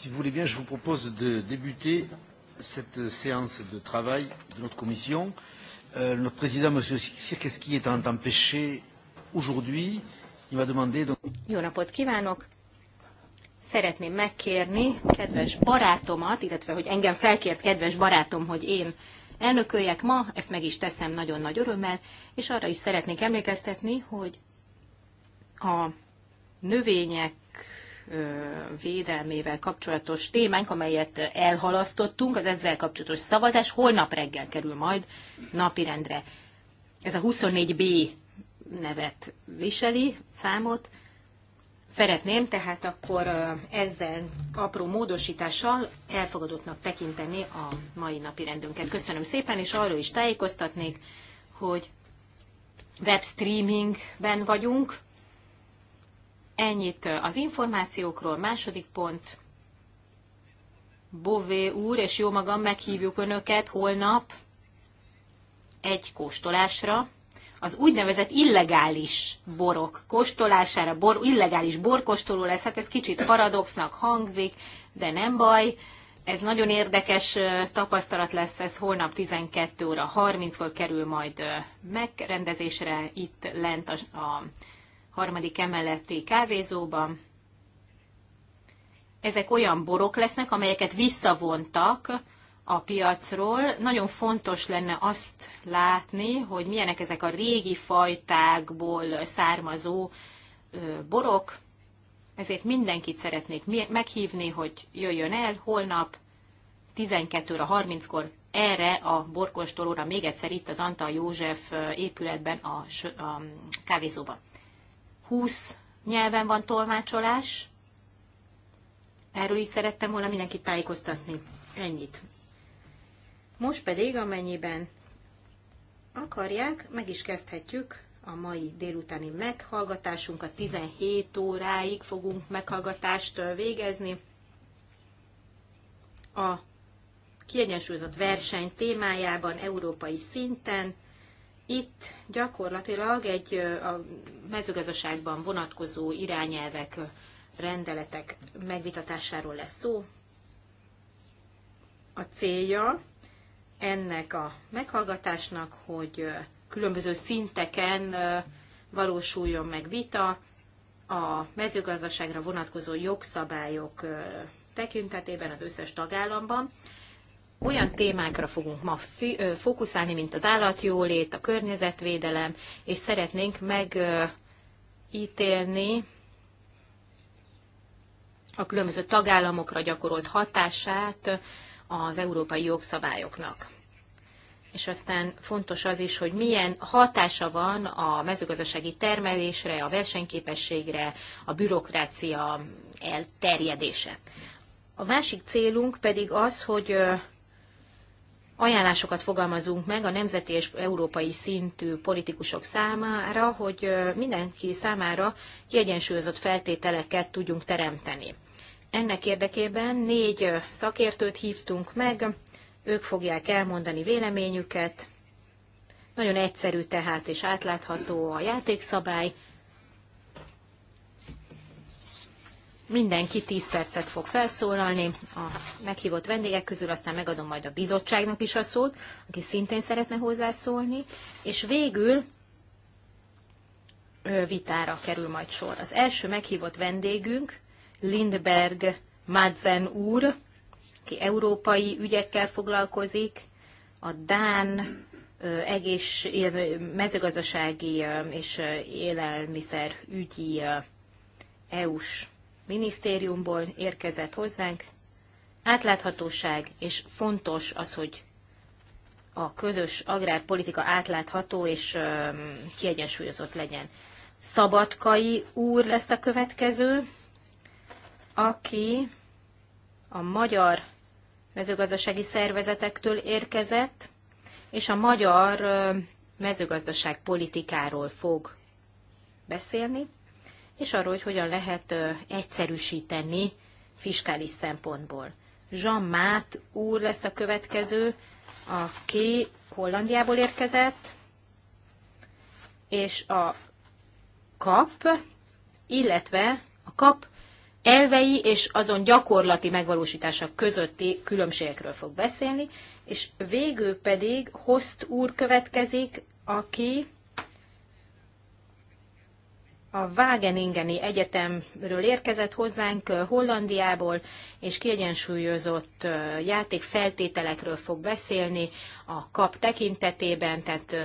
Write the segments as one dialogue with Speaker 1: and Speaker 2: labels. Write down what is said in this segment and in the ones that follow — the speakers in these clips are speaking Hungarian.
Speaker 1: Si vous voulez bien, je vous propose de débuter cette séance de travail de notre commission. Euh, notre président, M. Sirkeski, est en empêché aujourd'hui, il m'a demandé... Donc...
Speaker 2: Jó napot kívánok! Szeretném megkérni kedves barátomat, illetve hogy engem felkért kedves barátom, hogy én elnököljek ma, ezt meg is teszem nagyon nagy örömmel, és arra is szeretnék emlékeztetni, hogy a növények védelmével kapcsolatos témánk, amelyet elhalasztottunk, az ezzel kapcsolatos szavazás holnap reggel kerül majd napirendre. Ez a 24B nevet viseli, számot. Szeretném tehát akkor ezzel apró módosítással elfogadottnak tekinteni a mai napi rendünket. Köszönöm szépen, és arról is tájékoztatnék, hogy webstreamingben vagyunk, Ennyit az információkról. Második pont. Bové úr, és jó magam, meghívjuk Önöket holnap egy kóstolásra, az úgynevezett illegális borok kóstolására, bor, illegális borkóstoló lesz, hát ez kicsit paradoxnak hangzik, de nem baj. Ez nagyon érdekes tapasztalat lesz, ez holnap 12 óra 30-kor kerül majd megrendezésre itt lent a, a harmadik emeleti kávézóban. Ezek olyan borok lesznek, amelyeket visszavontak a piacról. Nagyon fontos lenne azt látni, hogy milyenek ezek a régi fajtákból származó borok. Ezért mindenkit szeretnék meghívni, hogy jöjjön el holnap 12 ra 30-kor erre a borkostolóra még egyszer itt az Antal József épületben a kávézóban. 20 nyelven van tolmácsolás. Erről is szerettem volna mindenkit tájékoztatni. Ennyit. Most pedig, amennyiben akarják, meg is kezdhetjük a mai délutáni meghallgatásunkat. 17 óráig fogunk meghallgatást végezni. A kiegyensúlyozott verseny témájában európai szinten itt gyakorlatilag egy a mezőgazdaságban vonatkozó irányelvek, rendeletek megvitatásáról lesz szó. A célja ennek a meghallgatásnak, hogy különböző szinteken valósuljon meg vita a mezőgazdaságra vonatkozó jogszabályok tekintetében az összes tagállamban, olyan témákra fogunk ma fókuszálni, mint az állatjólét, a környezetvédelem, és szeretnénk megítélni a különböző tagállamokra gyakorolt hatását az európai jogszabályoknak. És aztán fontos az is, hogy milyen hatása van a mezőgazdasági termelésre, a versenyképességre, a bürokrácia elterjedése. A másik célunk pedig az, hogy ajánlásokat fogalmazunk meg a nemzeti és európai szintű politikusok számára, hogy mindenki számára kiegyensúlyozott feltételeket tudjunk teremteni. Ennek érdekében négy szakértőt hívtunk meg, ők fogják elmondani véleményüket. Nagyon egyszerű tehát és átlátható a játékszabály, Mindenki 10 percet fog felszólalni a meghívott vendégek közül, aztán megadom majd a bizottságnak is a szót, aki szintén szeretne hozzászólni, és végül vitára kerül majd sor. Az első meghívott vendégünk Lindberg Madzen úr, aki európai ügyekkel foglalkozik, a Dán egész mezőgazdasági és élelmiszerügyi EU-s minisztériumból érkezett hozzánk. Átláthatóság, és fontos az, hogy a közös agrárpolitika átlátható és kiegyensúlyozott legyen. Szabadkai úr lesz a következő, aki a magyar mezőgazdasági szervezetektől érkezett, és a magyar mezőgazdaság politikáról fog beszélni és arról, hogy hogyan lehet egyszerűsíteni fiskális szempontból. Jean Mát úr lesz a következő, aki Hollandiából érkezett, és a kap, illetve a kap elvei és azon gyakorlati megvalósítása közötti különbségekről fog beszélni, és végül pedig Host úr következik, aki a Wageningeni Egyetemről érkezett hozzánk Hollandiából, és kiegyensúlyozott játék feltételekről fog beszélni a kap tekintetében, tehát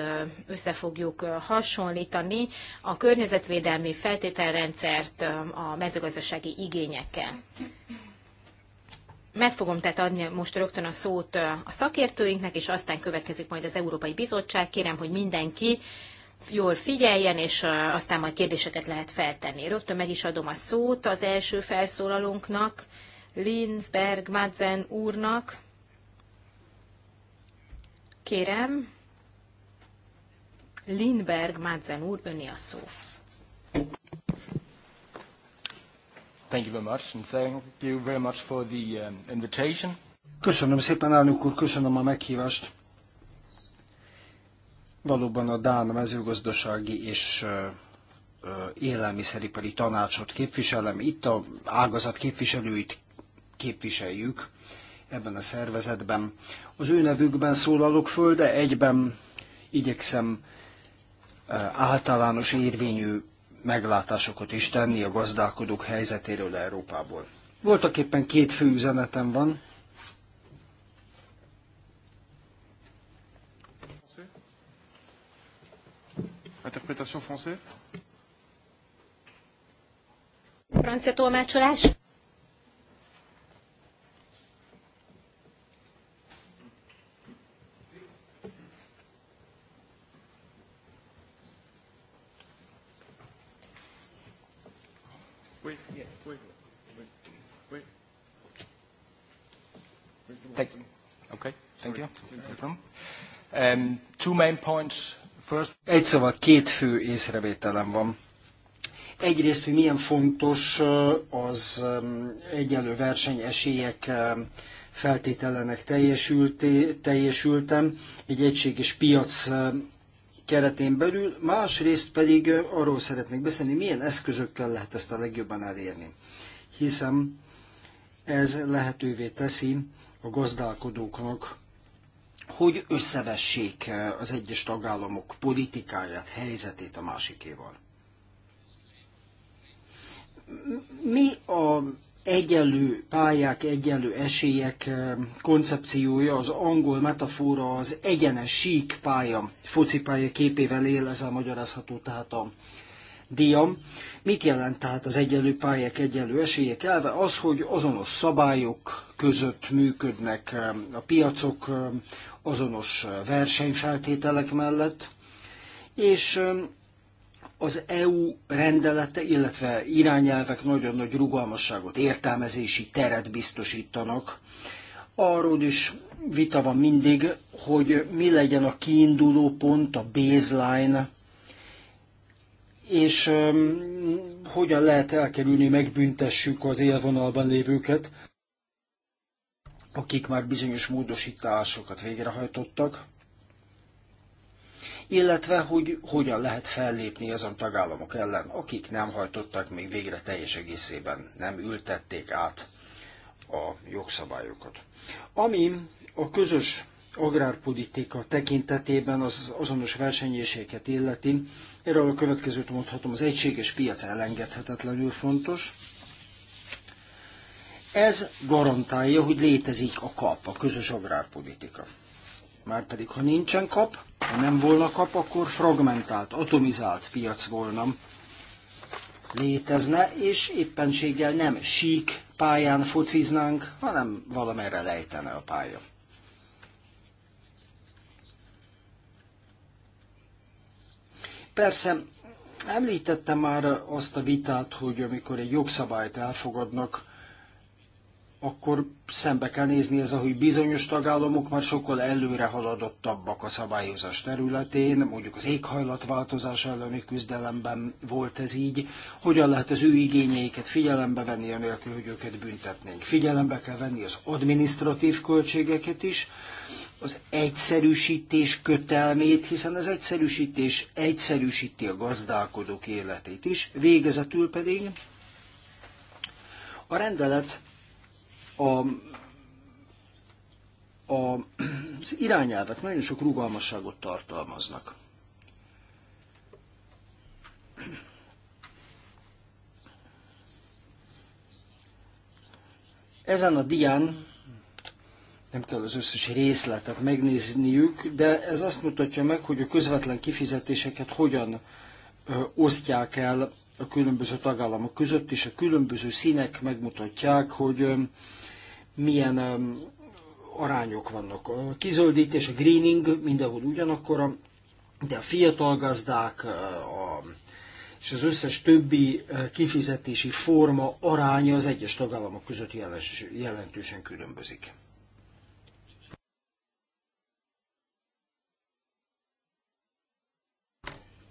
Speaker 2: össze fogjuk hasonlítani a környezetvédelmi feltételrendszert a mezőgazdasági igényekkel. Meg fogom tehát adni most rögtön a szót a szakértőinknek, és aztán következik majd az Európai Bizottság. Kérem, hogy mindenki jól figyeljen, és aztán majd kérdéseket lehet feltenni. Rögtön meg is adom a szót az első felszólalónknak, Linzberg Madzen úrnak. Kérem, Lindberg Madzen úr, öné a szó.
Speaker 1: Thank you very much, and thank you very much for the um, invitation. Köszönöm szépen, elnök úr, köszönöm a meghívást valóban a Dán mezőgazdasági és élelmiszeripari tanácsot képviselem. Itt a ágazat képviselőit képviseljük ebben a szervezetben. Az ő nevükben szólalok föl, de egyben igyekszem általános érvényű meglátásokat is tenni a gazdálkodók helyzetéről Európából. Voltak éppen két fő üzenetem van.
Speaker 2: Interprétation français? Francia tolmácsolás?
Speaker 1: Okay, thank you. No Um, two main points egy szóval két fő észrevételem van. Egyrészt, hogy milyen fontos az egyenlő versenyesélyek feltételenek teljesültem egy egységes piac keretén belül, másrészt pedig arról szeretnék beszélni, milyen eszközökkel lehet ezt a legjobban elérni. Hiszen ez lehetővé teszi a gazdálkodóknak, hogy összevessék eh, az egyes tagállamok politikáját, helyzetét a másikéval. Mi a egyenlő pályák, egyenlő esélyek eh, koncepciója, az angol metafora az egyenes sík pálya, focipálya képével él, ezzel magyarázható tehát a Diam. Mit jelent tehát az egyenlő pályák, egyenlő esélyek elve? Az, hogy azonos szabályok között működnek eh, a piacok, azonos versenyfeltételek mellett, és um, az EU rendelete, illetve irányelvek nagyon nagy rugalmasságot, értelmezési teret biztosítanak. Arról is vita van mindig, hogy mi legyen a kiinduló pont, a baseline, és um, hogyan lehet elkerülni, megbüntessük az élvonalban lévőket akik már bizonyos módosításokat végrehajtottak, illetve hogy hogyan lehet fellépni azon tagállamok ellen, akik nem hajtottak még végre teljes egészében, nem ültették át a jogszabályokat. Ami a közös agrárpolitika tekintetében az azonos versenyéséket illeti, erről a következőt mondhatom, az egységes piac elengedhetetlenül fontos, ez garantálja, hogy létezik a kap, a közös agrárpolitika. Márpedig, ha nincsen kap, ha nem volna kap, akkor fragmentált, atomizált piac volna létezne, és éppenséggel nem sík pályán fociznánk, hanem valamerre lejtene a pálya. Persze, említettem már azt a vitát, hogy amikor egy jogszabályt elfogadnak, akkor szembe kell nézni ez, hogy bizonyos tagállamok már sokkal előre haladottabbak a szabályozás területén, mondjuk az éghajlatváltozás elleni küzdelemben volt ez így, hogyan lehet az ő igényeiket figyelembe venni, anélkül, hogy őket büntetnénk. Figyelembe kell venni az administratív költségeket is, az egyszerűsítés kötelmét, hiszen az egyszerűsítés egyszerűsíti a gazdálkodók életét is, végezetül pedig a rendelet a, a, az irányelvek nagyon sok rugalmasságot tartalmaznak. Ezen a dián nem kell az összes részletet megnézniük, de ez azt mutatja meg, hogy a közvetlen kifizetéseket hogyan osztják el a különböző tagállamok között, és a különböző színek megmutatják, hogy milyen um, arányok vannak. A kizöldítés, a greening mindenhol ugyanakkora, de a fiatal gazdák uh, a, és az összes többi uh, kifizetési forma aránya az egyes tagállamok között jelentősen különbözik.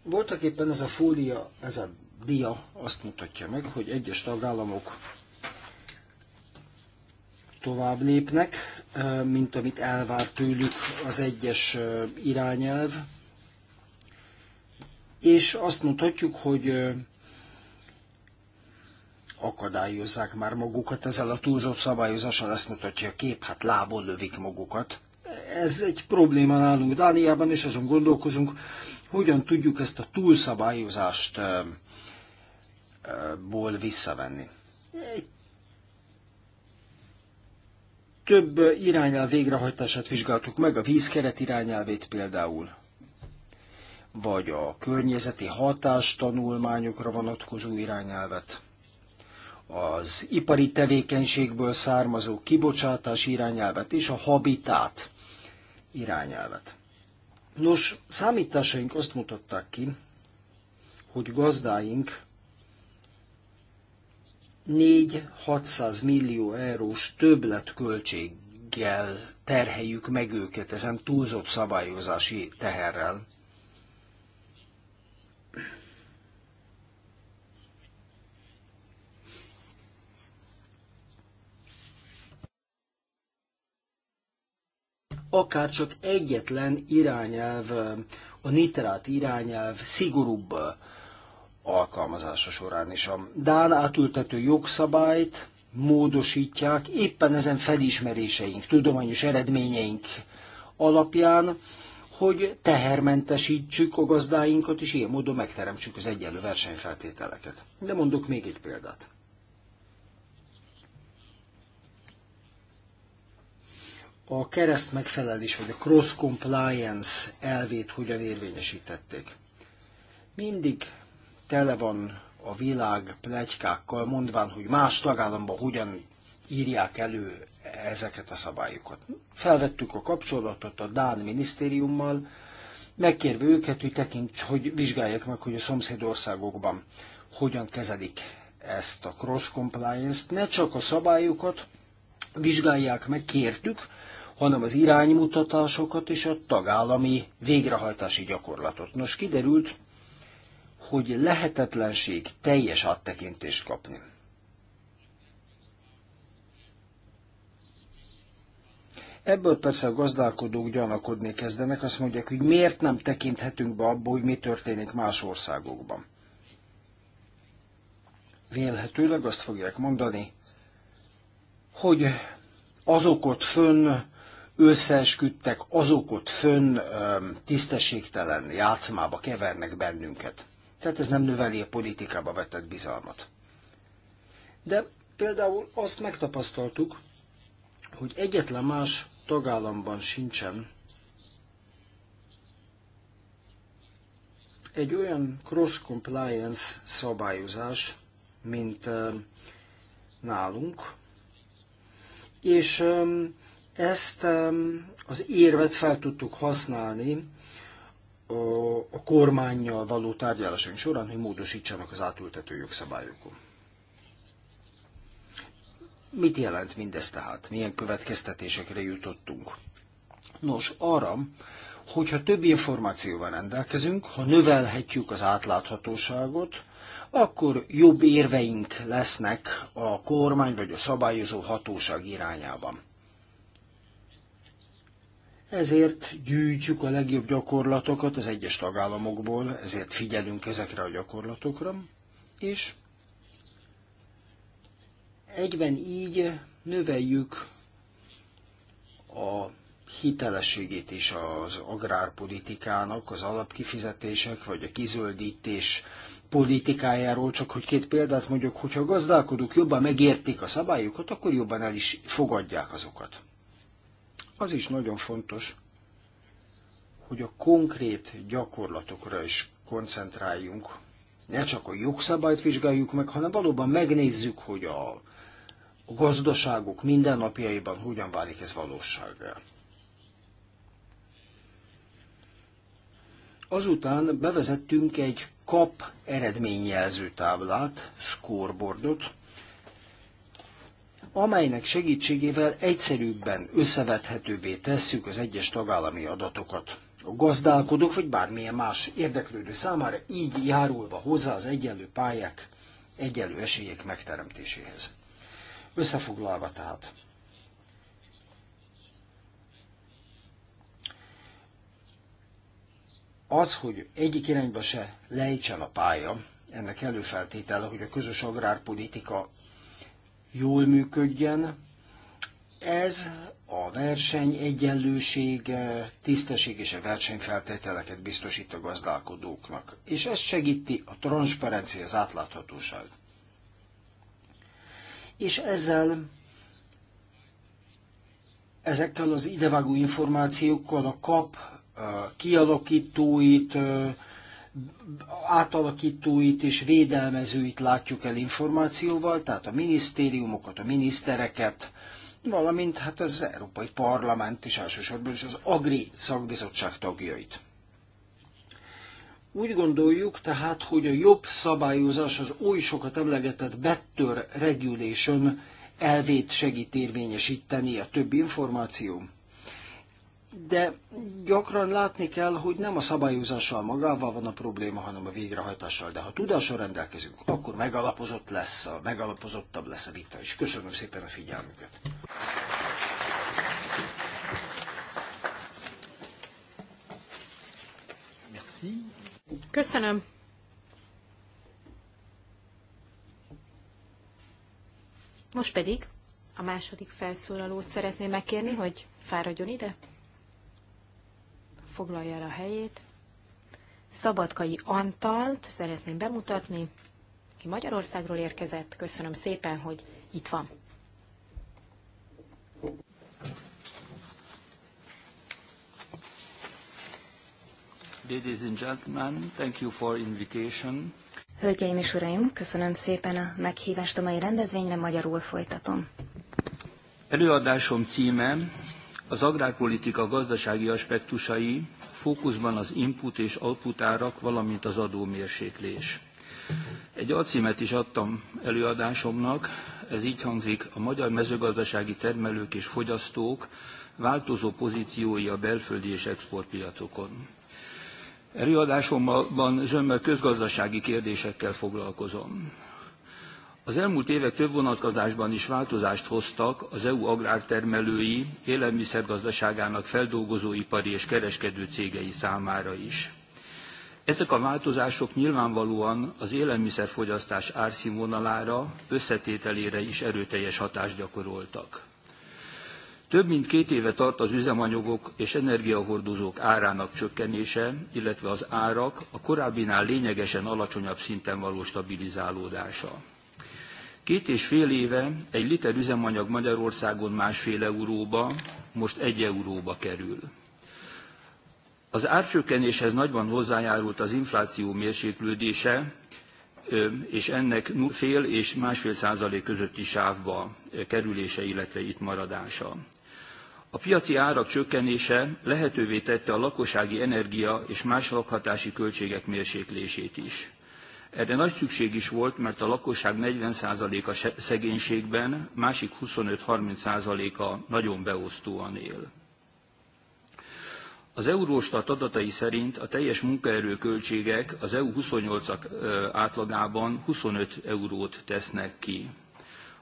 Speaker 1: Voltak éppen ez a fólia, ez a dia azt mutatja meg, hogy egyes tagállamok tovább lépnek, mint amit elvár tőlük az egyes irányelv. És azt mondhatjuk, hogy akadályozzák már magukat, ezzel a túlzott szabályozással ezt mutatja a kép, hát lából lövik magukat. Ez egy probléma nálunk Dániában, és azon gondolkozunk, hogyan tudjuk ezt a túlszabályozást ból visszavenni. Egy több irányel végrehajtását vizsgáltuk meg, a vízkeret irányelvét például, vagy a környezeti hatástanulmányokra vonatkozó irányelvet, az ipari tevékenységből származó kibocsátás irányelvet és a habitát irányelvet. Nos, számításaink azt mutatták ki, hogy gazdáink 4-600 millió eurós többletköltséggel terheljük meg őket ezen túlzott szabályozási teherrel. akár csak egyetlen irányelv, a nitrát irányelv szigorúbb alkalmazása során is. A Dán átültető jogszabályt módosítják éppen ezen felismeréseink, tudományos eredményeink alapján, hogy tehermentesítsük a gazdáinkat, és ilyen módon megteremtsük az egyenlő versenyfeltételeket. De mondok még egy példát. A kereszt megfelelés, vagy a cross compliance elvét hogyan érvényesítették. Mindig tele van a világ plegykákkal, mondván, hogy más tagállamban hogyan írják elő ezeket a szabályokat. Felvettük a kapcsolatot a Dán minisztériummal, megkérve őket, hogy tekints, hogy vizsgálják meg, hogy a szomszédországokban hogyan kezelik ezt a cross compliance-t. Ne csak a szabályokat vizsgálják meg, kértük, hanem az iránymutatásokat és a tagállami végrehajtási gyakorlatot. Nos, kiderült, hogy lehetetlenség teljes áttekintést kapni. Ebből persze a gazdálkodók gyanakodni kezdenek, azt mondják, hogy miért nem tekinthetünk be abba, hogy mi történik más országokban. Vélhetőleg azt fogják mondani, hogy azok ott fönn összeesküdtek, azok ott fönn tisztességtelen játszmába kevernek bennünket. Tehát ez nem növeli a politikába vetett bizalmat. De például azt megtapasztaltuk, hogy egyetlen más tagállamban sincsen egy olyan cross-compliance szabályozás, mint nálunk, és ezt az érvet fel tudtuk használni a, a kormányjal való tárgyalásunk során, hogy módosítsanak az átültető jogszabályokon. Mit jelent mindez tehát? Milyen következtetésekre jutottunk? Nos, arra, hogyha több információval rendelkezünk, ha növelhetjük az átláthatóságot, akkor jobb érveink lesznek a kormány vagy a szabályozó hatóság irányában. Ezért gyűjtjük a legjobb gyakorlatokat az egyes tagállamokból, ezért figyelünk ezekre a gyakorlatokra, és egyben így növeljük a hitelességét is az agrárpolitikának, az alapkifizetések vagy a kizöldítés politikájáról, csak hogy két példát mondjuk, hogyha a gazdálkodók jobban megértik a szabályokat, akkor jobban el is fogadják azokat. Az is nagyon fontos, hogy a konkrét gyakorlatokra is koncentráljunk. Ne csak a jogszabályt vizsgáljuk meg, hanem valóban megnézzük, hogy a, a gazdaságok mindennapjaiban hogyan válik ez valósággá. Azután bevezettünk egy kap eredményjelző táblát, scoreboardot, amelynek segítségével egyszerűbben összevethetővé tesszük az egyes tagállami adatokat. A gazdálkodók vagy bármilyen más érdeklődő számára így járulva hozzá az egyenlő pályák, egyenlő esélyek megteremtéséhez. Összefoglalva tehát, az, hogy egyik irányba se lejtsen a pálya, ennek előfeltétele, hogy a közös agrárpolitika jól működjen. Ez a verseny egyenlőség, tisztesség és a versenyfeltételeket biztosít a gazdálkodóknak. És ez segíti a transzparencia, az átláthatóság. És ezzel ezekkel az idevágó információkkal a kap kialakítóit, átalakítóit és védelmezőit látjuk el információval, tehát a minisztériumokat, a minisztereket, valamint hát az Európai Parlament és elsősorban is az Agri szakbizottság tagjait. Úgy gondoljuk tehát, hogy a jobb szabályozás az oly sokat emlegetett better regulation elvét segít érvényesíteni a több információ, de gyakran látni kell, hogy nem a szabályozással magával van a probléma, hanem a végrehajtással. De ha tudással rendelkezünk, akkor megalapozott lesz, a, megalapozottabb lesz a vita is. Köszönöm szépen a figyelmüket.
Speaker 2: Köszönöm. Most pedig a második felszólalót szeretném megkérni, hogy fáradjon ide foglalja el a helyét. Szabadkai Antalt szeretném bemutatni, aki Magyarországról érkezett. Köszönöm szépen, hogy itt van.
Speaker 3: Ladies and gentlemen, thank you for invitation.
Speaker 4: Hölgyeim és uraim, köszönöm szépen a meghívást a mai rendezvényre, magyarul folytatom.
Speaker 3: Előadásom címe az agrárpolitika gazdasági aspektusai fókuszban az input és output árak, valamint az adómérséklés. Egy alcímet is adtam előadásomnak, ez így hangzik, a magyar mezőgazdasági termelők és fogyasztók változó pozíciói a belföldi és exportpiacokon. Előadásomban zömmel közgazdasági kérdésekkel foglalkozom. Az elmúlt évek több vonatkozásban is változást hoztak az EU agrártermelői, élelmiszergazdaságának feldolgozóipari és kereskedő cégei számára is. Ezek a változások nyilvánvalóan az élelmiszerfogyasztás árszínvonalára, összetételére is erőteljes hatást gyakoroltak. Több mint két éve tart az üzemanyagok és energiahordozók árának csökkenése, illetve az árak a korábbinál lényegesen alacsonyabb szinten való stabilizálódása. Két és fél éve egy liter üzemanyag Magyarországon másfél euróba, most egy euróba kerül. Az árcsökkenéshez nagyban hozzájárult az infláció mérséklődése, és ennek fél és másfél százalék közötti sávba kerülése, illetve itt maradása. A piaci árak csökkenése lehetővé tette a lakossági energia és más lakhatási költségek mérséklését is. Erre nagy szükség is volt, mert a lakosság 40%-a szegénységben, másik 25-30%-a nagyon beosztóan él. Az Euróstat adatai szerint a teljes munkaerőköltségek az EU 28-ak átlagában 25 eurót tesznek ki.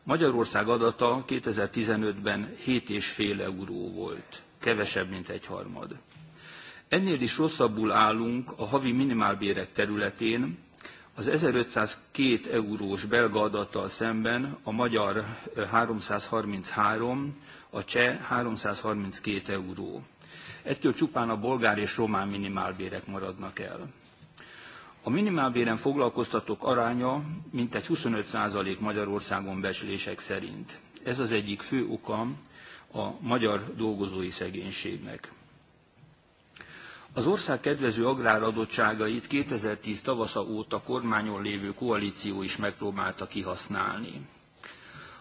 Speaker 3: Magyarország adata 2015-ben 7,5 euró volt, kevesebb, mint egy harmad. Ennél is rosszabbul állunk a havi minimálbérek területén, az 1502 eurós belga adattal szemben a magyar 333, a cseh 332 euró. Ettől csupán a bolgár és román minimálbérek maradnak el. A minimálbéren foglalkoztatók aránya mintegy 25% Magyarországon becslések szerint. Ez az egyik fő oka a magyar dolgozói szegénységnek. Az ország kedvező agráradottságait 2010 tavasza óta kormányon lévő koalíció is megpróbálta kihasználni.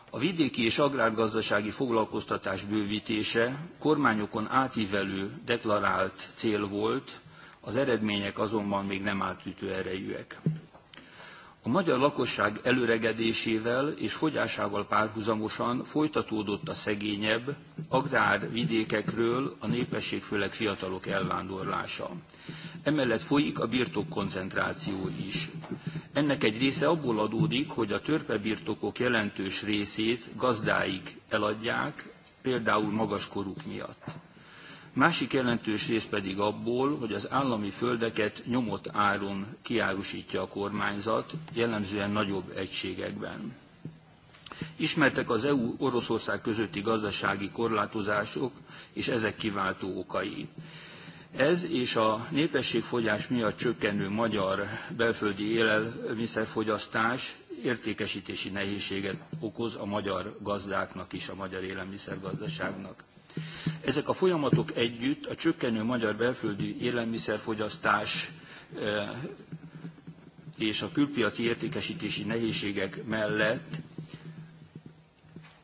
Speaker 3: A vidéki és agrárgazdasági foglalkoztatás bővítése kormányokon átívelő deklarált cél volt, az eredmények azonban még nem átütő erejűek. A magyar lakosság előregedésével és fogyásával párhuzamosan folytatódott a szegényebb, vidékekről a népesség főleg fiatalok elvándorlása. Emellett folyik a birtokkoncentráció is. Ennek egy része abból adódik, hogy a törpebirtokok jelentős részét gazdáig eladják, például koruk miatt. Másik jelentős rész pedig abból, hogy az állami földeket nyomott áron kiárusítja a kormányzat, jellemzően nagyobb egységekben. Ismertek az EU-Oroszország közötti gazdasági korlátozások és ezek kiváltó okai. Ez és a népességfogyás miatt csökkenő magyar belföldi élelmiszerfogyasztás értékesítési nehézséget okoz a magyar gazdáknak is, a magyar élelmiszergazdaságnak. Ezek a folyamatok együtt a csökkenő magyar belföldi élelmiszerfogyasztás eh, és a külpiaci értékesítési nehézségek mellett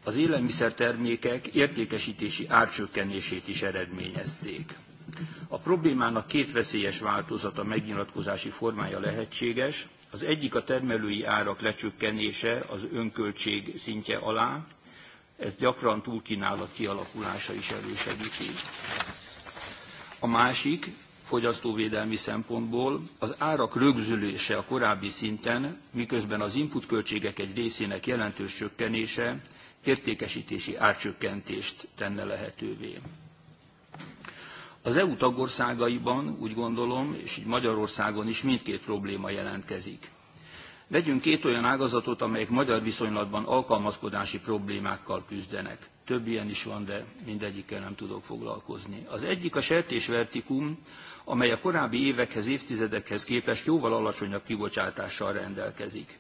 Speaker 3: az élelmiszertermékek értékesítési árcsökkenését is eredményezték. A problémának két veszélyes változata megnyilatkozási formája lehetséges. Az egyik a termelői árak lecsökkenése az önköltség szintje alá, ez gyakran túlkínálat kialakulása is elősegíti. A másik, fogyasztóvédelmi szempontból az árak rögzülése a korábbi szinten, miközben az inputköltségek egy részének jelentős csökkenése értékesítési árcsökkentést tenne lehetővé. Az EU tagországaiban úgy gondolom, és így Magyarországon is mindkét probléma jelentkezik. Vegyünk két olyan ágazatot, amelyek magyar viszonylatban alkalmazkodási problémákkal küzdenek. Több ilyen is van, de mindegyikkel nem tudok foglalkozni. Az egyik a sertésvertikum, amely a korábbi évekhez, évtizedekhez képest jóval alacsonyabb kibocsátással rendelkezik.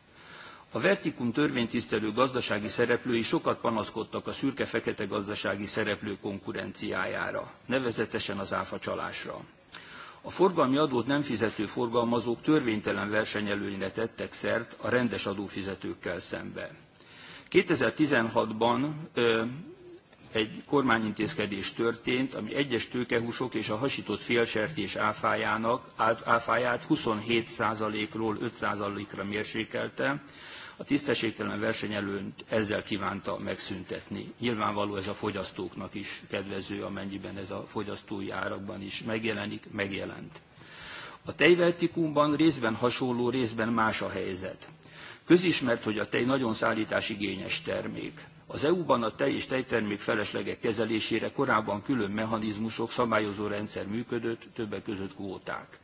Speaker 3: A vertikum törvénytisztelő gazdasági szereplői sokat panaszkodtak a szürke-fekete gazdasági szereplő konkurenciájára, nevezetesen az áfacsalásra a forgalmi adót nem fizető forgalmazók törvénytelen versenyelőnyre tettek szert a rendes adófizetőkkel szembe. 2016-ban egy kormányintézkedés történt, ami egyes tőkehúsok és a hasított félsertés áfájának, áfáját 27%-ról 5%-ra mérsékelte, a tisztességtelen versenyelőnyt ezzel kívánta megszüntetni. Nyilvánvaló ez a fogyasztóknak is kedvező, amennyiben ez a fogyasztói árakban is megjelenik, megjelent. A tejvertikumban részben hasonló, részben más a helyzet. Közismert, hogy a tej nagyon szállításigényes termék. Az EU-ban a tej és tejtermék feleslegek kezelésére korábban külön mechanizmusok, szabályozó rendszer működött, többek között kvóták.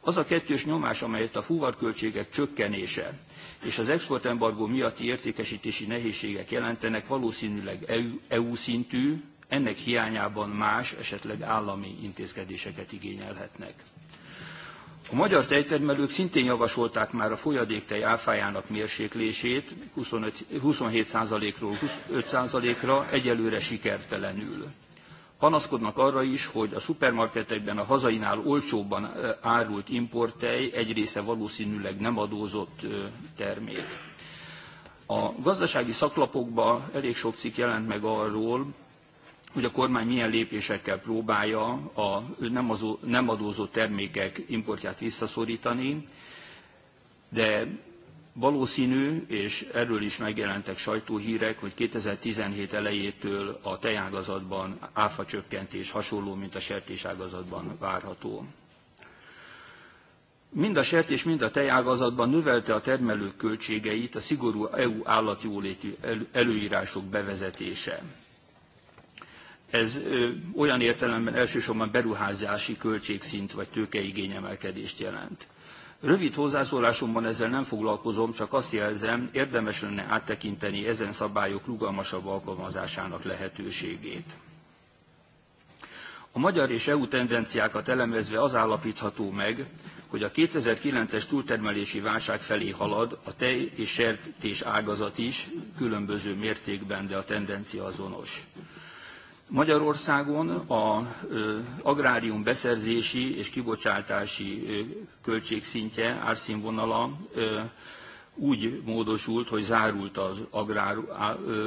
Speaker 3: Az a kettős nyomás, amelyet a fuvarköltségek csökkenése és az exportembargó miatti értékesítési nehézségek jelentenek valószínűleg EU, szintű, ennek hiányában más, esetleg állami intézkedéseket igényelhetnek. A magyar tejtermelők szintén javasolták már a folyadéktej áfájának mérséklését 27%-ról 25 ra egyelőre sikertelenül. Panaszkodnak arra is, hogy a szupermarketekben a hazainál olcsóbban árult importtej egy része valószínűleg nem adózott termék. A gazdasági szaklapokban elég sok cikk jelent meg arról, hogy a kormány milyen lépésekkel próbálja a nem, azó, nem termékek importját visszaszorítani, de Valószínű, és erről is megjelentek sajtóhírek, hogy 2017 elejétől a tejágazatban áfa csökkentés hasonló, mint a sertéságazatban várható. Mind a sertés, mind a tejágazatban növelte a termelők költségeit a szigorú EU állatjóléti előírások bevezetése. Ez olyan értelemben elsősorban beruházási költségszint vagy tőkeigényemelkedést jelent. Rövid hozzászólásomban ezzel nem foglalkozom, csak azt jelzem, érdemes lenne áttekinteni ezen szabályok rugalmasabb alkalmazásának lehetőségét. A magyar és EU tendenciákat elemezve az állapítható meg, hogy a 2009-es túltermelési válság felé halad a tej és sertés ágazat is különböző mértékben, de a tendencia azonos. Magyarországon az agrárium beszerzési és kibocsátási költségszintje, árszínvonala úgy módosult, hogy zárult az agrár,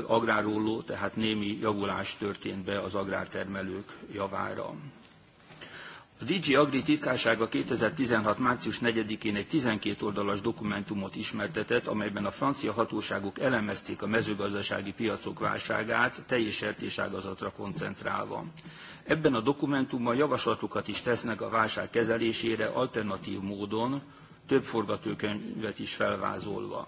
Speaker 3: agrárolló, tehát némi javulás történt be az agrártermelők javára. A DG Agri titkársága 2016. március 4-én egy 12 oldalas dokumentumot ismertetett, amelyben a francia hatóságok elemezték a mezőgazdasági piacok válságát, teljes sertéságazatra koncentrálva. Ebben a dokumentumban javaslatokat is tesznek a válság kezelésére alternatív módon, több forgatókönyvet is felvázolva.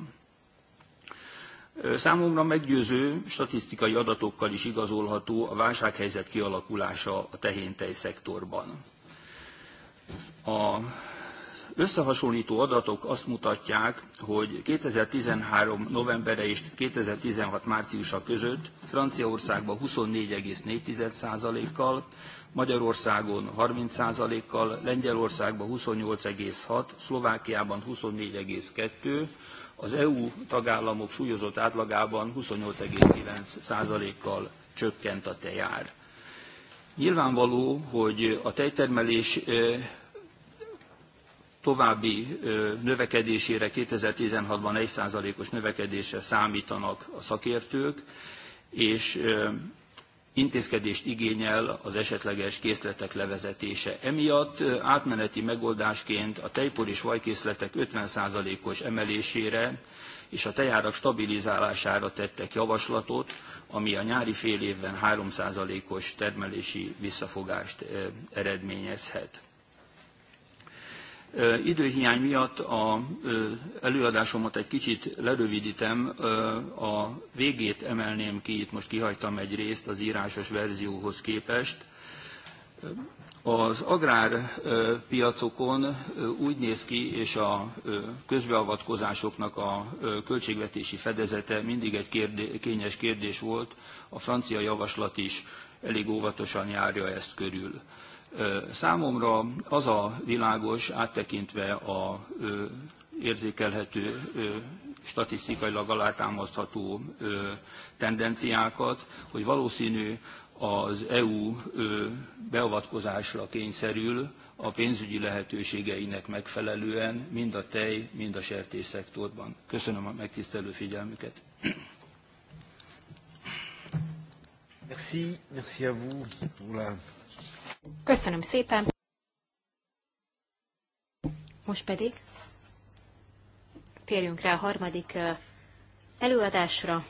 Speaker 3: Számomra meggyőző statisztikai adatokkal is igazolható a válsághelyzet kialakulása a tehéntej szektorban. A összehasonlító adatok azt mutatják, hogy 2013. novembere és 2016. márciusa között Franciaországban 24,4%-kal, Magyarországon 30%-kal, Lengyelországban 28,6%, Szlovákiában 24,2%, az EU tagállamok súlyozott átlagában 28,9%-kal csökkent a tejár. Nyilvánvaló, hogy a tejtermelés további növekedésére 2016-ban 1%-os növekedésre számítanak a szakértők, és intézkedést igényel az esetleges készletek levezetése. Emiatt átmeneti megoldásként a tejpor és vajkészletek 50%-os emelésére és a tejárak stabilizálására tettek javaslatot, ami a nyári fél évben 3%-os termelési visszafogást eredményezhet. Időhiány miatt az előadásomat egy kicsit lerövidítem, a végét emelném ki, itt most kihagytam egy részt az írásos verzióhoz képest. Az agrárpiacokon úgy néz ki, és a közbeavatkozásoknak a költségvetési fedezete mindig egy kérdé, kényes kérdés volt, a francia javaslat is elég óvatosan járja ezt körül. Számomra az a világos, áttekintve a érzékelhető, statisztikailag alátámasztható tendenciákat, hogy valószínű, az EU beavatkozásra kényszerül a pénzügyi lehetőségeinek megfelelően mind a tej, mind a sertés szektorban. Köszönöm a megtisztelő figyelmüket. Merci, merci à vous.
Speaker 2: Köszönöm szépen. Most pedig térjünk rá a harmadik előadásra.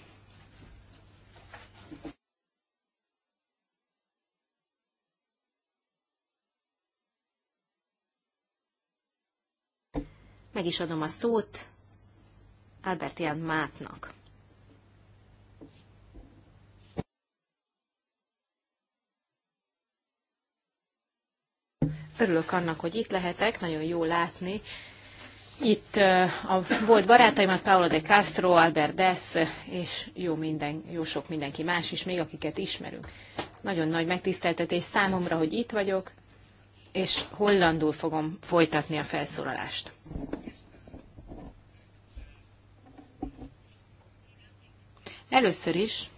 Speaker 2: Meg is adom a szót Albert Jan Mátnak. Örülök annak, hogy itt lehetek, nagyon jó látni. Itt a volt barátaimat, Paolo de Castro, Albert Dess, és jó, minden, jó sok mindenki más is, még akiket ismerünk. Nagyon nagy megtiszteltetés számomra, hogy itt vagyok, és hollandul fogom folytatni a felszólalást. Először is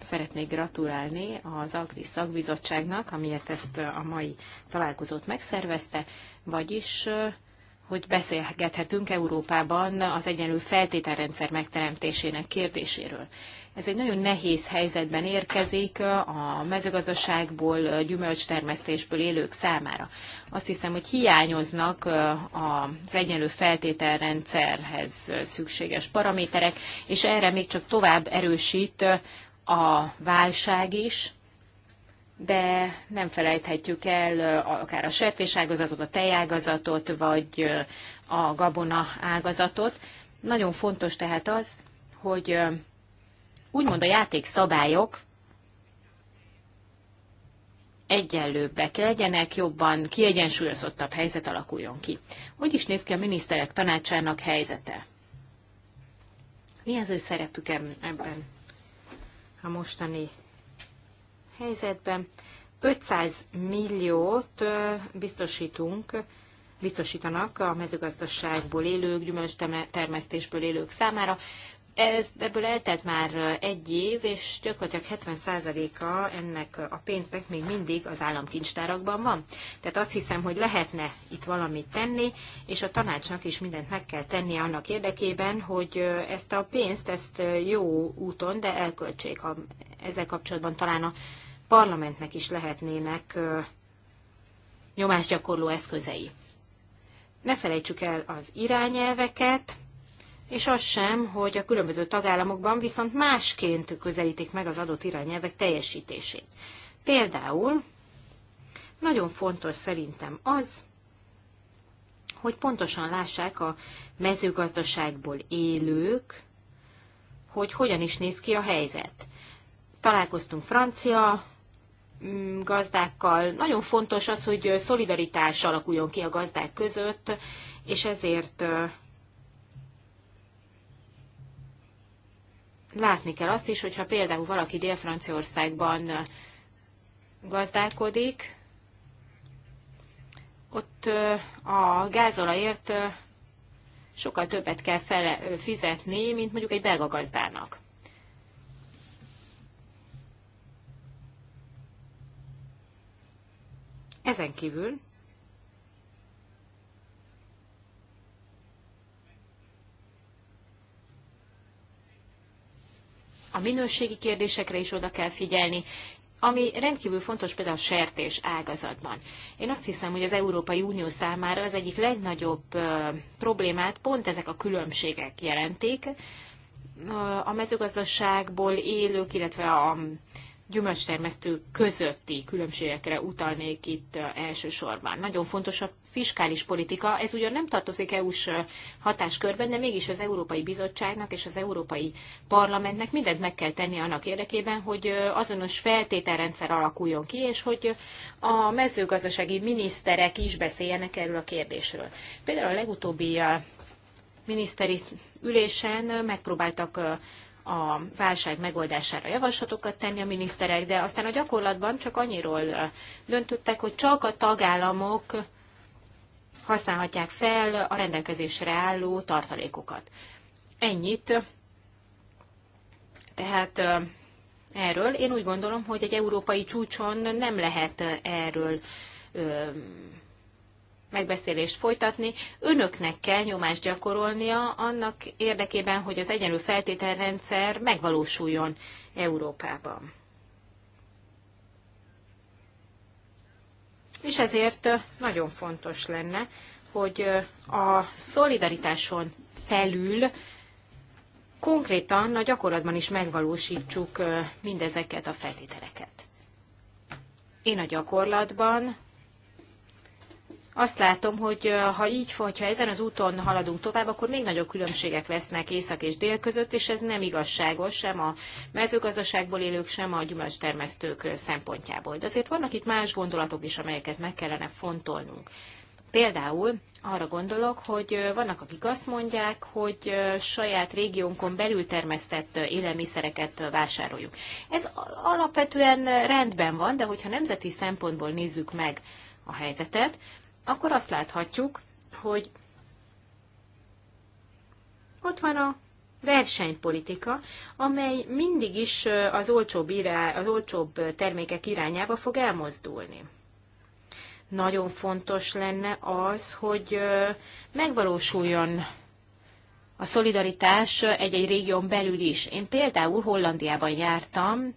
Speaker 2: szeretnék gratulálni az Agri Szakbizottságnak, amiért ezt a mai találkozót megszervezte, vagyis hogy beszélgethetünk Európában az egyenlő feltételrendszer megteremtésének kérdéséről. Ez egy nagyon nehéz helyzetben érkezik a mezőgazdaságból, gyümölcstermesztésből élők számára. Azt hiszem, hogy hiányoznak az egyenlő feltételrendszerhez szükséges paraméterek, és erre még csak tovább erősít a válság is, de nem felejthetjük el akár a sertéságazatot, a tejágazatot, vagy a gabona ágazatot. Nagyon fontos tehát az, hogy úgymond a játékszabályok egyenlőbbek legyenek, jobban kiegyensúlyozottabb helyzet alakuljon ki. Hogy is néz ki a miniszterek tanácsának helyzete? Mi az ő szerepük ebben a mostani helyzetben? 500 milliót biztosítunk, biztosítanak a mezőgazdaságból élők, gyümölcstermesztésből élők számára. Ez, ebből eltelt már egy év, és gyakorlatilag 70%-a ennek a pénznek még mindig az államkincstárakban van. Tehát azt hiszem, hogy lehetne itt valamit tenni, és a tanácsnak is mindent meg kell tennie annak érdekében, hogy ezt a pénzt, ezt jó úton, de elköltsék. Ha ezzel kapcsolatban talán a parlamentnek is lehetnének nyomásgyakorló eszközei. Ne felejtsük el az irányelveket, és az sem, hogy a különböző tagállamokban viszont másként közelítik meg az adott irányelvek teljesítését. Például nagyon fontos szerintem az, hogy pontosan lássák a mezőgazdaságból élők, hogy hogyan is néz ki a helyzet. Találkoztunk francia mm, gazdákkal. Nagyon fontos az, hogy szolidaritás alakuljon ki a gazdák között, és ezért látni kell azt is, hogyha például valaki Dél-Franciaországban gazdálkodik, ott a gázolajért sokkal többet kell fele, fizetni, mint mondjuk egy belga gazdának. Ezen kívül a minőségi kérdésekre is oda kell figyelni, ami rendkívül fontos például a sertés ágazatban. Én azt hiszem, hogy az Európai Unió számára az egyik legnagyobb problémát pont ezek a különbségek jelentik. A mezőgazdaságból élők, illetve a gyümölcstermesztő közötti különbségekre utalnék itt elsősorban. Nagyon fontos a fiskális politika, ez ugyan nem tartozik EU-s hatáskörben, de mégis az Európai Bizottságnak és az Európai Parlamentnek mindent meg kell tenni annak érdekében, hogy azonos feltételrendszer alakuljon ki, és hogy a mezőgazdasági miniszterek is beszéljenek erről a kérdésről. Például a legutóbbi miniszteri ülésen megpróbáltak a válság megoldására javaslatokat tenni a miniszterek, de aztán a gyakorlatban csak annyiról döntöttek, hogy csak a tagállamok használhatják fel a rendelkezésre álló tartalékokat. Ennyit. Tehát erről én úgy gondolom, hogy egy európai csúcson nem lehet erről megbeszélést folytatni. Önöknek kell nyomást gyakorolnia annak érdekében, hogy az egyenlő feltételrendszer megvalósuljon Európában. És ezért nagyon fontos lenne, hogy a szolidaritáson felül konkrétan a gyakorlatban is megvalósítsuk mindezeket a feltételeket. Én a gyakorlatban azt látom, hogy ha így, hogyha ezen az úton haladunk tovább, akkor még nagyobb különbségek lesznek észak és dél között, és ez nem igazságos sem a mezőgazdaságból élők, sem a gyümölcstermesztők szempontjából. De azért vannak itt más gondolatok is, amelyeket meg kellene fontolnunk. Például arra gondolok, hogy vannak, akik azt mondják, hogy saját régiónkon belül termesztett élelmiszereket vásároljuk. Ez alapvetően rendben van, de hogyha nemzeti szempontból nézzük meg a helyzetet, akkor azt láthatjuk, hogy ott van a versenypolitika, amely mindig is az olcsóbb, irá, az olcsóbb termékek irányába fog elmozdulni. Nagyon fontos lenne az, hogy megvalósuljon a szolidaritás egy-egy régión belül is. Én például Hollandiában jártam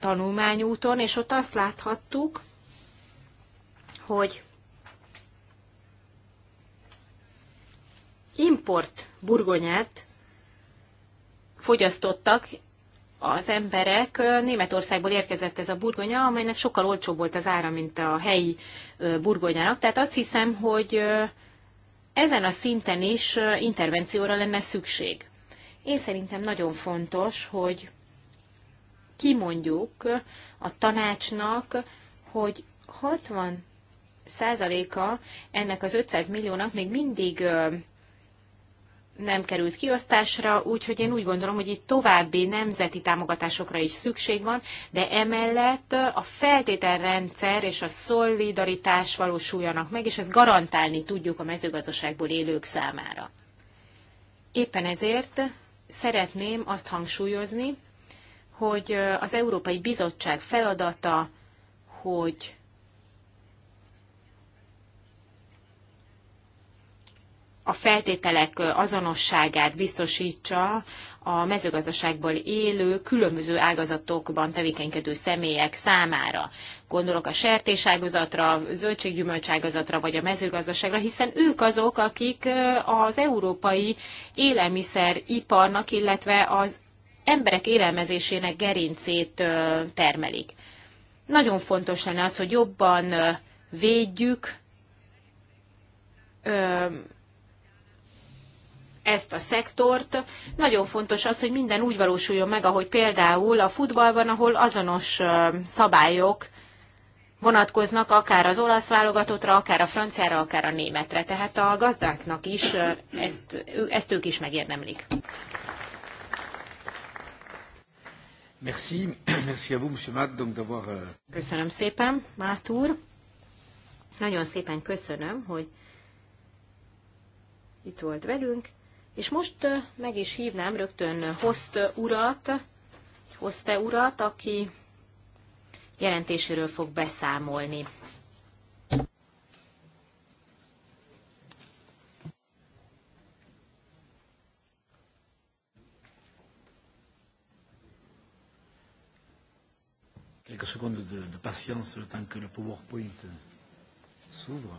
Speaker 2: tanulmányúton, és ott azt láthattuk, hogy import burgonyát fogyasztottak az emberek. Németországból érkezett ez a burgonya, amelynek sokkal olcsóbb volt az ára, mint a helyi burgonyának. Tehát azt hiszem, hogy ezen a szinten is intervencióra lenne szükség. Én szerintem nagyon fontos, hogy kimondjuk a tanácsnak, hogy 60 százaléka ennek az 500 milliónak még mindig nem került kiosztásra, úgyhogy én úgy gondolom, hogy itt további nemzeti támogatásokra is szükség van, de emellett a feltételrendszer és a szolidaritás valósuljanak meg, és ezt garantálni tudjuk a mezőgazdaságból élők számára. Éppen ezért szeretném azt hangsúlyozni, hogy az Európai Bizottság feladata, hogy a feltételek azonosságát biztosítsa a mezőgazdaságból élő különböző ágazatokban tevékenykedő személyek számára. Gondolok a sertéságazatra, zöldséggyümölcságazatra vagy a mezőgazdaságra, hiszen ők azok, akik az európai élelmiszeriparnak, illetve az emberek élelmezésének gerincét termelik. Nagyon fontos lenne az, hogy jobban védjük ezt a szektort. Nagyon fontos az, hogy minden úgy valósuljon meg, ahogy például a futballban, ahol azonos szabályok vonatkoznak akár az olasz válogatottra, akár a franciára, akár a németre. Tehát a gazdáknak is ezt, ezt ők is megérdemlik.
Speaker 1: Merci. Merci à vous, monsieur Matt, donc d'avoir... Euh,
Speaker 2: köszönöm szépen, Mát úr. Nagyon szépen köszönöm, hogy itt volt velünk, és most meg is hívnám rögtön Host urat, Hoste urat, aki jelentéséről fog beszámolni.
Speaker 1: Quelques secondes de, de patience le temps que le PowerPoint s'ouvre.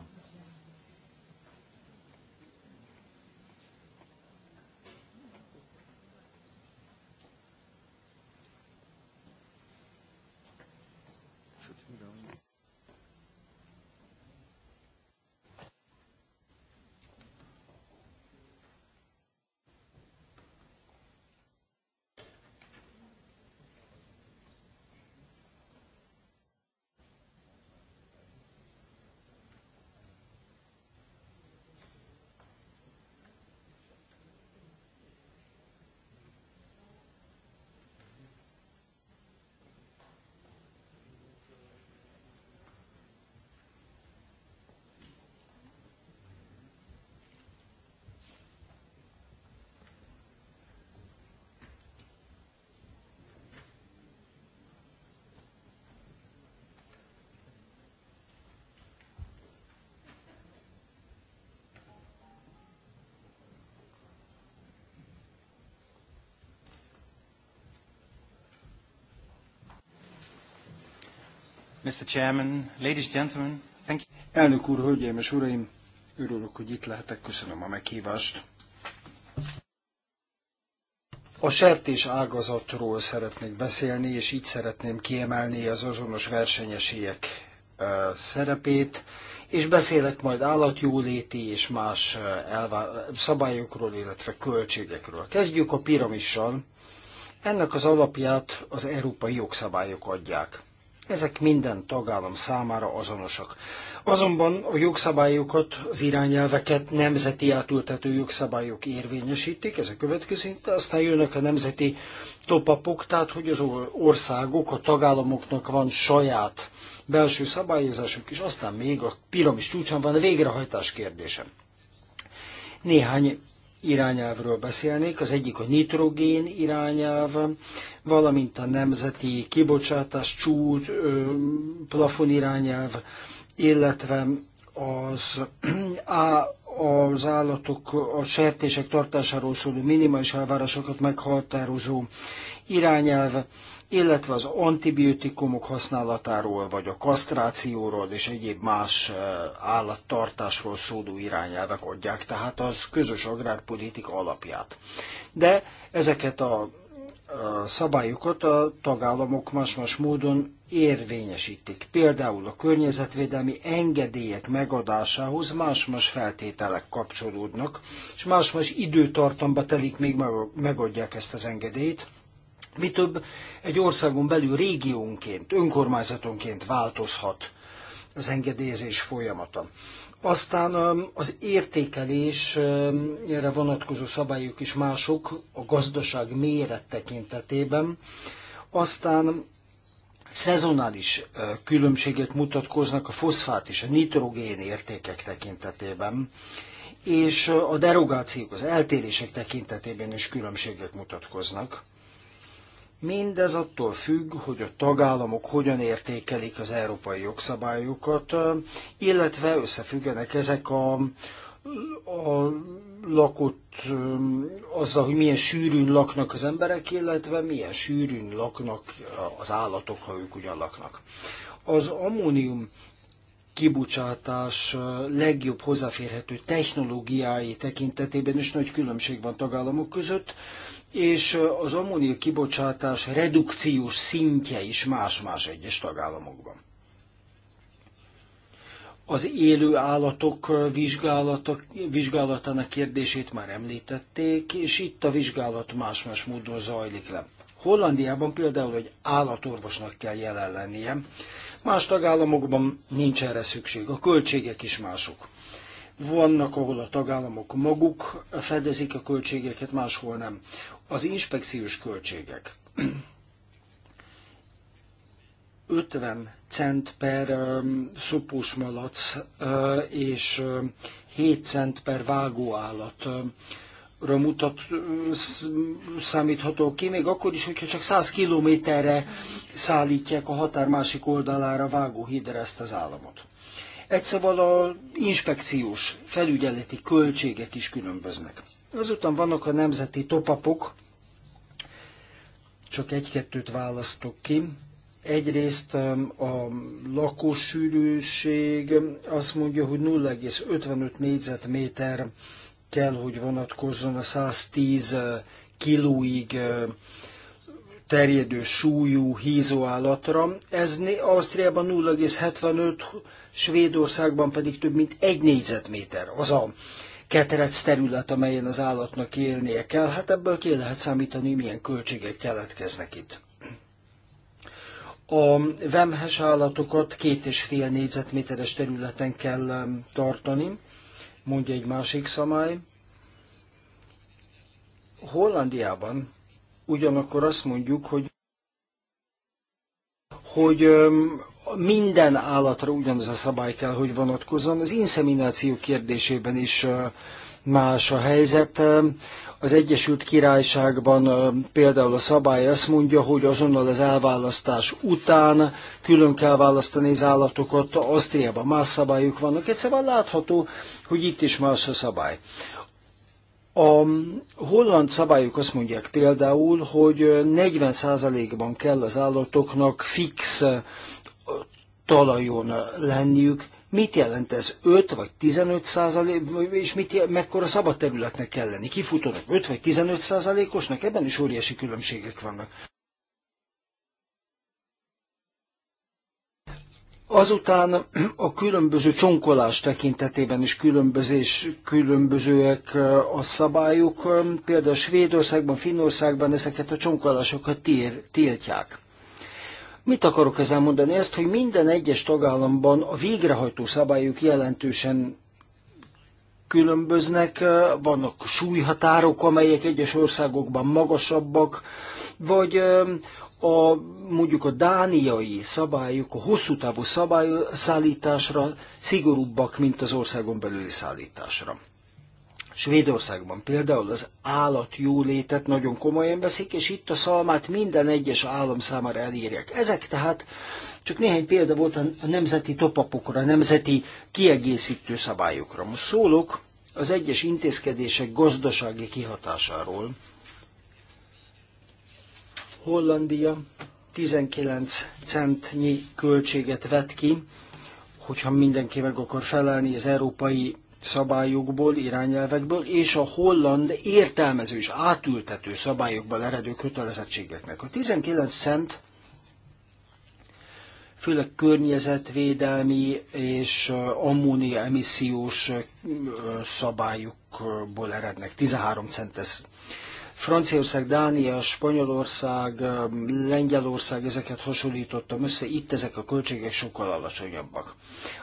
Speaker 1: Mr. Chairman, ladies and gentlemen, thank you. Elnök úr, hölgyeim és uraim, örülök, hogy itt lehetek, köszönöm a meghívást. A sertés ágazatról szeretnék beszélni, és itt szeretném kiemelni az azonos versenyesélyek szerepét, és beszélek majd állatjóléti és más szabályokról, illetve költségekről. Kezdjük a piramissal. Ennek az alapját az európai jogszabályok adják. Ezek minden tagállam számára azonosak. Azonban a jogszabályokat, az irányelveket nemzeti átültető jogszabályok érvényesítik, ez a következő, de aztán jönnek a nemzeti topapok, tehát hogy az országok, a tagállamoknak van saját belső szabályozásuk, és aztán még a piramis csúcsán van a végrehajtás kérdése. Néhány irányelvről beszélnék. Az egyik a nitrogén irányelv, valamint a nemzeti kibocsátás csúcs, plafon irányelv, illetve az, a az állatok, a sertések tartásáról szóló minimális elvárásokat meghatározó irányelv, illetve az antibiotikumok használatáról, vagy a kasztrációról és egyéb más eh, állattartásról szódó irányelvek adják, tehát az közös agrárpolitika alapját. De ezeket a szabályokat a tagállamok más-más módon érvényesítik. Például a környezetvédelmi engedélyek megadásához más-más feltételek kapcsolódnak, és más-más időtartamba telik még megadják ezt az engedélyt. Mi több, egy országon belül régiónként, önkormányzatonként változhat az engedélyezés folyamata. Aztán um, az értékelésre um, vonatkozó szabályok is mások a gazdaság méret tekintetében. Aztán szezonális uh, különbségek mutatkoznak a foszfát és a nitrogén értékek tekintetében, és uh, a derogációk, az eltérések tekintetében is különbségek mutatkoznak. Mindez attól függ, hogy a tagállamok hogyan értékelik az európai jogszabályokat, illetve összefüggenek ezek a, a lakott azzal, hogy milyen sűrűn laknak az emberek, illetve milyen sűrűn laknak az állatok, ha ők ugyan laknak. Az ammónium kibocsátás legjobb hozzáférhető technológiái tekintetében is nagy különbség van tagállamok között és az ammónia kibocsátás redukciós szintje is más-más egyes tagállamokban. Az élő állatok vizsgálata, vizsgálatának kérdését már említették, és itt a vizsgálat más-más módon zajlik le. Hollandiában például egy állatorvosnak kell jelen lennie, más tagállamokban nincs erre szükség, a költségek is mások. Vannak, ahol a tagállamok maguk fedezik a költségeket, máshol nem. Az inspekciós költségek. 50 cent per um, szopós malac uh, és uh, um, 7 cent per vágóállat um, uh, mutat, számítható ki, még akkor is, hogyha csak 100 kilométerre szállítják a határ másik oldalára vágóhídre ezt az államot. Egyszerűen szóval az inspekciós, felügyeleti költségek is különböznek. Azután vannak a nemzeti topapok, csak egy-kettőt választok ki. Egyrészt a lakósűrűség azt mondja, hogy 0,55 négyzetméter kell, hogy vonatkozzon a 110 kilóig terjedő súlyú hízóállatra. Ez Ausztriában 0,75, Svédországban pedig több mint egy négyzetméter. Az a ketrec terület, amelyen az állatnak élnie kell, hát ebből ki lehet számítani, milyen költségek keletkeznek itt. A vemhes állatokat két és fél négyzetméteres területen kell tartani, mondja egy másik szabály. Hollandiában ugyanakkor azt mondjuk, hogy hogy minden állatra ugyanaz a szabály kell, hogy vonatkozzon. Az inszemináció kérdésében is más a helyzet. Az Egyesült Királyságban például a szabály azt mondja, hogy azonnal az elválasztás után külön kell választani az állatokat, Ausztriában más szabályok vannak. Egyszerűen látható, hogy itt is más a szabály. A holland szabályok azt mondják például, hogy 40%-ban kell az állatoknak fix talajon lenniük. Mit jelent ez 5 vagy 15 százalék, és mit, mekkora szabad területnek kell lenni? Kifutónak 5 vagy 15 százalékosnak? Ebben is óriási különbségek vannak. Azután a különböző csonkolás tekintetében is különbözés, különbözőek a szabályok. Például Svédországban, Finnországban ezeket a csonkolásokat tiltják. Mit akarok ezzel mondani? Ezt, hogy minden egyes tagállamban a végrehajtó szabályok jelentősen különböznek, vannak súlyhatárok, amelyek egyes országokban magasabbak, vagy a, mondjuk a dániai szabályok, a hosszú távú szabályszállításra szigorúbbak, mint az országon belüli szállításra. Svédországban például az állatjólétet nagyon komolyan veszik, és itt a szalmát minden egyes állam számára elírják. Ezek tehát csak néhány példa volt a nemzeti topapokra, a nemzeti kiegészítő szabályokra. Most szólok az egyes intézkedések gazdasági kihatásáról. Hollandia 19 centnyi költséget vet ki, hogyha mindenki meg akar felelni az európai szabályokból, irányelvekből és a holland értelmező és átültető szabályokból eredő kötelezettségeknek. A 19 cent főleg környezetvédelmi és ammónia emissziós szabályokból erednek. 13 cent ez. Franciaország, Dánia, Spanyolország, Lengyelország, ezeket hasonlítottam össze, itt ezek a költségek sokkal alacsonyabbak.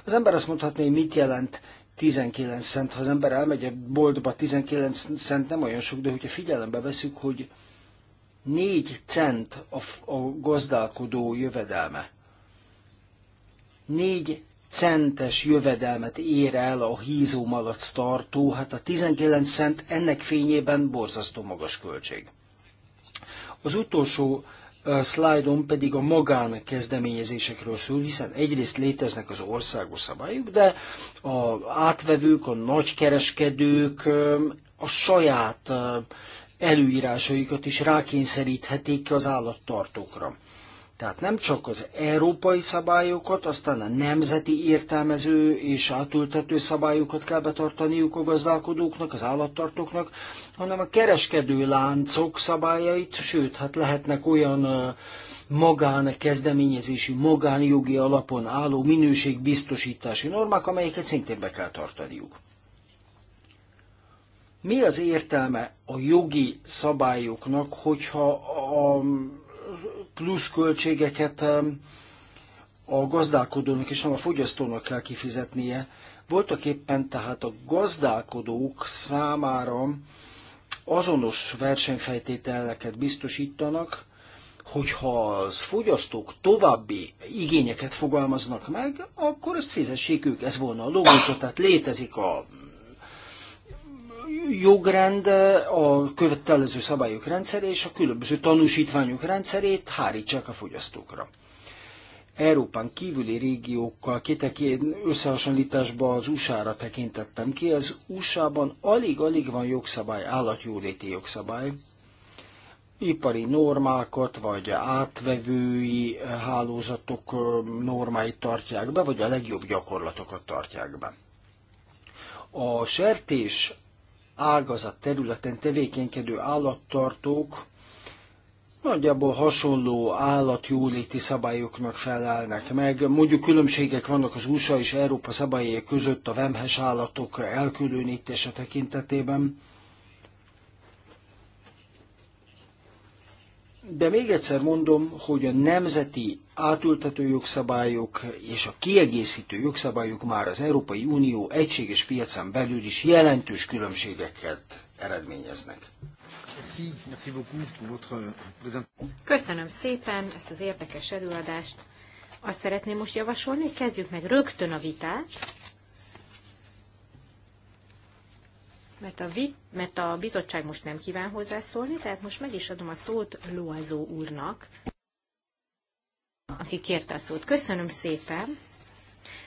Speaker 1: Az ember azt mondhatná, hogy mit jelent 19 cent, ha az ember elmegy a boltba, 19 cent nem olyan sok, de hogyha figyelembe veszük, hogy 4 cent a, a gazdálkodó jövedelme. 4 centes jövedelmet ér el a hízó malac tartó, hát a 19 cent ennek fényében borzasztó magas költség. Az utolsó szlájdon pedig a magán kezdeményezésekről szól, hiszen egyrészt léteznek az országos szabályok, de a átvevők, a nagykereskedők a saját előírásaikat is rákényszeríthetik az állattartókra. Tehát nem csak az európai szabályokat, aztán a nemzeti értelmező és átültető szabályokat kell betartaniuk a gazdálkodóknak, az állattartóknak, hanem a kereskedő láncok szabályait, sőt, hát lehetnek olyan magán kezdeményezési, magánjogi alapon álló minőségbiztosítási normák, amelyeket szintén be kell tartaniuk. Mi az értelme a jogi szabályoknak, hogyha a plusz költségeket a gazdálkodónak és nem a fogyasztónak kell kifizetnie. Voltak éppen tehát a gazdálkodók számára azonos versenyfejtételeket biztosítanak, hogyha a fogyasztók további igényeket fogalmaznak meg, akkor ezt fizessék ők. Ez volna a logika, tehát létezik a jogrend, eh, a követelező szabályok rendszere és a különböző tanúsítványok rendszerét hárítsák a fogyasztókra. Európán kívüli régiókkal kitekén összehasonlításba az USA-ra tekintettem ki. Az USA-ban alig-alig van jogszabály, állatjóléti jogszabály. Ipari normákat, vagy átvevői eh, hálózatok eh, normáit tartják be, vagy a legjobb gyakorlatokat tartják be. A sertés ágazat területen tevékenykedő állattartók nagyjából hasonló állatjóléti szabályoknak felelnek meg. Mondjuk különbségek vannak az USA és Európa szabályai között a vemhes állatok elkülönítése tekintetében. De még egyszer mondom, hogy a nemzeti átültető jogszabályok és a kiegészítő jogszabályok már az Európai Unió egységes piacán belül is jelentős különbségeket eredményeznek. Euh,
Speaker 2: Köszönöm szépen ezt az érdekes előadást. Azt szeretném most javasolni, hogy kezdjük meg rögtön a vitát, mert a, vi, mert a bizottság most nem kíván hozzászólni, tehát most meg is adom a szót Loazó úrnak, aki kérte a szót. Köszönöm szépen!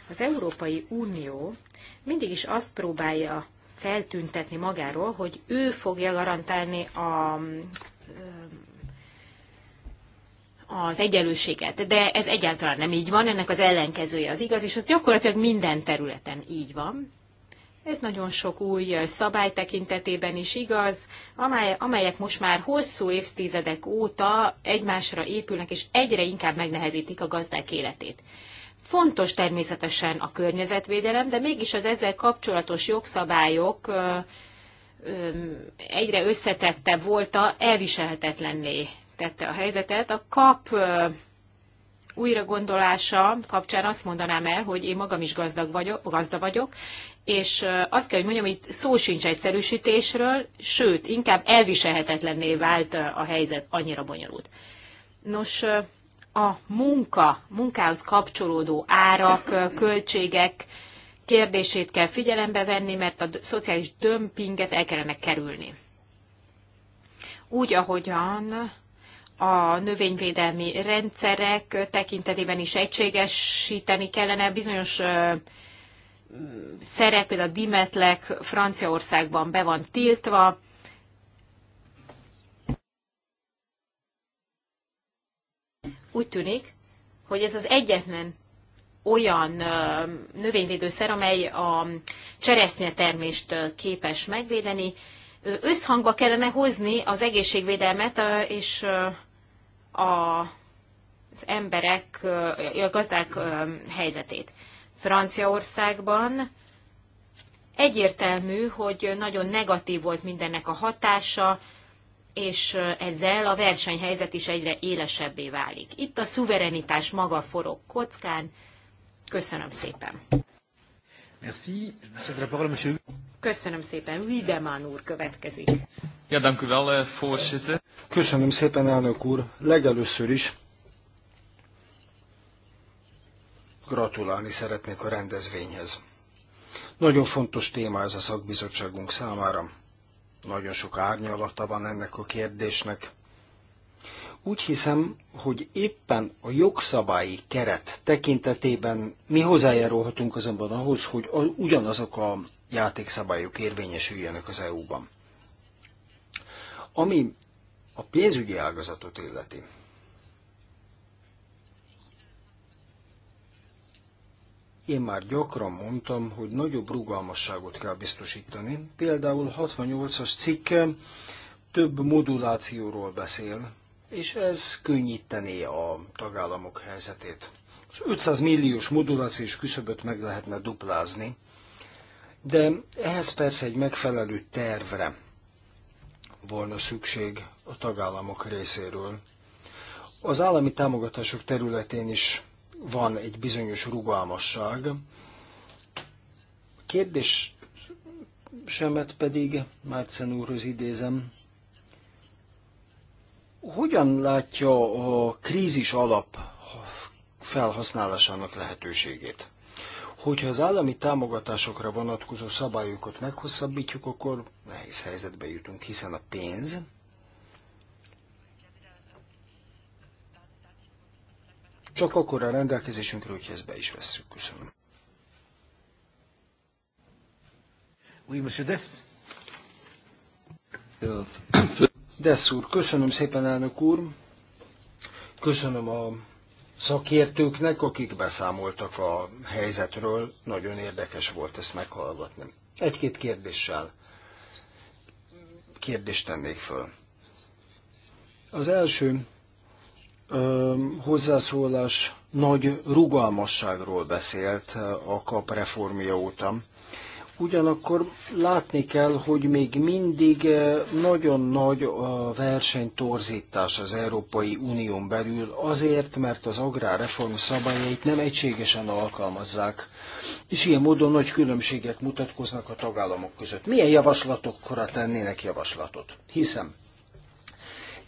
Speaker 2: Az Európai Unió mindig is azt próbálja feltüntetni magáról, hogy ő fogja garantálni a az egyenlőséget, de ez egyáltalán nem így van, ennek az ellenkezője az igaz, és az gyakorlatilag minden területen így van. Ez nagyon sok új szabály tekintetében is igaz, amely, amelyek most már hosszú évtizedek óta egymásra épülnek, és egyre inkább megnehezítik a gazdák életét. Fontos természetesen a környezetvédelem, de mégis az ezzel kapcsolatos jogszabályok ö, ö, egyre összetettebb volta, elviselhetetlenné tette a helyzetet. A kap ö, gondolása kapcsán azt mondanám el, hogy én magam is gazdag vagyok, gazda vagyok, és azt kell, hogy mondjam, hogy szó sincs egyszerűsítésről, sőt, inkább elviselhetetlenné vált a helyzet, annyira bonyolult. Nos, a munka, munkához kapcsolódó árak, költségek kérdését kell figyelembe venni, mert a szociális dömpinget el kellene kerülni. Úgy, ahogyan a növényvédelmi rendszerek tekintetében is egységesíteni kellene bizonyos szerep, például a Dimetlek Franciaországban be van tiltva, úgy tűnik, hogy ez az egyetlen olyan növényvédőszer, amely a cseresznye termést képes megvédeni. Összhangba kellene hozni az egészségvédelmet és az emberek, a gazdák helyzetét. Franciaországban egyértelmű, hogy nagyon negatív volt mindennek a hatása, és ezzel a versenyhelyzet is egyre élesebbé válik. Itt a szuverenitás maga forog kockán. Köszönöm szépen. Merci. Köszönöm szépen. Wiedemann úr következik.
Speaker 1: Ja, dank u wel, eh, voorzitter. Köszönöm szépen, elnök úr. Legelőször is Gratulálni szeretnék a rendezvényhez. Nagyon fontos téma ez a szakbizottságunk számára. Nagyon sok árnyalata van ennek a kérdésnek. Úgy hiszem, hogy éppen a jogszabályi keret tekintetében mi hozzájárulhatunk azonban ahhoz, hogy ugyanazok a játékszabályok érvényesüljenek az EU-ban. Ami a pénzügyi ágazatot illeti, Én már gyakran mondtam, hogy nagyobb rugalmasságot kell biztosítani. Például 68-as cikke több modulációról beszél, és ez könnyítené a tagállamok helyzetét. Az 500 milliós modulációs küszöböt meg lehetne duplázni, de ehhez persze egy megfelelő tervre volna szükség a tagállamok részéről. Az állami támogatások területén is van egy bizonyos rugalmasság. Kérdés semet pedig, Márcen úrhoz idézem, hogyan látja a krízis alap felhasználásának lehetőségét? Hogyha az állami támogatásokra vonatkozó szabályokat meghosszabbítjuk, akkor nehéz helyzetbe jutunk, hiszen a pénz csak akkor a rendelkezésünkre, hogy ezt be is vesszük. Köszönöm. Oui, monsieur Dess. Dess úr, köszönöm szépen, elnök úr. Köszönöm a szakértőknek, akik beszámoltak a helyzetről. Nagyon érdekes volt ezt meghallgatni. Egy-két kérdéssel kérdést tennék föl. Az első, hozzászólás nagy rugalmasságról beszélt a kap reformja óta. Ugyanakkor látni kell, hogy még mindig nagyon nagy a versenytorzítás az Európai Unión belül, azért, mert az agrárreform szabályait nem egységesen alkalmazzák, és ilyen módon nagy különbségek mutatkoznak a tagállamok között. Milyen javaslatokra tennének javaslatot? Hiszem,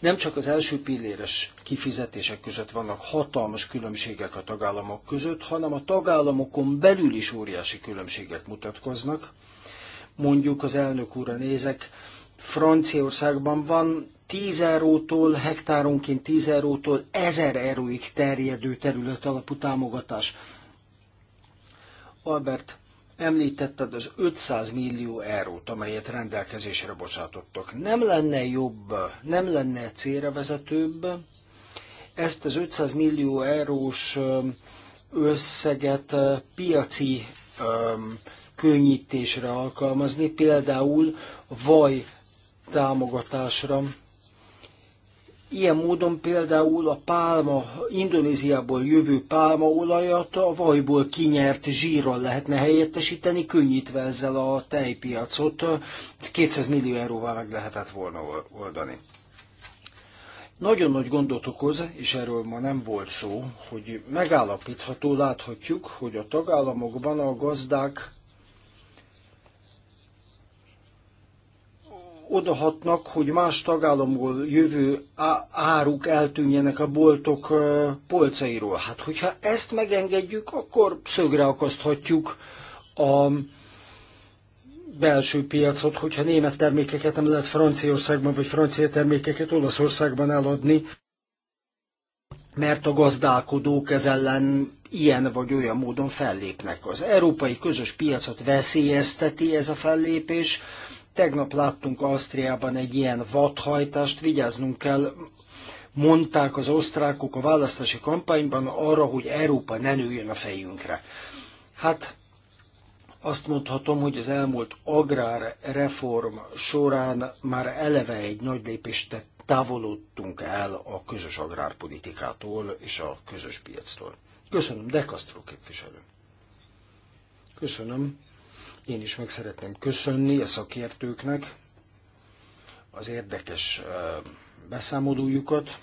Speaker 1: nem csak az első pilléres kifizetések között vannak hatalmas különbségek a tagállamok között, hanem a tagállamokon belül is óriási különbségek mutatkoznak. Mondjuk az elnök úrra nézek, Franciaországban van 10 eurótól, hektáronként 10 eurótól 1000 euróig terjedő terület alapú támogatás. Albert Említetted az 500 millió eurót, amelyet rendelkezésre bocsátottak. Nem lenne jobb, nem lenne célra vezetőbb ezt az 500 millió eurós összeget piaci könnyítésre alkalmazni, például vaj támogatásra, Ilyen módon például a pálma, Indonéziából jövő pálmaolajat a vajból kinyert zsírral lehetne helyettesíteni, könnyítve ezzel a tejpiacot. 200 millió euróval meg lehetett volna oldani. Nagyon nagy gondot okoz, és erről ma nem volt szó, hogy megállapítható, láthatjuk, hogy a tagállamokban a gazdák odahatnak, hogy más tagállamból jövő áruk eltűnjenek a boltok polcairól. Hát, hogyha ezt megengedjük, akkor szögre akaszthatjuk a belső piacot, hogyha német termékeket nem lehet Franciaországban, vagy francia termékeket Olaszországban eladni, mert a gazdálkodók ez ellen ilyen vagy olyan módon fellépnek. Az európai közös piacot veszélyezteti ez a fellépés, Tegnap láttunk Ausztriában egy ilyen vadhajtást, vigyáznunk kell, mondták az osztrákok a választási kampányban arra, hogy Európa ne nőjön a fejünkre. Hát azt mondhatom, hogy az elmúlt agrárreform során már eleve egy nagy lépést tett, távolodtunk el a közös agrárpolitikától és a közös piactól. Köszönöm, De Castro képviselő. Köszönöm. Én is meg szeretném köszönni a szakértőknek az érdekes beszámolójukat,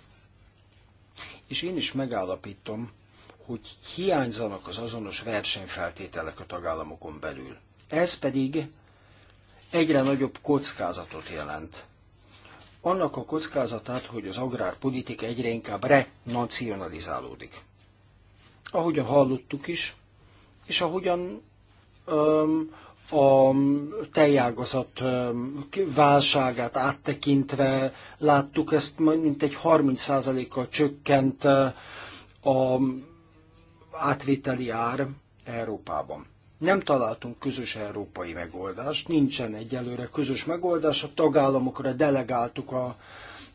Speaker 1: és én is megállapítom, hogy hiányzanak az azonos versenyfeltételek a tagállamokon belül. Ez pedig egyre nagyobb kockázatot jelent. Annak a kockázatát, hogy az agrárpolitika egyre inkább renacionalizálódik. Ahogyan hallottuk is, és ahogyan a tejágazat válságát áttekintve láttuk, ezt mint egy 30%-kal csökkent a átvételi ár Európában. Nem találtunk közös európai megoldást, nincsen egyelőre közös megoldás, a tagállamokra delegáltuk a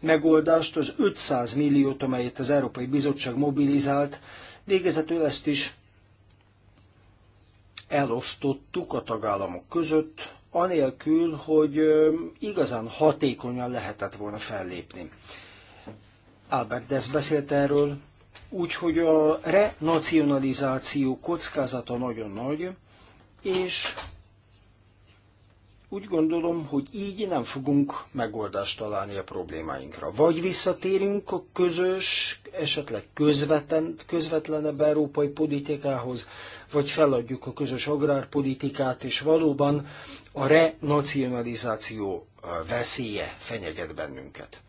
Speaker 1: megoldást, az 500 milliót, amelyet az Európai Bizottság mobilizált, végezetül ezt is elosztottuk a tagállamok között, anélkül, hogy igazán hatékonyan lehetett volna fellépni. Albert Dess beszélt erről, úgyhogy a renacionalizáció kockázata nagyon nagy, és úgy gondolom, hogy így nem fogunk megoldást találni a problémáinkra. Vagy visszatérünk a közös, esetleg közvetlenebb európai politikához, vagy feladjuk a közös agrárpolitikát, és valóban a renacionalizáció veszélye fenyeget bennünket.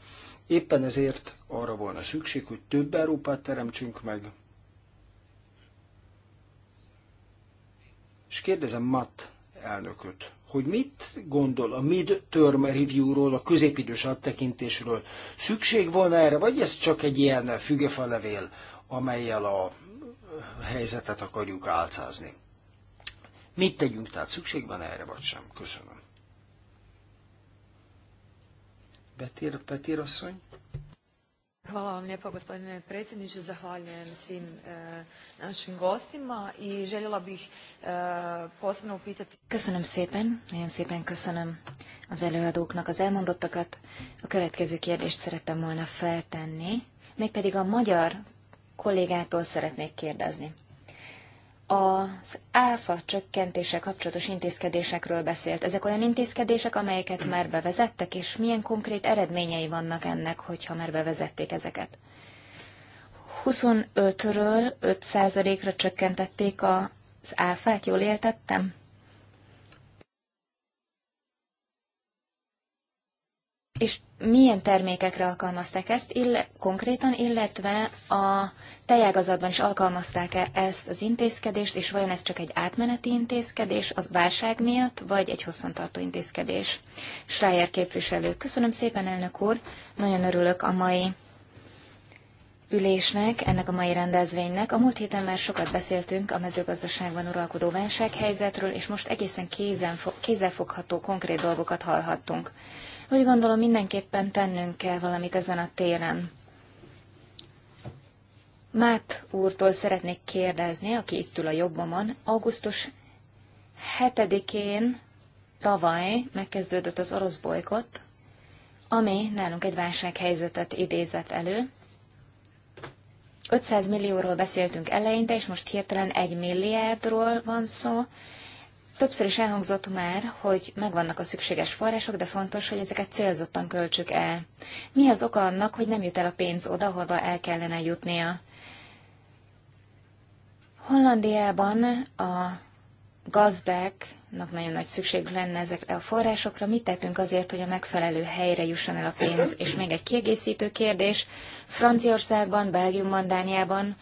Speaker 1: Éppen ezért arra volna szükség, hogy több Európát teremtsünk meg. És kérdezem Matt elnököt, hogy mit gondol a mid-term review-ról, a középidős áttekintésről. Szükség volna erre, vagy ez csak egy ilyen fügefelevél, amelyel a helyzetet akarjuk álcázni. Mit tegyünk, tehát szükség van erre, vagy sem? Köszönöm. Petir, Petir asszony.
Speaker 2: Hvala vam lijepa gospodine
Speaker 4: predsjedniče, zahvaljujem svim e, našim gostima i željela bih e, posebno upitati... Köszönöm szépen, nagyon szépen köszönöm az előadóknak az elmondottakat. A következő kérdést szerettem volna feltenni, mégpedig a magyar kollégától szeretnék kérdezni. Az áfa csökkentése kapcsolatos intézkedésekről beszélt. Ezek olyan intézkedések, amelyeket már bevezettek, és milyen konkrét eredményei vannak ennek, hogyha már bevezették ezeket? 25-ről 5%-ra csökkentették az áfát, jól értettem? És milyen termékekre alkalmazták ezt ille, konkrétan, illetve a tejágazatban is alkalmazták-e ezt az intézkedést, és vajon ez csak egy átmeneti intézkedés az válság miatt, vagy egy hosszantartó intézkedés? Schreier képviselő, köszönöm szépen, elnök úr, nagyon örülök a mai ülésnek, ennek a mai rendezvénynek. A múlt héten már sokat beszéltünk a mezőgazdaságban uralkodó válsághelyzetről, és most egészen kézenfo- kézzelfogható konkrét dolgokat hallhattunk. Úgy gondolom, mindenképpen tennünk kell valamit ezen a téren. Mát úrtól szeretnék kérdezni, aki itt ül a jobbomon. Augusztus 7-én tavaly megkezdődött az orosz bolykott, ami nálunk egy válsághelyzetet idézett elő. 500 millióról beszéltünk eleinte, és most hirtelen 1 milliárdról van szó. Többször is elhangzott már, hogy megvannak a szükséges források, de fontos, hogy ezeket célzottan költsük el. Mi az oka annak, hogy nem jut el a pénz oda, hova el kellene jutnia? Hollandiában a gazdáknak nagyon nagy szükség lenne ezekre a forrásokra. Mit tettünk azért, hogy a megfelelő helyre jusson el a pénz? És még egy kiegészítő kérdés. Franciaországban, Belgiumban, Dániában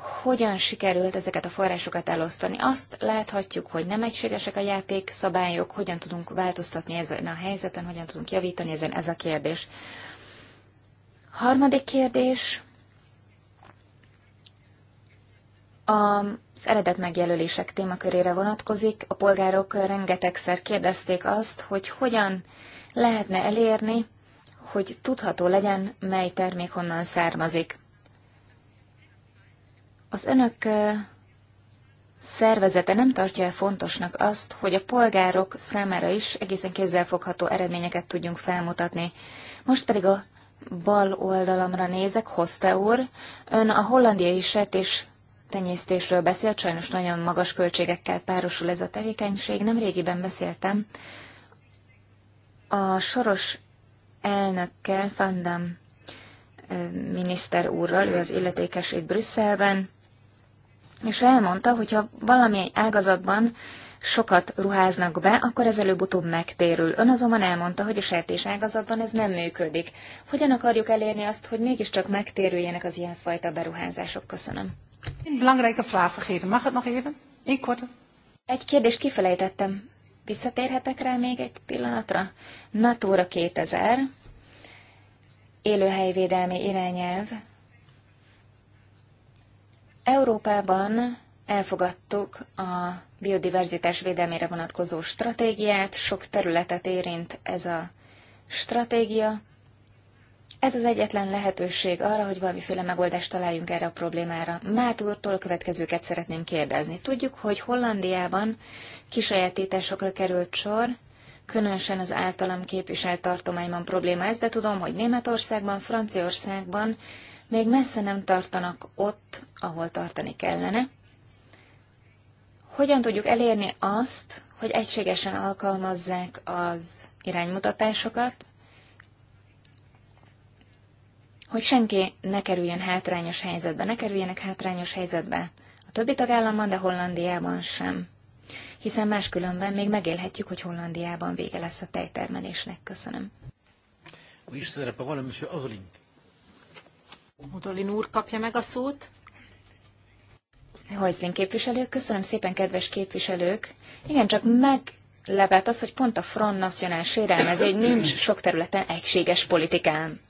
Speaker 4: hogyan sikerült ezeket a forrásokat elosztani. Azt láthatjuk, hogy nem egységesek a játékszabályok, hogyan tudunk változtatni ezen a helyzeten, hogyan tudunk javítani ezen, ez a kérdés. Harmadik kérdés, az eredet megjelölések témakörére vonatkozik. A polgárok rengetegszer kérdezték azt, hogy hogyan lehetne elérni, hogy tudható legyen, mely termék honnan származik. Az önök szervezete nem tartja el fontosnak azt, hogy a polgárok számára is egészen kézzelfogható eredményeket tudjunk felmutatni. Most pedig a bal oldalamra nézek, Hoste úr, ön a hollandiai és tenyésztésről beszélt, sajnos nagyon magas költségekkel párosul ez a tevékenység. Nem régiben beszéltem a soros elnökkel, Fandam miniszter úrral, ő az illetékes itt Brüsszelben, és elmondta, hogy ha valamilyen ágazatban sokat ruháznak be, akkor ez előbb-utóbb megtérül. Ön azonban elmondta, hogy a sertés ágazatban ez nem működik. Hogyan akarjuk elérni azt, hogy mégiscsak megtérüljenek az ilyenfajta beruházások? Köszönöm. Egy kérdést kifelejtettem. Visszatérhetek rá még egy pillanatra? Natura 2000, élőhelyvédelmi irányelv, Európában elfogadtuk a biodiverzitás védelmére vonatkozó stratégiát, sok területet érint ez a stratégia. Ez az egyetlen lehetőség arra, hogy valamiféle megoldást találjunk erre a problémára. Mátúrtól a következőket szeretném kérdezni. Tudjuk, hogy Hollandiában kisajátításokra került sor, különösen az általam képviselt tartományban probléma ez, de tudom, hogy Németországban, Franciaországban még messze nem tartanak ott, ahol tartani kellene. Hogyan tudjuk elérni azt, hogy egységesen alkalmazzák az iránymutatásokat, hogy senki ne kerüljön hátrányos helyzetbe, ne kerüljenek hátrányos helyzetbe a többi tagállamban, de Hollandiában sem. Hiszen máskülönben még megélhetjük, hogy Hollandiában vége lesz a tejtermelésnek. Köszönöm.
Speaker 2: Köszönöm. Modolin úr kapja meg a szót.
Speaker 4: Hojzlin képviselők, köszönöm szépen, kedves képviselők. Igen, csak meg levet az, hogy pont a Front National sérelmezi, hogy nincs sok területen egységes politikán.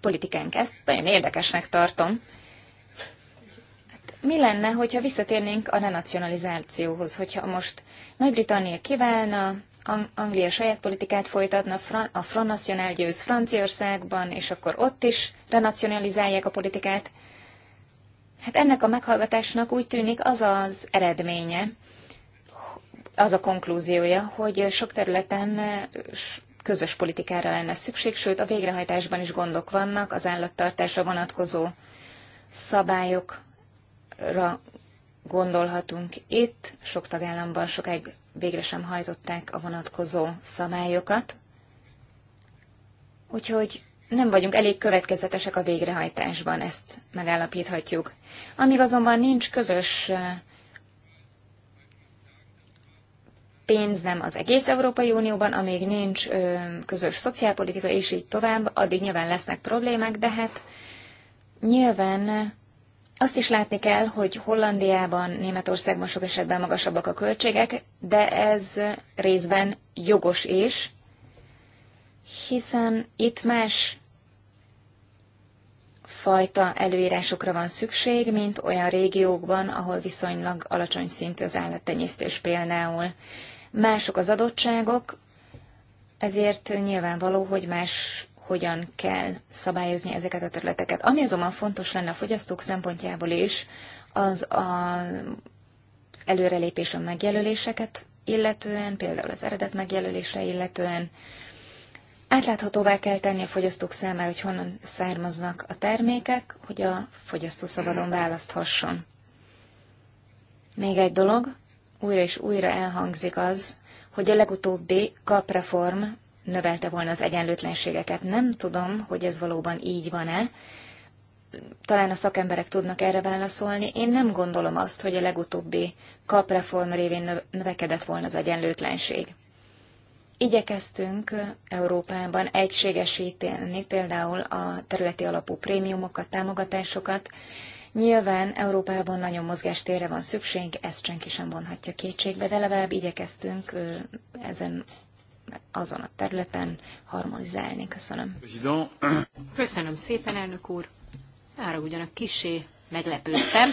Speaker 4: politikánk. Ezt nagyon érdekesnek tartom. Hát, mi lenne, hogyha visszatérnénk a renacionalizációhoz, hogyha most Nagy-Britannia kiválna, Anglia saját politikát folytatna, a Front National győz Franciaországban, és akkor ott is renacionalizálják a politikát. Hát ennek a meghallgatásnak úgy tűnik az az eredménye, az a konklúziója, hogy sok területen közös politikára lenne szükség, sőt a végrehajtásban is gondok vannak, az állattartásra vonatkozó szabályokra gondolhatunk itt, sok tagállamban sokáig végre sem hajtották a vonatkozó szabályokat, úgyhogy nem vagyunk elég következetesek a végrehajtásban, ezt megállapíthatjuk. Amíg azonban nincs közös pénz nem az egész Európai Unióban, amíg nincs ö, közös szociálpolitika, és így tovább, addig nyilván lesznek problémák, de hát nyilván azt is látni kell, hogy Hollandiában, Németországban sok esetben magasabbak a költségek, de ez részben jogos is, hiszen itt más fajta előírásokra van szükség, mint olyan régiókban, ahol viszonylag alacsony szintű az állattenyésztés például. Mások az adottságok, ezért nyilvánvaló, hogy más hogyan kell szabályozni ezeket a területeket. Ami azonban fontos lenne a fogyasztók szempontjából is, az a, az előrelépés a megjelöléseket illetően, például az eredet megjelölése illetően. Átláthatóvá kell tenni a fogyasztók számára, hogy honnan származnak a termékek, hogy a fogyasztó szabadon választhasson. Még egy dolog, újra és újra elhangzik az, hogy a legutóbbi kapreform növelte volna az egyenlőtlenségeket. Nem tudom, hogy ez valóban így van-e. Talán a szakemberek tudnak erre válaszolni. Én nem gondolom azt, hogy a legutóbbi kapreform révén növekedett volna az egyenlőtlenség. Igyekeztünk Európában egységesíteni például a területi alapú prémiumokat, támogatásokat. Nyilván Európában nagyon mozgástérre van szükség, ezt senki sem vonhatja kétségbe, de legalább igyekeztünk ezen azon a területen harmonizálni.
Speaker 2: Köszönöm. Köszönöm szépen, elnök úr. Ára ugyanak kisé meglepődtem,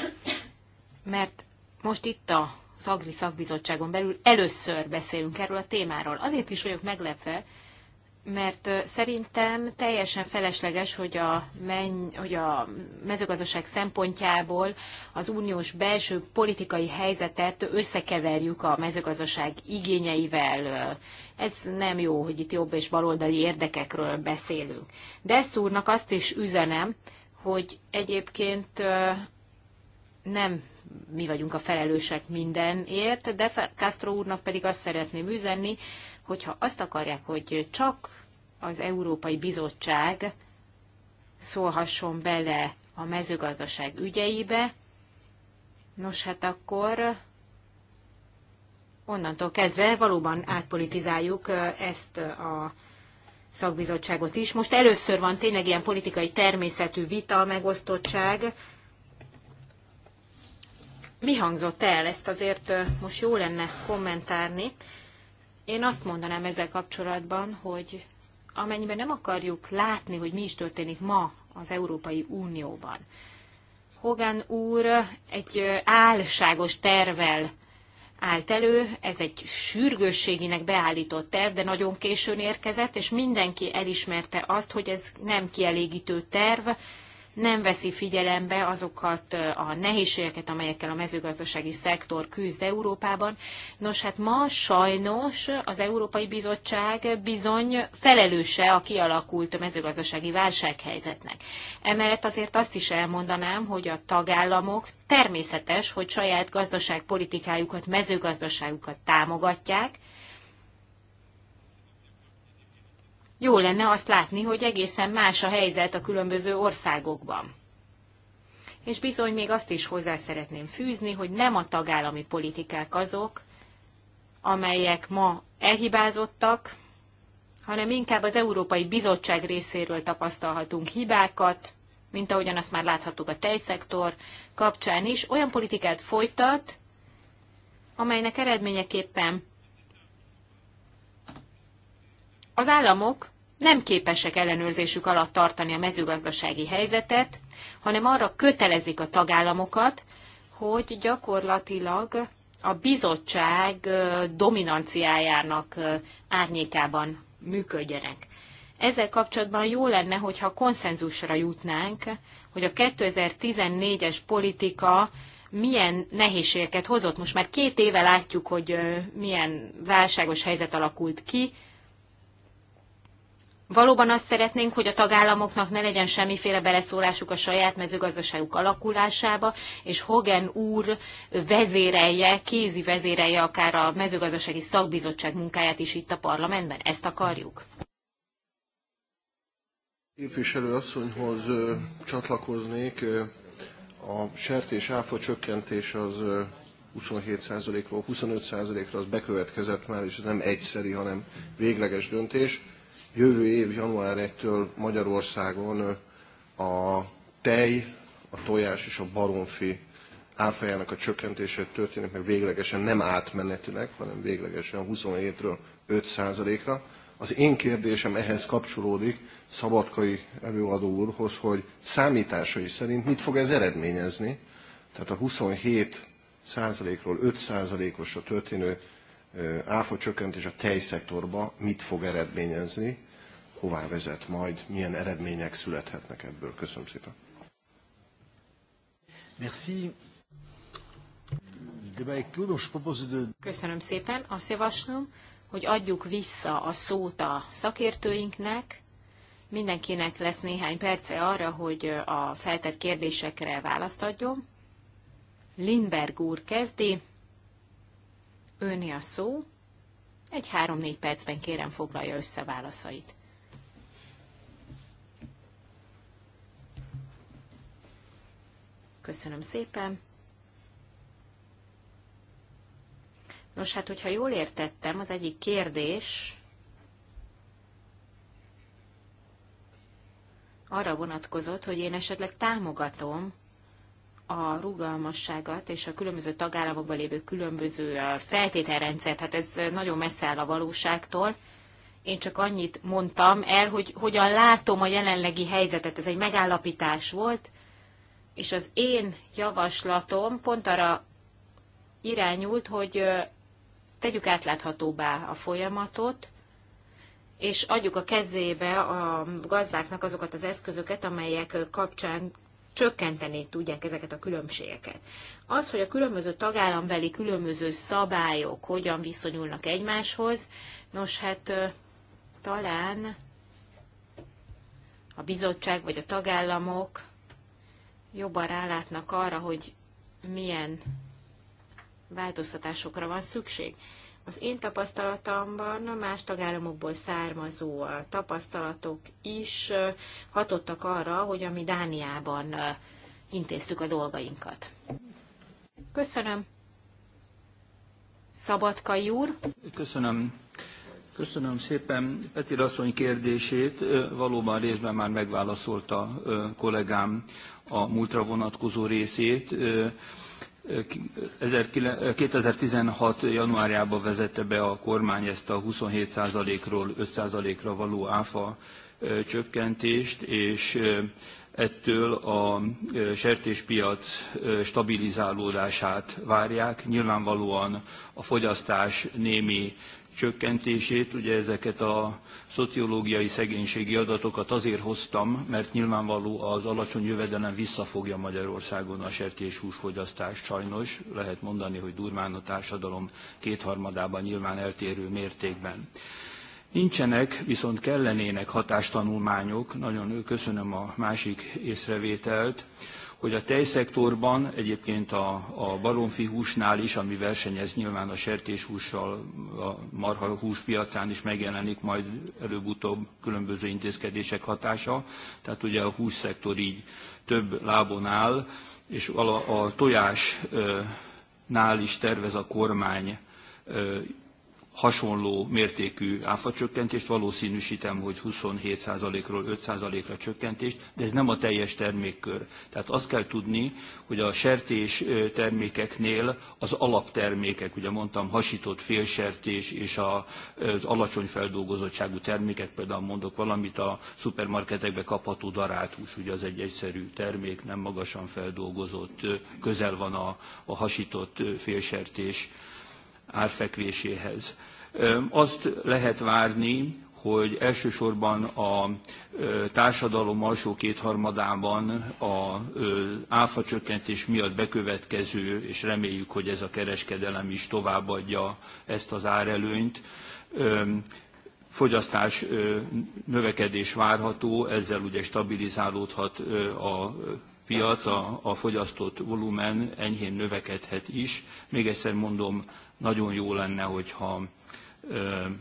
Speaker 2: mert most itt a Szagri Szakbizottságon belül először beszélünk erről a témáról. Azért is vagyok meglepve, mert szerintem teljesen felesleges, hogy a, menny, hogy a mezőgazdaság szempontjából az uniós belső politikai helyzetet összekeverjük a mezőgazdaság igényeivel. Ez nem jó, hogy itt jobb és baloldali érdekekről beszélünk. De úrnak azt is üzenem, hogy egyébként nem mi vagyunk a felelősek mindenért, de Castro úrnak pedig azt szeretném üzenni, hogyha azt akarják, hogy csak az Európai Bizottság szólhasson bele a mezőgazdaság ügyeibe, nos hát akkor onnantól kezdve valóban átpolitizáljuk ezt a szakbizottságot is. Most először van tényleg ilyen politikai természetű vita, megosztottság. Mi hangzott el? Ezt azért most jó lenne kommentárni. Én azt mondanám ezzel kapcsolatban, hogy amennyiben nem akarjuk látni, hogy mi is történik ma az Európai Unióban, Hogan úr egy álságos tervel állt elő, ez egy sürgősséginek beállított terv, de nagyon későn érkezett, és mindenki elismerte azt, hogy ez nem kielégítő terv, nem veszi figyelembe azokat a nehézségeket, amelyekkel a mezőgazdasági szektor küzd Európában. Nos, hát ma sajnos az Európai Bizottság bizony felelőse a kialakult mezőgazdasági válsághelyzetnek. Emellett azért azt is elmondanám, hogy a tagállamok természetes, hogy saját gazdaságpolitikájukat, mezőgazdaságukat támogatják, jó lenne azt látni, hogy egészen más a helyzet a különböző országokban. És bizony még azt is hozzá szeretném fűzni, hogy nem a tagállami politikák azok, amelyek ma elhibázottak, hanem inkább az Európai Bizottság részéről tapasztalhatunk hibákat, mint ahogyan azt már láthattuk a tejszektor kapcsán is, olyan politikát folytat, amelynek eredményeképpen az államok nem képesek ellenőrzésük alatt tartani a mezőgazdasági helyzetet, hanem arra kötelezik a tagállamokat, hogy gyakorlatilag a bizottság dominanciájának árnyékában működjenek. Ezzel kapcsolatban jó lenne, hogyha konszenzusra jutnánk, hogy a 2014-es politika milyen nehézségeket hozott. Most már két éve látjuk, hogy milyen válságos helyzet alakult ki, valóban azt szeretnénk, hogy a tagállamoknak ne legyen semmiféle beleszólásuk a saját mezőgazdaságuk alakulásába, és Hogan úr vezérelje, kézi vezérelje akár a mezőgazdasági szakbizottság munkáját is itt a parlamentben. Ezt akarjuk?
Speaker 1: Képviselő asszonyhoz csatlakoznék. A sertés áfa csökkentés az 27%-ról 25%-ra
Speaker 2: az bekövetkezett már, és ez nem egyszeri, hanem végleges döntés jövő év
Speaker 1: január 1-től Magyarországon a tej, a tojás és a baromfi áfajának a csökkentése történik meg véglegesen, nem átmenetileg, hanem véglegesen 27-ről 5%-ra. Az én kérdésem ehhez kapcsolódik Szabadkai előadó úrhoz, hogy számításai szerint mit fog ez eredményezni, tehát a 27 százalékról 5 százalékosra történő áfa csökkentés a tejszektorba mit fog eredményezni, hová vezet majd, milyen eredmények születhetnek ebből. Köszönöm szépen.
Speaker 2: Merci. Köszönöm szépen. Azt javaslom, hogy adjuk vissza a szót a szakértőinknek. Mindenkinek lesz néhány perce arra, hogy a feltett kérdésekre választ adjon. Lindberg úr kezdi. Őni a szó. Egy három-négy percben kérem foglalja össze válaszait. Köszönöm szépen. Nos, hát, hogyha jól értettem, az egyik kérdés arra vonatkozott, hogy én esetleg támogatom a rugalmasságot és a különböző tagállamokban lévő különböző feltételrendszert. Hát ez nagyon messze áll a valóságtól. Én csak annyit mondtam el, hogy hogyan látom a jelenlegi helyzetet. Ez egy megállapítás volt, és az én javaslatom pont arra irányult, hogy tegyük átláthatóbbá a folyamatot, és adjuk a kezébe a gazdáknak azokat az eszközöket, amelyek kapcsán csökkenteni tudják ezeket a különbségeket. Az, hogy a különböző tagállambeli különböző szabályok hogyan viszonyulnak egymáshoz, nos hát talán a bizottság vagy a tagállamok jobban rálátnak arra, hogy milyen változtatásokra van szükség. Az én tapasztalatomban más tagállamokból származó tapasztalatok is hatottak arra, hogy ami Dániában intéztük a dolgainkat. Köszönöm. Szabadka úr.
Speaker 3: Köszönöm. Köszönöm szépen. Peti asszony kérdését valóban részben már megválaszolta kollégám a múltra vonatkozó részét. 2016. januárjában vezette be a kormány ezt a 27%-ról 5%-ra való áfa csökkentést, és ettől a sertéspiac stabilizálódását várják. Nyilvánvalóan a fogyasztás némi csökkentését, ugye ezeket a szociológiai szegénységi adatokat azért hoztam, mert nyilvánvaló az alacsony jövedelem visszafogja Magyarországon a sertéshús fogyasztást sajnos, lehet mondani, hogy durván a társadalom kétharmadában nyilván eltérő mértékben. Nincsenek, viszont kellenének hatástanulmányok, nagyon köszönöm a másik észrevételt, hogy a tejszektorban, egyébként a, a baromfi húsnál is, ami versenyez nyilván a sertéshússal, a marha hús piacán is megjelenik majd előbb-utóbb különböző intézkedések hatása, tehát ugye a hússzektor így több lábon áll, és a, a tojásnál is tervez a kormány hasonló mértékű áfacsökkentést, valószínűsítem, hogy 27%-ról 5%-ra csökkentést, de ez nem a teljes termékkör. Tehát azt kell tudni, hogy a sertés termékeknél az alaptermékek, ugye mondtam, hasított félsertés és az alacsony feldolgozottságú termékek, például mondok valamit, a szupermarketekbe kapható darátus, ugye az egy egyszerű termék, nem magasan feldolgozott, közel van a, a hasított félsertés árfekvéséhez. Azt lehet várni, hogy elsősorban a társadalom alsó kétharmadában a áfa csökkentés miatt bekövetkező, és reméljük, hogy ez a kereskedelem is továbbadja ezt az árelőnyt, fogyasztás növekedés várható, ezzel ugye stabilizálódhat a piac, a, a fogyasztott volumen enyhén növekedhet is. Még egyszer mondom, nagyon jó lenne, hogyha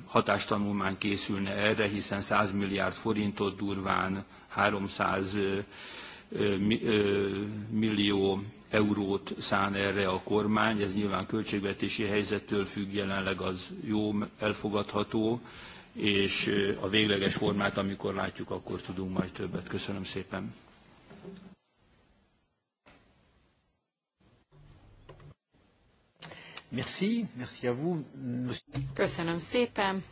Speaker 3: hatástanulmány készülne erre, hiszen 100 milliárd forintot durván 300 millió eurót szán erre a kormány. Ez nyilván költségvetési helyzettől függ, jelenleg az jó, elfogadható, és a végleges formát, amikor látjuk, akkor tudunk majd többet. Köszönöm szépen.
Speaker 1: Merci, merci à
Speaker 3: vous.
Speaker 2: Köszönöm szépen,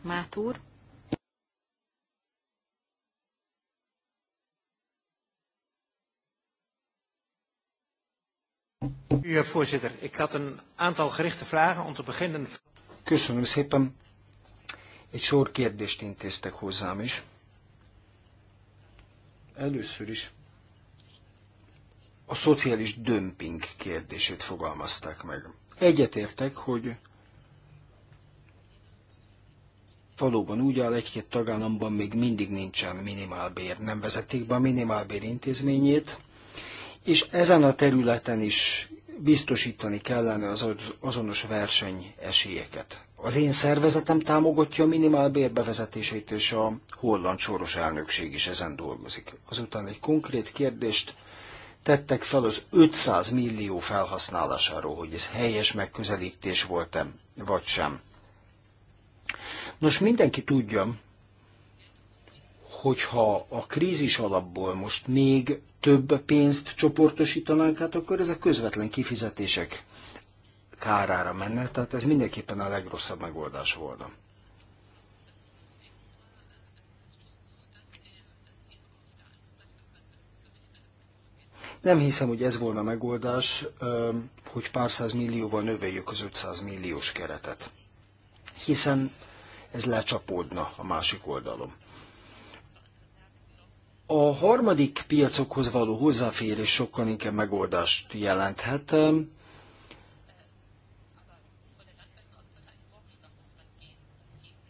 Speaker 2: Mát úr.
Speaker 3: Eh, voorzitter, ik had een
Speaker 1: aantal gerichte vragen om te beginnen. Köszönöm szépen. Egy sor kérdést intéztek hozzám is. Először is a szociális dömping kérdését fogalmazták meg. Egyetértek, hogy valóban úgy áll, egy-két tagállamban még mindig nincsen minimálbér, nem vezetik be a minimálbér intézményét, és ezen a területen is biztosítani kellene az azonos verseny esélyeket. Az én szervezetem támogatja a minimálbér bevezetését, és a holland soros elnökség is ezen dolgozik. Azután egy konkrét kérdést tettek fel az 500 millió felhasználásáról, hogy ez helyes megközelítés volt-e, vagy sem. Nos, mindenki tudja, hogyha a krízis alapból most még több pénzt csoportosítanánk, hát akkor ezek közvetlen kifizetések kárára menne, tehát ez mindenképpen a legrosszabb megoldás volna. Nem hiszem, hogy ez volna a megoldás, hogy pár száz millióval növeljük az 500 milliós keretet. Hiszen ez lecsapódna a másik oldalon. A harmadik piacokhoz való hozzáférés sokkal inkább megoldást jelenthet,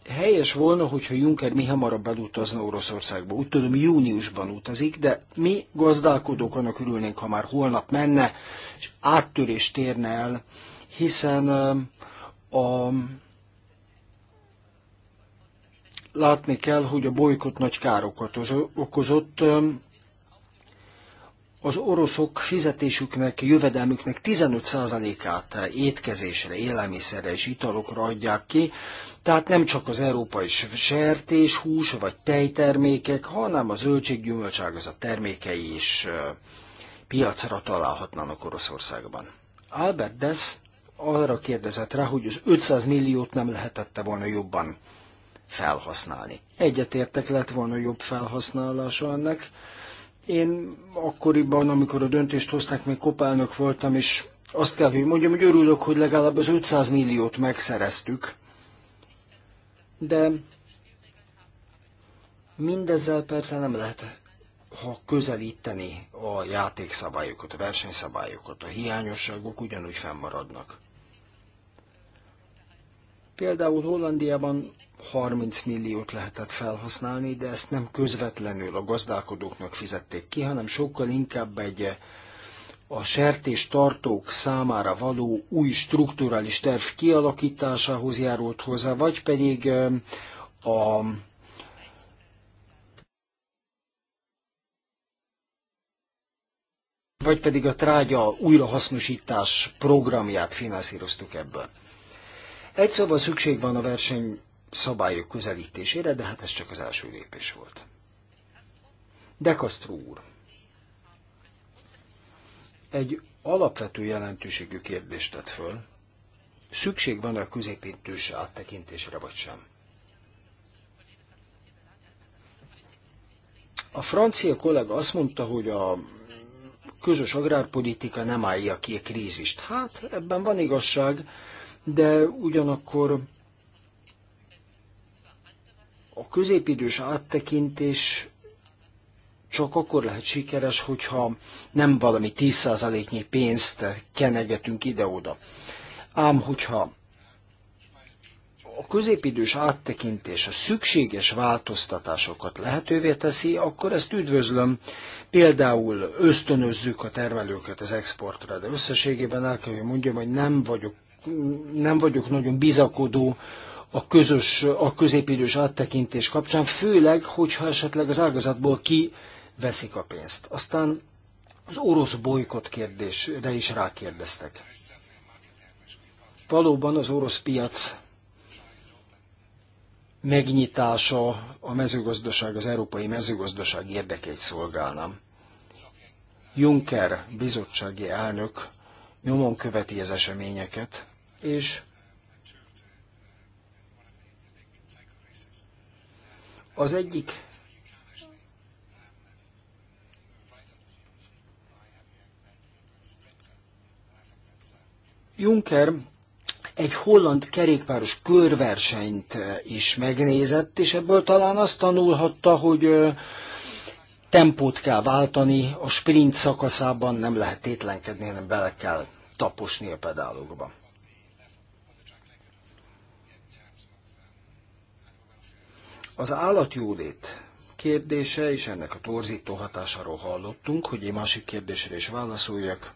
Speaker 1: helyes volna, hogyha Juncker mi hamarabb elutazna Oroszországba. Úgy tudom, júniusban utazik, de mi gazdálkodók annak örülnénk, ha már holnap menne, és áttörést érne el, hiszen a látni kell, hogy a bolykot nagy károkat okozott. Az oroszok fizetésüknek, jövedelmüknek 15%-át étkezésre, élelmiszerre és italokra adják ki, tehát nem csak az európai sertéshús vagy tejtermékek, hanem a a termékei is piacra találhatnának Oroszországban. Albert Dess arra kérdezett rá, hogy az 500 milliót nem lehetette volna jobban felhasználni. Egyetértek lett volna jobb felhasználása ennek. Én akkoriban, amikor a döntést hozták, még kopálnak voltam, és azt kell, hogy mondjam, hogy örülök, hogy legalább az 500 milliót megszereztük, de mindezzel persze nem lehet ha közelíteni a játékszabályokat, a versenyszabályokat, a hiányosságok ugyanúgy fennmaradnak. Például Hollandiában 30 milliót lehetett felhasználni, de ezt nem közvetlenül a gazdálkodóknak fizették ki, hanem sokkal inkább egy a sertés tartók számára való új strukturális terv kialakításához járult hozzá, vagy pedig a vagy pedig a trágya újrahasznosítás programját finanszíroztuk ebből. Egy szóval szükség van a verseny szabályok közelítésére, de hát ez csak az első lépés volt. De Castro úr egy alapvető jelentőségű kérdést tett föl. Szükség van-e a középintős áttekintésre, vagy sem? A francia kollega azt mondta, hogy a közös agrárpolitika nem állja ki a krízist. Hát ebben van igazság, de ugyanakkor a középidős áttekintés csak akkor lehet sikeres, hogyha nem valami 10%-nyi pénzt kenegetünk ide-oda. Ám hogyha a középidős áttekintés a szükséges változtatásokat lehetővé teszi, akkor ezt üdvözlöm. Például ösztönözzük a termelőket az exportra, de összességében el kell, hogy mondjam, hogy nem vagyok, nem vagyok nagyon bizakodó a közös, a középidős áttekintés kapcsán, főleg, hogyha esetleg az ágazatból ki veszik a pénzt. Aztán az orosz bolykot kérdésre is rákérdeztek. Valóban az orosz piac megnyitása a mezőgazdaság, az európai mezőgazdaság érdekeit szolgálna. Juncker bizottsági elnök nyomon követi az eseményeket, és az egyik Juncker egy holland kerékpáros körversenyt eh, is megnézett, és ebből talán azt tanulhatta, hogy eh, tempót kell váltani, a sprint szakaszában nem lehet tétlenkedni, hanem bele kell taposni a pedálokba. Az állatjólét kérdése, és ennek a torzító hatásáról hallottunk, hogy egy másik kérdésre is válaszoljak.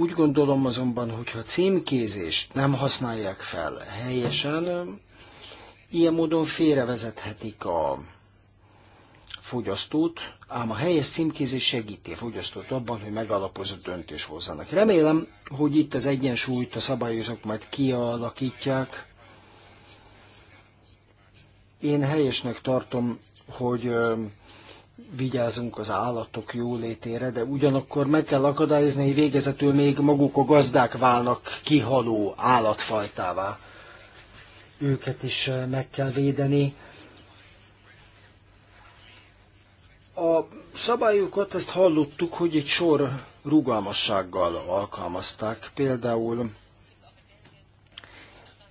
Speaker 1: Úgy gondolom azonban, hogyha a címkézést nem használják fel helyesen, ilyen módon félrevezethetik a fogyasztót, ám a helyes címkézés segíti a fogyasztót abban, hogy megalapozott döntés hozzanak. Remélem, hogy itt az egyensúlyt a szabályozók majd kialakítják. Én helyesnek tartom, hogy vigyázunk az állatok jólétére, de ugyanakkor meg kell akadályozni, hogy végezetül még maguk a gazdák válnak kihaló állatfajtává. Őket is eh, meg kell védeni. A szabályokat ezt hallottuk, hogy egy sor rugalmassággal alkalmazták. Például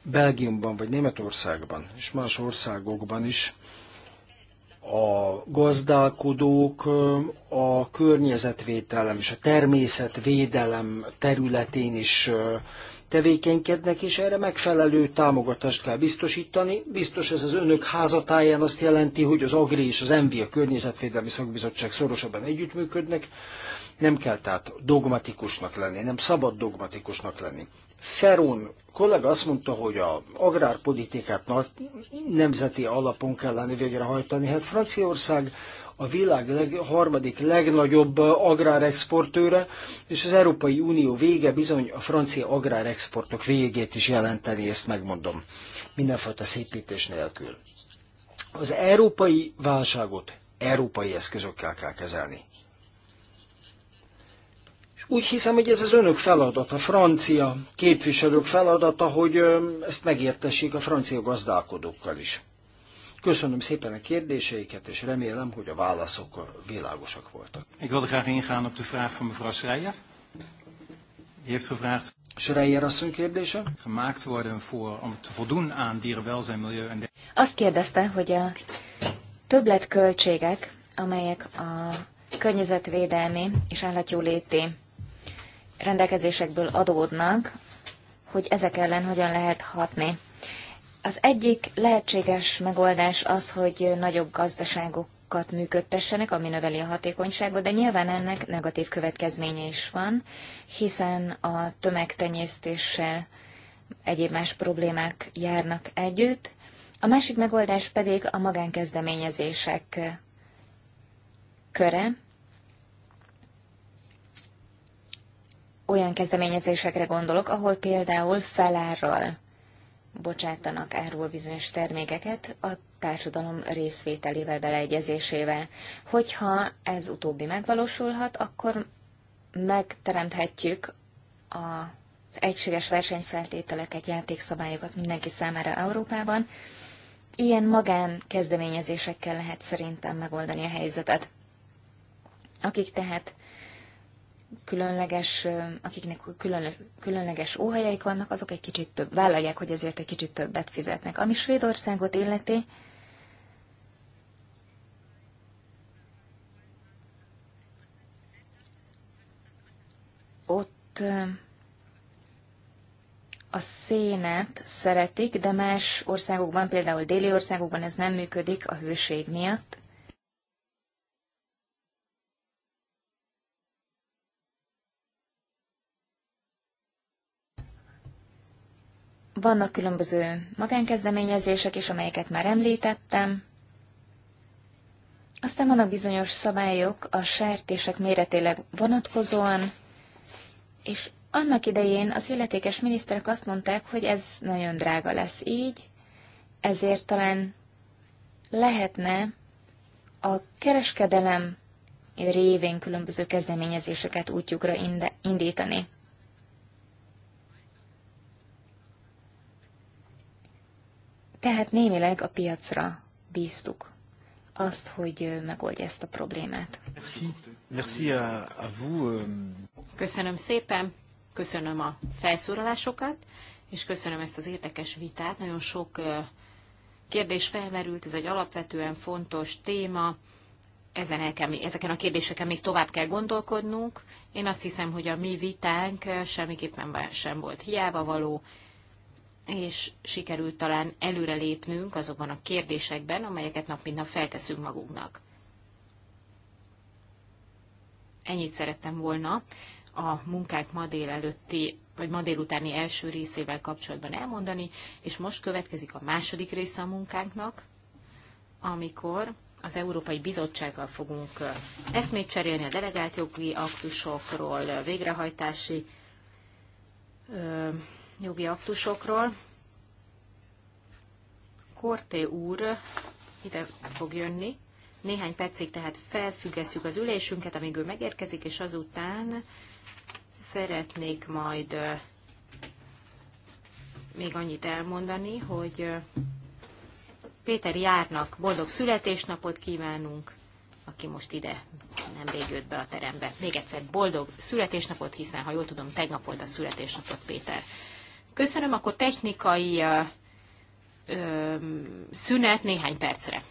Speaker 1: Belgiumban vagy Németországban és más országokban is a gazdálkodók a környezetvédelem és a természetvédelem területén is tevékenykednek, és erre megfelelő támogatást kell biztosítani. Biztos ez az önök házatáján azt jelenti, hogy az AGRI és az ENVI, a Környezetvédelmi Szakbizottság szorosabban együttműködnek. Nem kell tehát dogmatikusnak lenni, nem szabad dogmatikusnak lenni. Feron kollega azt mondta, hogy a agrárpolitikát nagy nemzeti alapon kellene végrehajtani. Hát Franciaország a világ leg, harmadik legnagyobb agrárexportőre, és az Európai Unió vége bizony a francia agrárexportok végét is jelenteni, ezt megmondom, mindenfajta szépítés nélkül. Az európai válságot európai eszközökkel kell kezelni. Úgy hiszem, hogy ez az önök feladata, francia képviselők feladata, hogy ezt megértessék a francia gazdálkodókkal is. Köszönöm szépen a kérdéseiket, és remélem, hogy a válaszok világosak voltak. Ik wilde graag ingaan op de vraag van mevrouw Schreier. Die heeft gevraagd. Schreier asszony kérdése. Gemaakt worden voor, om te voldoen aan dierenwelzijn, milieu en...
Speaker 4: Azt kérdezte, hogy a többletköltségek, amelyek a környezetvédelmi és állatjóléti rendelkezésekből adódnak, hogy ezek ellen hogyan lehet hatni. Az egyik lehetséges megoldás az, hogy nagyobb gazdaságokat működtessenek, ami növeli a hatékonyságot, de nyilván ennek negatív következménye is van, hiszen a tömegtenyésztéssel egyéb más problémák járnak együtt. A másik megoldás pedig a magánkezdeményezések köre, olyan kezdeményezésekre gondolok, ahol például felárral bocsátanak árul bizonyos termékeket a társadalom részvételével, beleegyezésével. Hogyha ez utóbbi megvalósulhat, akkor megteremthetjük az egységes versenyfeltételeket, játékszabályokat mindenki számára Európában. Ilyen magán kezdeményezésekkel lehet szerintem megoldani a helyzetet. Akik tehát különleges, akiknek külön, különleges óhajaik vannak, azok egy kicsit több, vállalják, hogy ezért egy kicsit többet fizetnek. Ami Svédországot illeti, ott a szénet szeretik, de más országokban, például déli országokban ez nem működik a hőség miatt. Vannak különböző magánkezdeményezések is, amelyeket már említettem. Aztán vannak bizonyos szabályok a sertések méretéleg vonatkozóan, és annak idején az illetékes miniszterek azt mondták, hogy ez nagyon drága lesz így, ezért talán lehetne a kereskedelem révén különböző kezdeményezéseket útjukra indítani. Tehát némileg a piacra bíztuk azt,
Speaker 2: hogy megoldja ezt a problémát. Euh. Köszönöm szépen, köszönöm a felszólalásokat, és köszönöm ezt az érdekes vitát. Nagyon sok kérdés felmerült, ez egy alapvetően fontos téma. Ezen el kell, ezeken a kérdéseken még tovább kell gondolkodnunk. Én azt hiszem, hogy a mi vitánk semmiképpen sem volt hiába való, és sikerült talán előrelépnünk azokban a kérdésekben, amelyeket nap mint nap felteszünk magunknak. Ennyit szerettem volna a munkák ma délelőtti, vagy ma délutáni első részével kapcsolatban elmondani, és most következik a második része a munkánknak, amikor az Európai Bizottsággal fogunk eszmét cserélni a delegált jogi aktusokról, végrehajtási jogi aktusokról. Korté úr ide fog jönni. Néhány percig tehát felfüggesztjük az ülésünket, amíg ő megérkezik, és azután szeretnék majd még annyit elmondani, hogy Péter Járnak boldog születésnapot kívánunk, aki most ide nemrég jött be a terembe. Még egyszer boldog születésnapot, hiszen ha jól tudom, tegnap volt a születésnapot Péter Köszönöm, akkor technikai szünet néhány percre.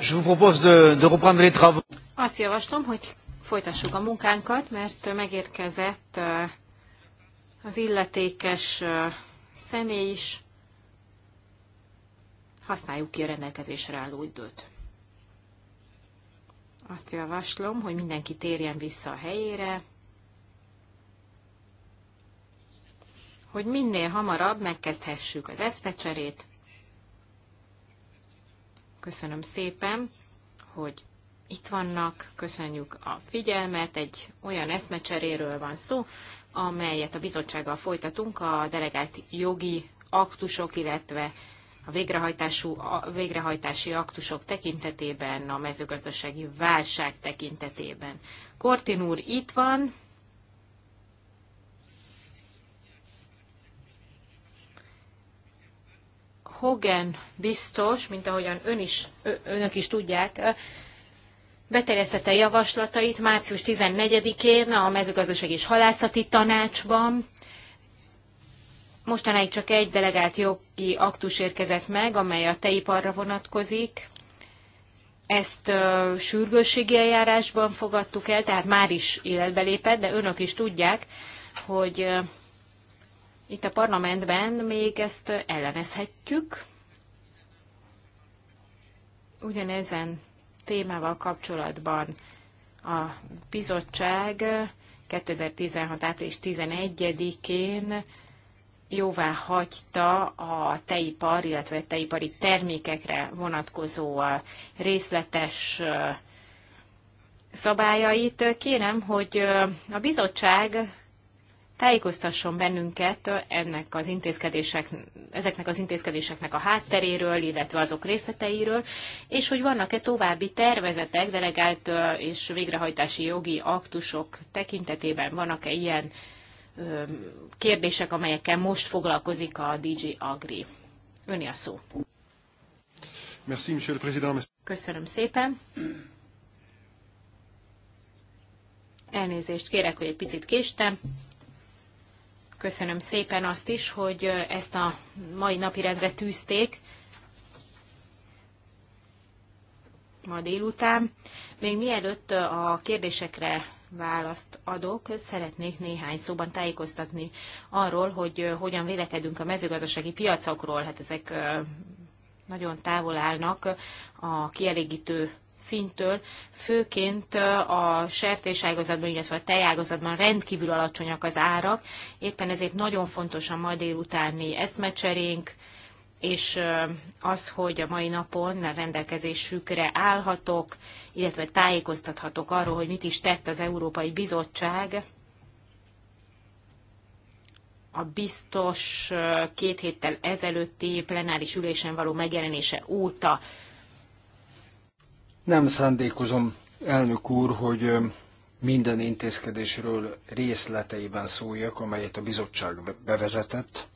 Speaker 1: Je vous propose de, de reprendre les travaux.
Speaker 2: Azt javaslom, hogy folytassuk a munkánkat, mert megérkezett eh, az illetékes eh, személy is. Használjuk ki a rendelkezésre álló időt. Azt javaslom, hogy mindenki térjen vissza a helyére, hogy minél hamarabb megkezdhessük az eszmecserét, Köszönöm szépen, hogy itt vannak, köszönjük a figyelmet, egy olyan eszmecseréről van szó, amelyet a bizottsággal folytatunk a delegált jogi aktusok, illetve a végrehajtású, a végrehajtási aktusok tekintetében, a mezőgazdasági válság tekintetében. Kortin úr itt van, Hogan biztos, mint ahogyan ön is, önök is tudják, beterjesztette javaslatait március 14-én a mezőgazdaság és halászati tanácsban. Mostanáig csak egy delegált jogi aktus érkezett meg, amely a teiparra vonatkozik. Ezt ö, sürgősségi eljárásban fogadtuk el, tehát már is életbe lépett, de önök is tudják, hogy itt a parlamentben még ezt ellenezhetjük. Ugyanezen témával kapcsolatban a bizottság 2016. április 11-én jóvá hagyta a teipar, illetve a teipari termékekre vonatkozó részletes szabályait. Kérem, hogy a bizottság tájékoztasson bennünket ennek az intézkedések, ezeknek az intézkedéseknek a hátteréről, illetve azok részleteiről, és hogy vannak-e további tervezetek, delegált és végrehajtási jogi aktusok tekintetében, vannak-e ilyen kérdések, amelyekkel most foglalkozik a DG Agri. Öni a szó.
Speaker 4: Merci, monsieur le président.
Speaker 2: Köszönöm szépen. Elnézést kérek, hogy egy picit késtem. Köszönöm szépen azt is, hogy ezt a mai napirendre tűzték ma délután. Még mielőtt a kérdésekre választ adok, szeretnék néhány szóban tájékoztatni arról, hogy hogyan vélekedünk a mezőgazdasági piacokról. Hát ezek nagyon távol állnak a kielégítő szintől, főként a sertéságazatban, illetve a tejágazatban rendkívül alacsonyak az árak. Éppen ezért nagyon fontos a ma délutáni eszmecserénk, és az, hogy a mai napon a rendelkezésükre állhatok, illetve tájékoztathatok arról, hogy mit is tett az Európai Bizottság a biztos két héttel ezelőtti plenáris ülésen való megjelenése óta
Speaker 1: nem szándékozom, elnök úr, hogy minden intézkedésről részleteiben szóljak, amelyet a bizottság bevezetett.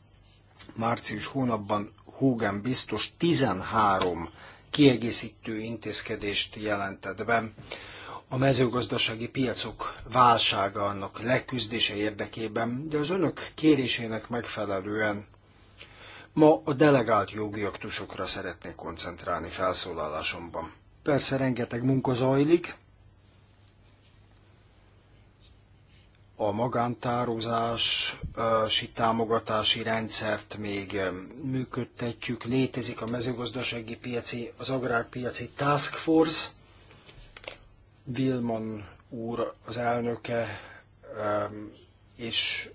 Speaker 1: Március hónapban Hogan biztos 13 kiegészítő intézkedést jelentett be a mezőgazdasági piacok válsága annak leküzdése érdekében, de az önök kérésének megfelelően ma a delegált jogi aktusokra szeretnék koncentrálni felszólalásomban. Persze rengeteg munka zajlik, a magántározási támogatási rendszert még működtetjük. Létezik a mezőgazdasági piaci, az agrárpiaci task force. Vilman úr az elnöke, és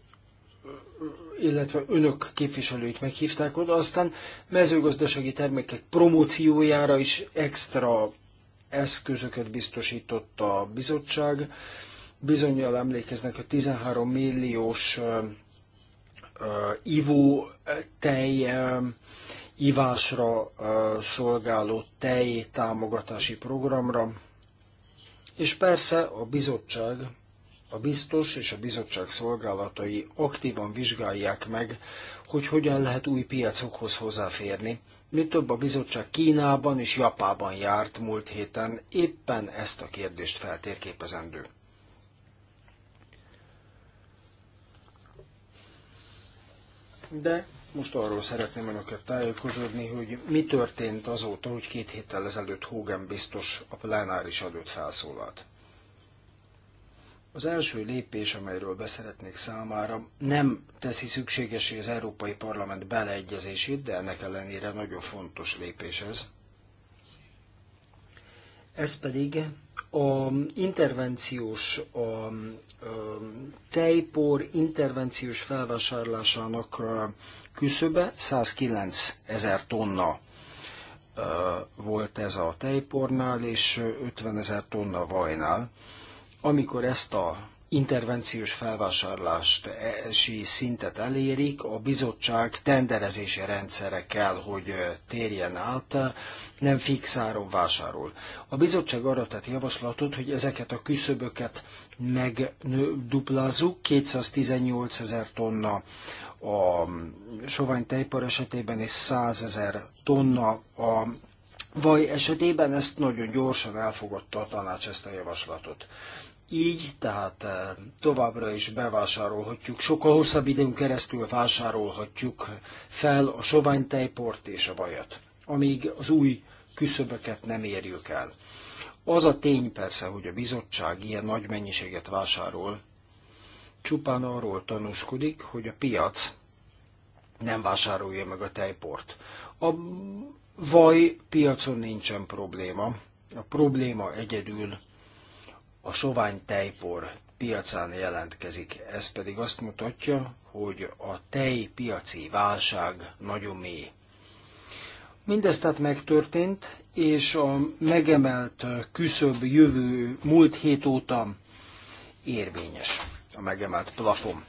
Speaker 1: illetve önök képviselőit meghívták oda, aztán mezőgazdasági termékek promóciójára is extra eszközöket biztosított a bizottság. Bizonyal emlékeznek a 13 milliós ivó tej, ivásra szolgáló tej támogatási programra, és persze a bizottság a biztos és a bizottság szolgálatai aktívan vizsgálják meg, hogy hogyan lehet új piacokhoz hozzáférni. Mi több a bizottság Kínában és Japában járt múlt héten, éppen ezt a kérdést feltérképezendő. De most arról szeretném önöket tájékozódni, hogy mi történt azóta, hogy két héttel ezelőtt Hogan biztos a plenáris adót felszólalt. Az első lépés, amelyről beszeretnék számára, nem teszi szükségesé az Európai Parlament beleegyezését, de ennek ellenére nagyon fontos lépés ez. Ez pedig a intervenciós, a, tejpor intervenciós felvásárlásának küszöbe 109 ezer tonna volt ez a tejpornál, és 50 ezer tonna vajnál amikor ezt a intervenciós felvásárlási szintet elérik, a bizottság tenderezési rendszere kell, hogy térjen át, nem fixáron vásárol. A bizottság arra tett javaslatot, hogy ezeket a küszöböket megduplázzuk, 218 ezer tonna a mm, sovány tejpar esetében és 100 ezer tonna a vaj esetében, ezt nagyon gyorsan elfogadta a tanács ezt a javaslatot. Így tehát eh, továbbra is bevásárolhatjuk, sokkal hosszabb időn keresztül vásárolhatjuk fel a sovány tejport és a vajat, amíg az új küszöböket nem érjük el. Az a tény persze, hogy a bizottság ilyen nagy mennyiséget vásárol, csupán arról tanúskodik, hogy a piac nem vásárolja meg a tejport. A vaj piacon nincsen probléma. A probléma egyedül a sovány tejpor piacán jelentkezik. Ez pedig azt mutatja, hogy a tej piaci válság nagyon mély. Mindez tehát megtörtént, és a megemelt küszöb jövő múlt hét óta érvényes a megemelt plafon.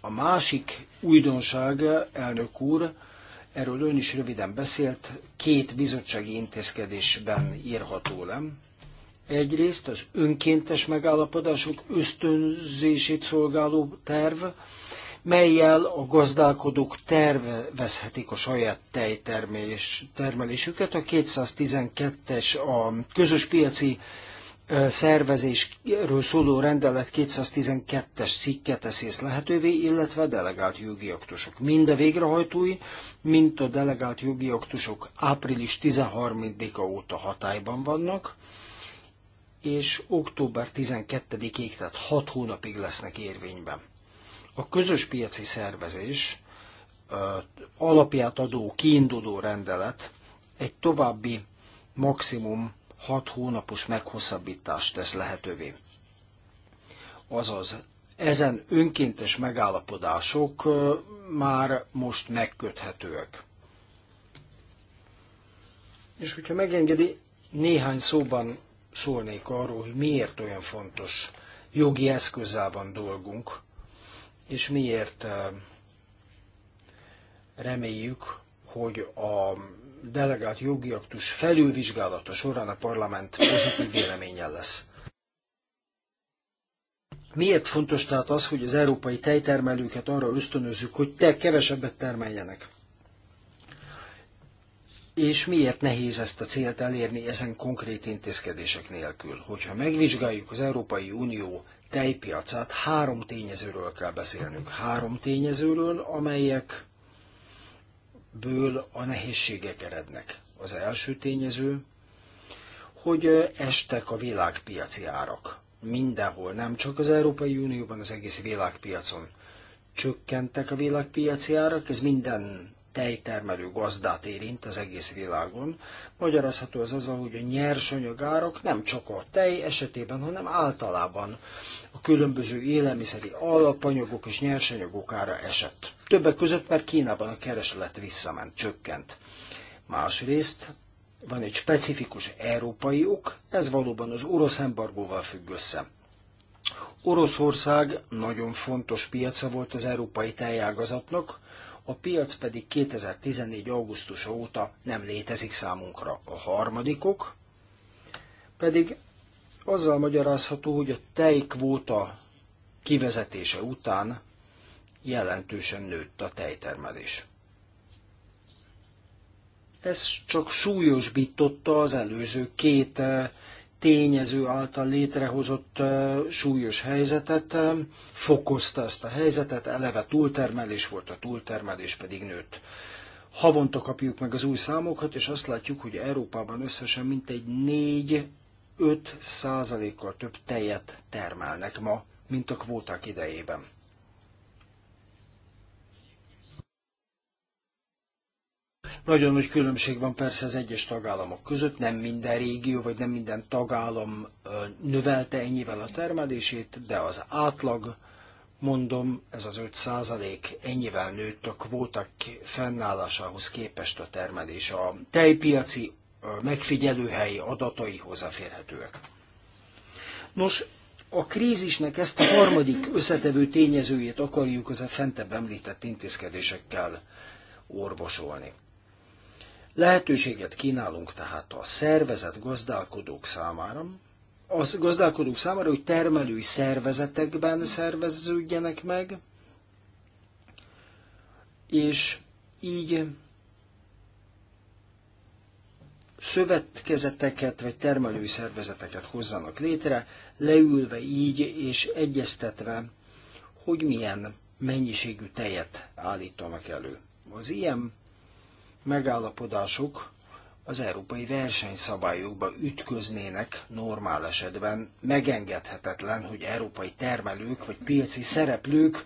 Speaker 1: A másik újdonság, elnök úr, erről ön is röviden beszélt, két bizottsági intézkedésben írható le. Egyrészt az önkéntes megállapodások ösztönzését szolgáló terv, melyel a gazdálkodók tervezhetik a saját tejtermelés, termelésüket. A 212-es a közös piaci szervezésről szóló rendelet 212-es cikke teszi ezt lehetővé, illetve a delegált jogi aktusok. Mind a végrehajtói, mint a delegált jogi aktusok április 13-a óta hatályban vannak és október 12-ig, tehát 6 hónapig lesznek érvényben. A közös piaci szervezés alapját adó kiinduló rendelet egy további maximum 6 hónapos meghosszabbítást tesz lehetővé. Azaz, ezen önkéntes megállapodások már most megköthetőek. És hogyha megengedi, néhány szóban szólnék arról, hogy miért olyan fontos jogi eszközzel van dolgunk, és miért eh, reméljük, hogy a delegált jogi aktus felülvizsgálata során a parlament pozitív véleménye lesz. Miért fontos tehát az, hogy az európai tejtermelőket arra ösztönözzük, hogy te kevesebbet termeljenek? és miért nehéz ezt a célt elérni ezen konkrét intézkedések nélkül? Hogyha megvizsgáljuk az Európai Unió tejpiacát, három tényezőről kell beszélnünk. Három tényezőről, amelyekből a nehézségek erednek. Az első tényező, hogy estek a világpiaci árak. Mindenhol, nem csak az Európai Unióban, az egész világpiacon csökkentek a világpiaci árak, ez minden tejtermelő gazdát érint az egész világon. Magyarázható az azzal, hogy a nyersanyag árak nem csak a tej esetében, hanem általában a különböző élelmiszeri alapanyagok és nyersanyagok ára esett. Többek között, mert Kínában a kereslet visszament, csökkent. Másrészt van egy specifikus európai ok, ez valóban az orosz embargóval függ össze. Oroszország nagyon fontos piaca volt az európai tejágazatnak, a piac pedig 2014. augusztus óta nem létezik számunkra. A harmadikok pedig azzal magyarázható, hogy a tejkvóta kivezetése után jelentősen nőtt a tejtermelés. Ez csak súlyosbította az előző két eh, tényező által létrehozott súlyos helyzetet, fokozta ezt a helyzetet, eleve túltermelés volt, a túltermelés pedig nőtt. Havonta kapjuk meg az új számokat, és azt látjuk, hogy Európában összesen mintegy 4-5 százalékkal több tejet termelnek ma, mint a kvóták idejében. Nagyon nagy különbség van persze az egyes tagállamok között, nem minden régió vagy nem minden tagállam növelte ennyivel a termelését, de az átlag, mondom, ez az 5 százalék ennyivel nőtt a kvótak fennállásához képest a termelés. A tejpiaci megfigyelőhelyi adatai hozzáférhetőek. Nos, a krízisnek ezt a harmadik összetevő tényezőjét akarjuk az a fentebb említett intézkedésekkel orvosolni. Lehetőséget kínálunk tehát a szervezet gazdálkodók számára, az gazdálkodók számára, hogy termelői szervezetekben szerveződjenek meg, és így szövetkezeteket vagy termelői szervezeteket hozzanak létre, leülve így és egyeztetve, hogy milyen mennyiségű tejet állítanak elő. Az ilyen megállapodások az európai versenyszabályokba ütköznének normál esetben. Megengedhetetlen, hogy európai termelők vagy piaci szereplők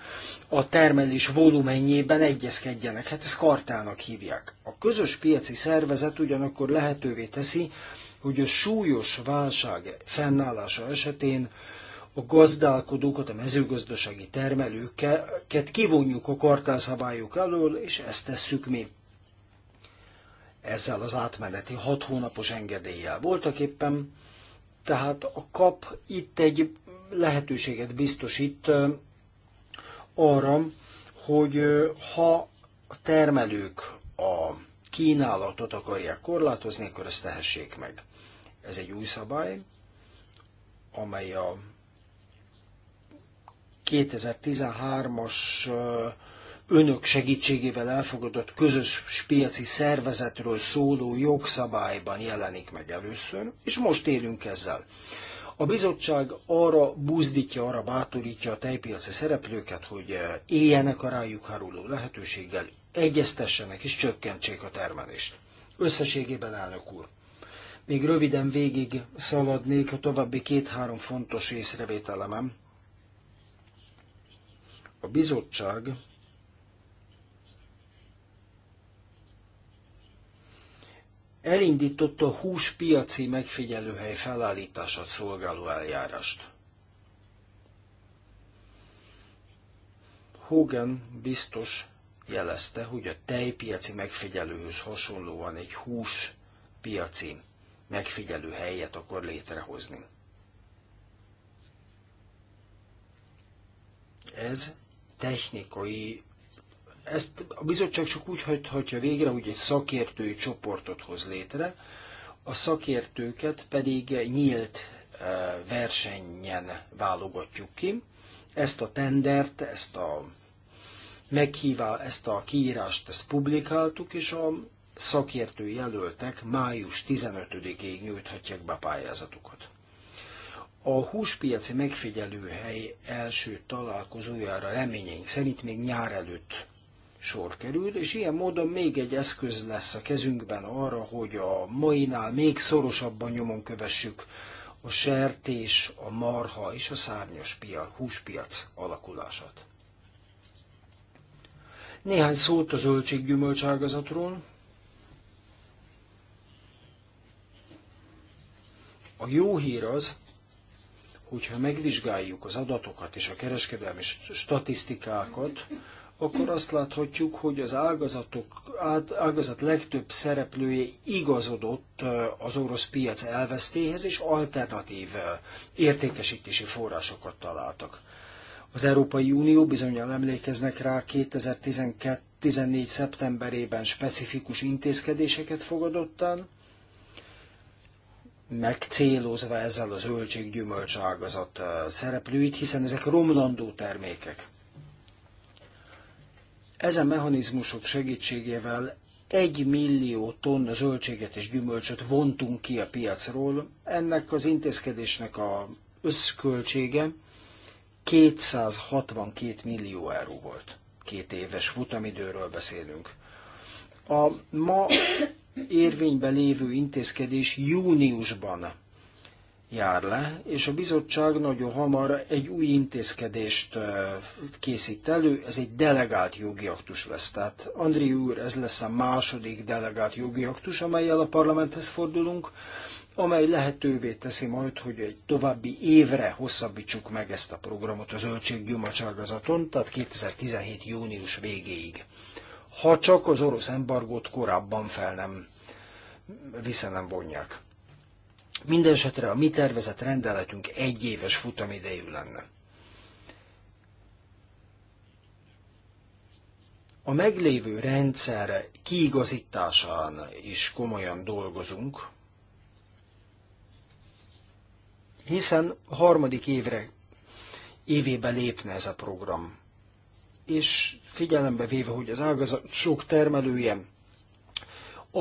Speaker 1: a termelés volumenjében egyezkedjenek. Hát ezt kartának hívják. A közös piaci szervezet ugyanakkor lehetővé teszi, hogy a súlyos válság fennállása esetén a gazdálkodókat, a mezőgazdasági termelőket kivonjuk a kartászabályok elől, és ezt tesszük mi ezzel az átmeneti hat hónapos engedéllyel. Voltak éppen, tehát a kap itt egy lehetőséget biztosít arra, hogy ha a termelők a kínálatot akarják korlátozni, akkor ezt tehessék meg. Ez egy új szabály, amely a 2013-as önök segítségével elfogadott közös piaci szervezetről szóló jogszabályban jelenik meg először, és most élünk ezzel. A bizottság arra buzdítja, arra bátorítja a tejpiaci szereplőket, hogy eh, éljenek a rájuk háruló lehetőséggel, egyeztessenek és csökkentsék a termelést. Összességében elnök úr. Még röviden végig szaladnék a további két-három fontos észrevételemem. A bizottság elindította a húspiaci megfigyelőhely felállítását szolgáló eljárást. Hogan biztos jelezte, hogy a tejpiaci megfigyelőhöz hasonlóan egy húspiaci megfigyelő helyet akar létrehozni. Ez technikai ezt a bizottság csak úgy hagyhatja végre, hogy egy szakértői csoportot hoz létre, a szakértőket pedig nyílt eh, versenyen válogatjuk ki. Ezt a tendert, ezt a meghívá, ezt a kiírást, ezt publikáltuk, és a szakértő jelöltek május 15-ig nyújthatják be pályázatukat. A húspiaci megfigyelőhely első találkozójára reményeink szerint még nyár előtt sor kerül, és ilyen módon még egy eszköz lesz a kezünkben arra, hogy a mainál még szorosabban nyomon kövessük a sertés, a marha és a szárnyas piac, húspiac alakulását. Néhány szót a zöldséggyümölcságazatról. A jó hír az, hogyha megvizsgáljuk az adatokat és a kereskedelmi statisztikákat, akkor azt láthatjuk, hogy az ágazatok, ágazat legtöbb szereplője igazodott az orosz piac elvesztéhez, és alternatív értékesítési forrásokat találtak. Az Európai Unió bizonyal emlékeznek rá 2014. szeptemberében specifikus intézkedéseket fogadott el, megcélozva ezzel a zöldséggyümölcs ágazat szereplőit, hiszen ezek romlandó termékek. Ezen mechanizmusok segítségével egy millió tonna zöldséget és gyümölcsöt vontunk ki a piacról. Ennek az intézkedésnek a összköltsége 262 millió euró volt. Két éves futamidőről beszélünk. A ma érvényben lévő intézkedés júniusban jár le, és a bizottság nagyon hamar egy új intézkedést készít elő, ez egy delegált jogi aktus lesz. Tehát, Andri úr, ez lesz a második delegált jogi aktus, amelyel a parlamenthez fordulunk, amely lehetővé teszi majd, hogy egy további évre hosszabbítsuk meg ezt a programot a zöldséggyümölcságazaton, tehát 2017. június végéig. Ha csak az orosz embargót korábban fel nem, vissza nem vonják. Mindenesetre a mi tervezett rendeletünk egy éves futamidejű lenne. A meglévő rendszer kiigazításán is komolyan dolgozunk, hiszen a harmadik évre évébe lépne ez a program. És figyelembe véve, hogy az ágazat sok termelője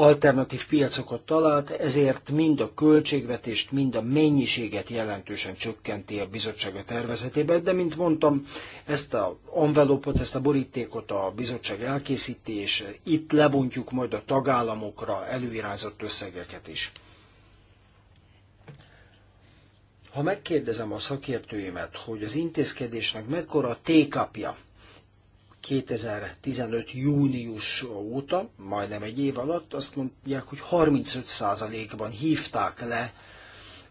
Speaker 1: alternatív piacokat talált, ezért mind a költségvetést, mind a mennyiséget jelentősen csökkenti a bizottsága tervezetében, de mint mondtam, ezt a envelopot, ezt a borítékot a bizottság elkészíti, és itt lebontjuk majd a tagállamokra előirányzott összegeket is. Ha megkérdezem a szakértőimet, hogy az intézkedésnek mekkora a tékapja, 2015. június óta, majdnem egy év alatt, azt mondják, hogy 35%-ban hívták le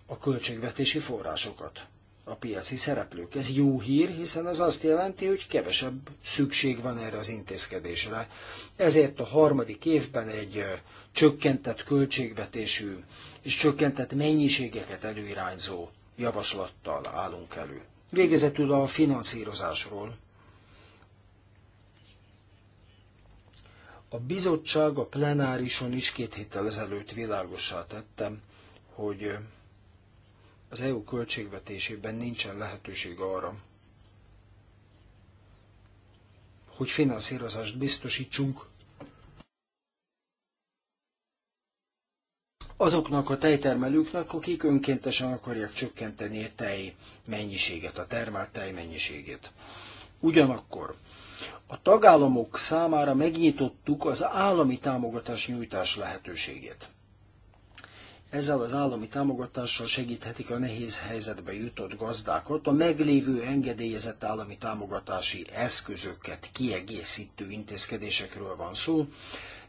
Speaker 1: a költségvetési forrásokat a piaci szereplők. Ez jó hír, hiszen az azt jelenti, hogy kevesebb szükség van erre az intézkedésre. Ezért a harmadik évben egy csökkentett költségvetésű és csökkentett mennyiségeket előirányzó javaslattal állunk elő. Végezetül a finanszírozásról. A bizottság a plenárison is két héttel ezelőtt világossá tettem, hogy az EU költségvetésében nincsen lehetőség arra, hogy finanszírozást biztosítsunk azoknak a tejtermelőknek, akik önkéntesen akarják csökkenteni a tej mennyiséget, a termált tej mennyiségét. Ugyanakkor a tagállamok számára megnyitottuk az állami támogatás nyújtás lehetőségét. Ezzel az állami támogatással segíthetik a nehéz helyzetbe jutott gazdákat a meglévő engedélyezett állami támogatási eszközöket kiegészítő intézkedésekről van szó.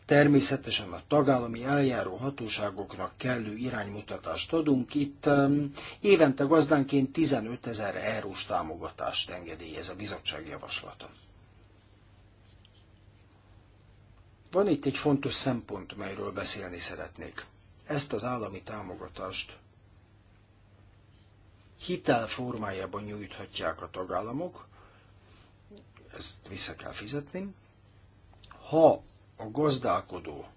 Speaker 1: Természetesen a tagállami eljáró hatóságoknak kellő iránymutatást adunk. Itt um, évente gazdánként 15 ezer eurós támogatást engedélyez a bizottság javaslata. Van itt egy fontos szempont, melyről beszélni szeretnék. Ezt az állami támogatást hitel formájában nyújthatják a tagállamok, ezt vissza kell fizetni. Ha a gazdálkodó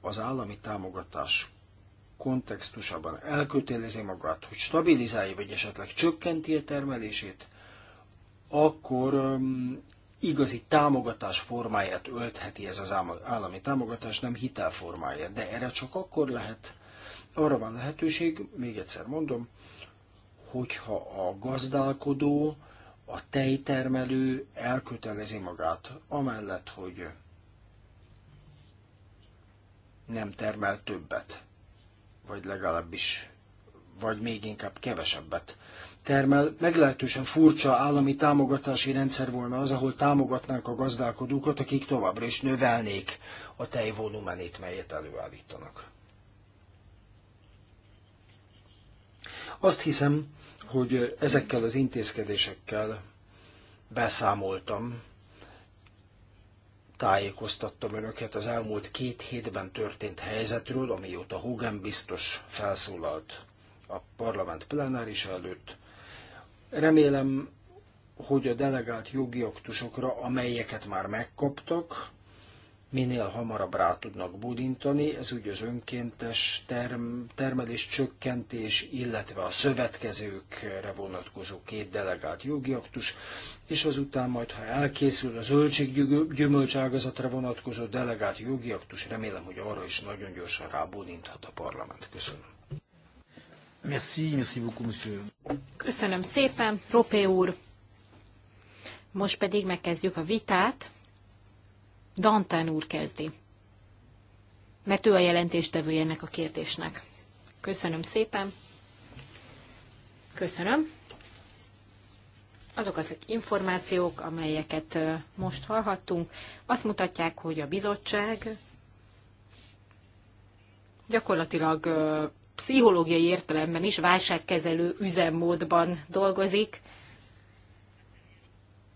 Speaker 1: az állami támogatás kontextusában elkötelezi magát, hogy stabilizálja, vagy esetleg csökkenti a termelését, akkor um, igazi támogatás formáját öltheti ez az állami támogatás, nem hitel formáját. De erre csak akkor lehet, arra van lehetőség, még egyszer mondom, hogyha a gazdálkodó, a tejtermelő elkötelezi magát, amellett, hogy nem termel többet, vagy legalábbis, vagy még inkább kevesebbet termel. Meglehetősen furcsa állami támogatási rendszer volna az, ahol támogatnánk a gazdálkodókat, akik továbbra is növelnék a tejvolumenét, melyet előállítanak. Azt hiszem, hogy ezekkel az intézkedésekkel beszámoltam, tájékoztattam önöket az elmúlt két hétben történt helyzetről, amióta Hogan biztos felszólalt a parlament plenáris előtt, Remélem, hogy a delegált jogi aktusokra, amelyeket már megkaptak, minél hamarabb rá tudnak budintani, ez ugye az önkéntes term, termelés csökkentés, illetve a szövetkezőkre vonatkozó két delegált jogi aktus, és azután majd, ha elkészül a zöldséggyümölcságazatra vonatkozó delegált jogi aktus, remélem, hogy arra is nagyon gyorsan rábódinthat a parlament. Köszönöm. Merci, merci beaucoup, monsieur. Köszönöm
Speaker 2: szépen, Ropé úr. Most pedig megkezdjük a vitát. Dantán úr kezdi, mert ő a jelentéstevő ennek a kérdésnek. Köszönöm szépen. Köszönöm. Azok az információk, amelyeket most hallhattunk, azt mutatják, hogy a bizottság gyakorlatilag pszichológiai értelemben is válságkezelő üzemmódban dolgozik,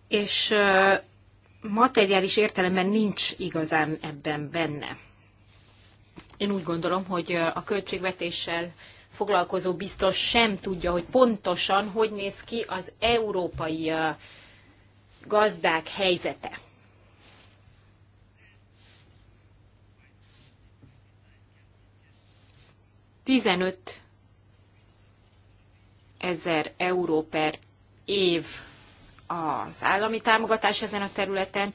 Speaker 2: és materiális értelemben nincs igazán ebben benne. Én úgy gondolom, hogy a költségvetéssel foglalkozó biztos sem tudja, hogy pontosan hogy néz ki az európai gazdák helyzete. 15 ezer euró per év az állami támogatás ezen a területen.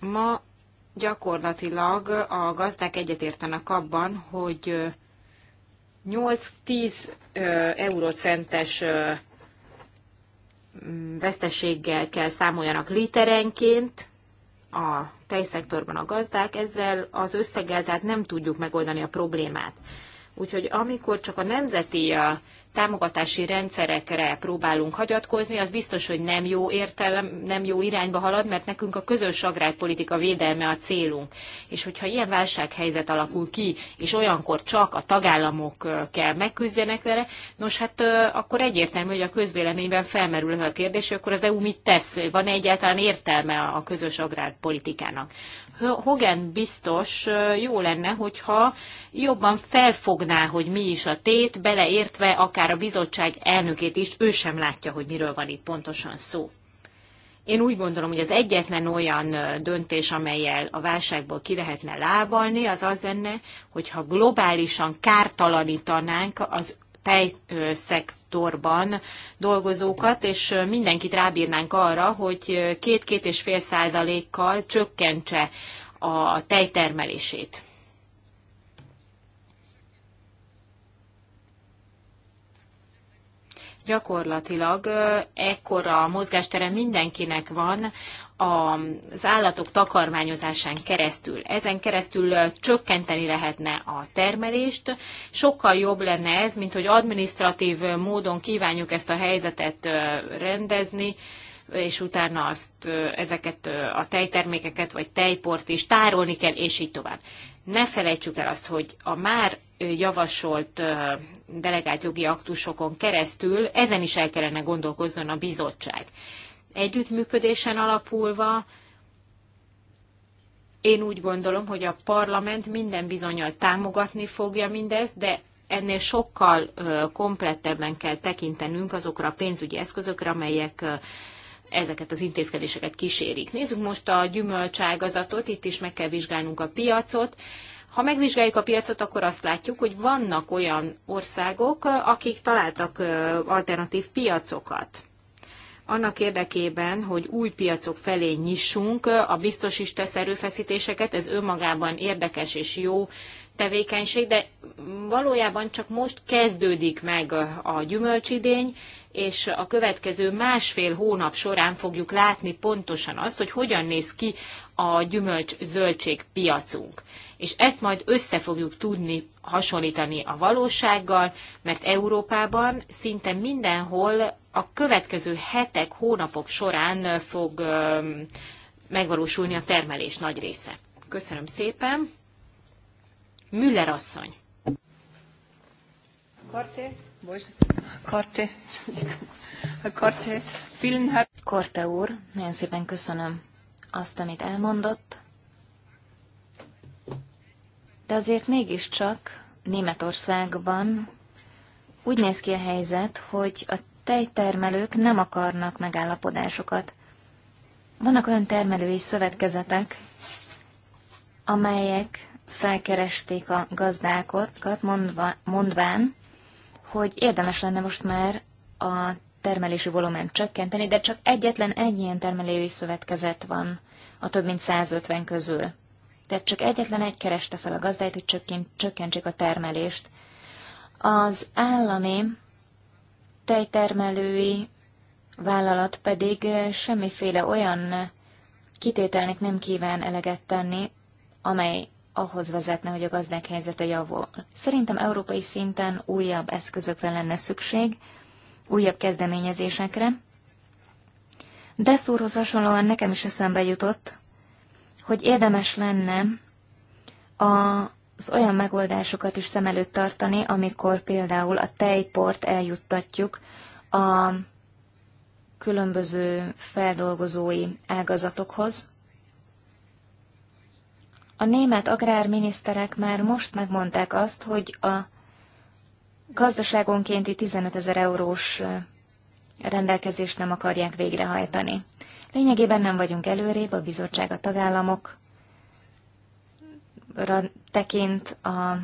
Speaker 2: Ma gyakorlatilag a gazdák egyetértenek abban, hogy 8-10 eurocentes vesztességgel kell számoljanak literenként a tejszektorban a gazdák, ezzel az összeggel tehát nem tudjuk megoldani a problémát. Úgyhogy amikor csak a nemzeti támogatási rendszerekre próbálunk hagyatkozni, az biztos, hogy nem jó értelem, nem jó irányba halad, mert nekünk a közös agrárpolitika védelme a célunk. És hogyha ilyen válsághelyzet alakul ki, és olyankor csak a tagállamok kell megküzdjenek vele, nos hát akkor egyértelmű, hogy a közvéleményben felmerül ez a kérdés, hogy akkor az EU mit tesz, van -e egyáltalán értelme a közös agrárpolitikának. Hogan biztos jó lenne, hogyha jobban felfogná, hogy mi is a tét, beleértve akár a bizottság elnökét is, ő sem látja, hogy miről van itt pontosan szó. Én úgy gondolom, hogy az egyetlen olyan döntés, amelyel a válságból ki lehetne lábalni, az az lenne, hogyha globálisan kártalanítanánk az tejszek szektorban dolgozókat, és mindenkit rábírnánk arra, hogy két-két és fél százalékkal csökkentse a tejtermelését. gyakorlatilag ekkora mozgástere mindenkinek van az állatok takarmányozásán keresztül. Ezen keresztül csökkenteni lehetne a termelést. Sokkal jobb lenne ez, mint hogy administratív módon kívánjuk ezt a helyzetet rendezni, és utána azt, ezeket a tejtermékeket vagy tejport is tárolni kell, és így tovább. Ne felejtsük el azt, hogy a már javasolt delegált jogi aktusokon keresztül ezen is el kellene gondolkozzon a bizottság együttműködésen alapulva, én úgy gondolom, hogy a parlament minden bizonyal támogatni fogja mindezt, de ennél sokkal komplettebben kell tekintenünk azokra a pénzügyi eszközökre, amelyek ezeket az intézkedéseket kísérik. Nézzük most a gyümölcságazatot, itt is meg kell vizsgálnunk a piacot. Ha megvizsgáljuk a piacot, akkor azt látjuk, hogy vannak olyan országok, akik találtak alternatív piacokat annak érdekében, hogy új piacok felé nyissunk, a biztos is tesz erőfeszítéseket, ez önmagában érdekes és jó tevékenység, de valójában csak most kezdődik meg a gyümölcsidény, és a következő másfél hónap során fogjuk látni pontosan azt, hogy hogyan néz ki a gyümölcs-zöldség piacunk és ezt majd össze fogjuk tudni hasonlítani a valósággal, mert Európában szinte mindenhol a következő hetek, hónapok során fog megvalósulni a termelés nagy része. Köszönöm szépen. Müller asszony.
Speaker 3: Korté, Korté,
Speaker 4: Korté, Korte úr, nagyon szépen köszönöm azt, amit elmondott de azért mégiscsak Németországban úgy néz ki a helyzet, hogy a tejtermelők nem akarnak megállapodásokat. Vannak olyan termelői szövetkezetek, amelyek felkeresték a gazdákat, mondva, mondván, hogy érdemes lenne most már a termelési volumen csökkenteni, de csak egyetlen egy ilyen termelői szövetkezet van a több mint 150 közül. Tehát csak egyetlen egy kereste fel a gazdáit, hogy csökkentsék a termelést. Az állami tejtermelői vállalat pedig eh, semmiféle olyan kitételnek nem kíván eleget tenni, amely ahhoz vezetne, hogy a gazdák helyzete javul. Szerintem európai szinten újabb eszközökre lenne szükség, újabb kezdeményezésekre. Deszúrhoz hasonlóan nekem is eszembe jutott, hogy érdemes lenne az olyan megoldásokat is szem előtt tartani, amikor például a tejport eljuttatjuk a különböző feldolgozói ágazatokhoz. A német agrárminiszterek már most megmondták azt, hogy a gazdaságonkénti 15 ezer eurós rendelkezést nem akarják végrehajtani. Lényegében nem vagyunk előrébb, a bizottság a tagállamokra tekint, a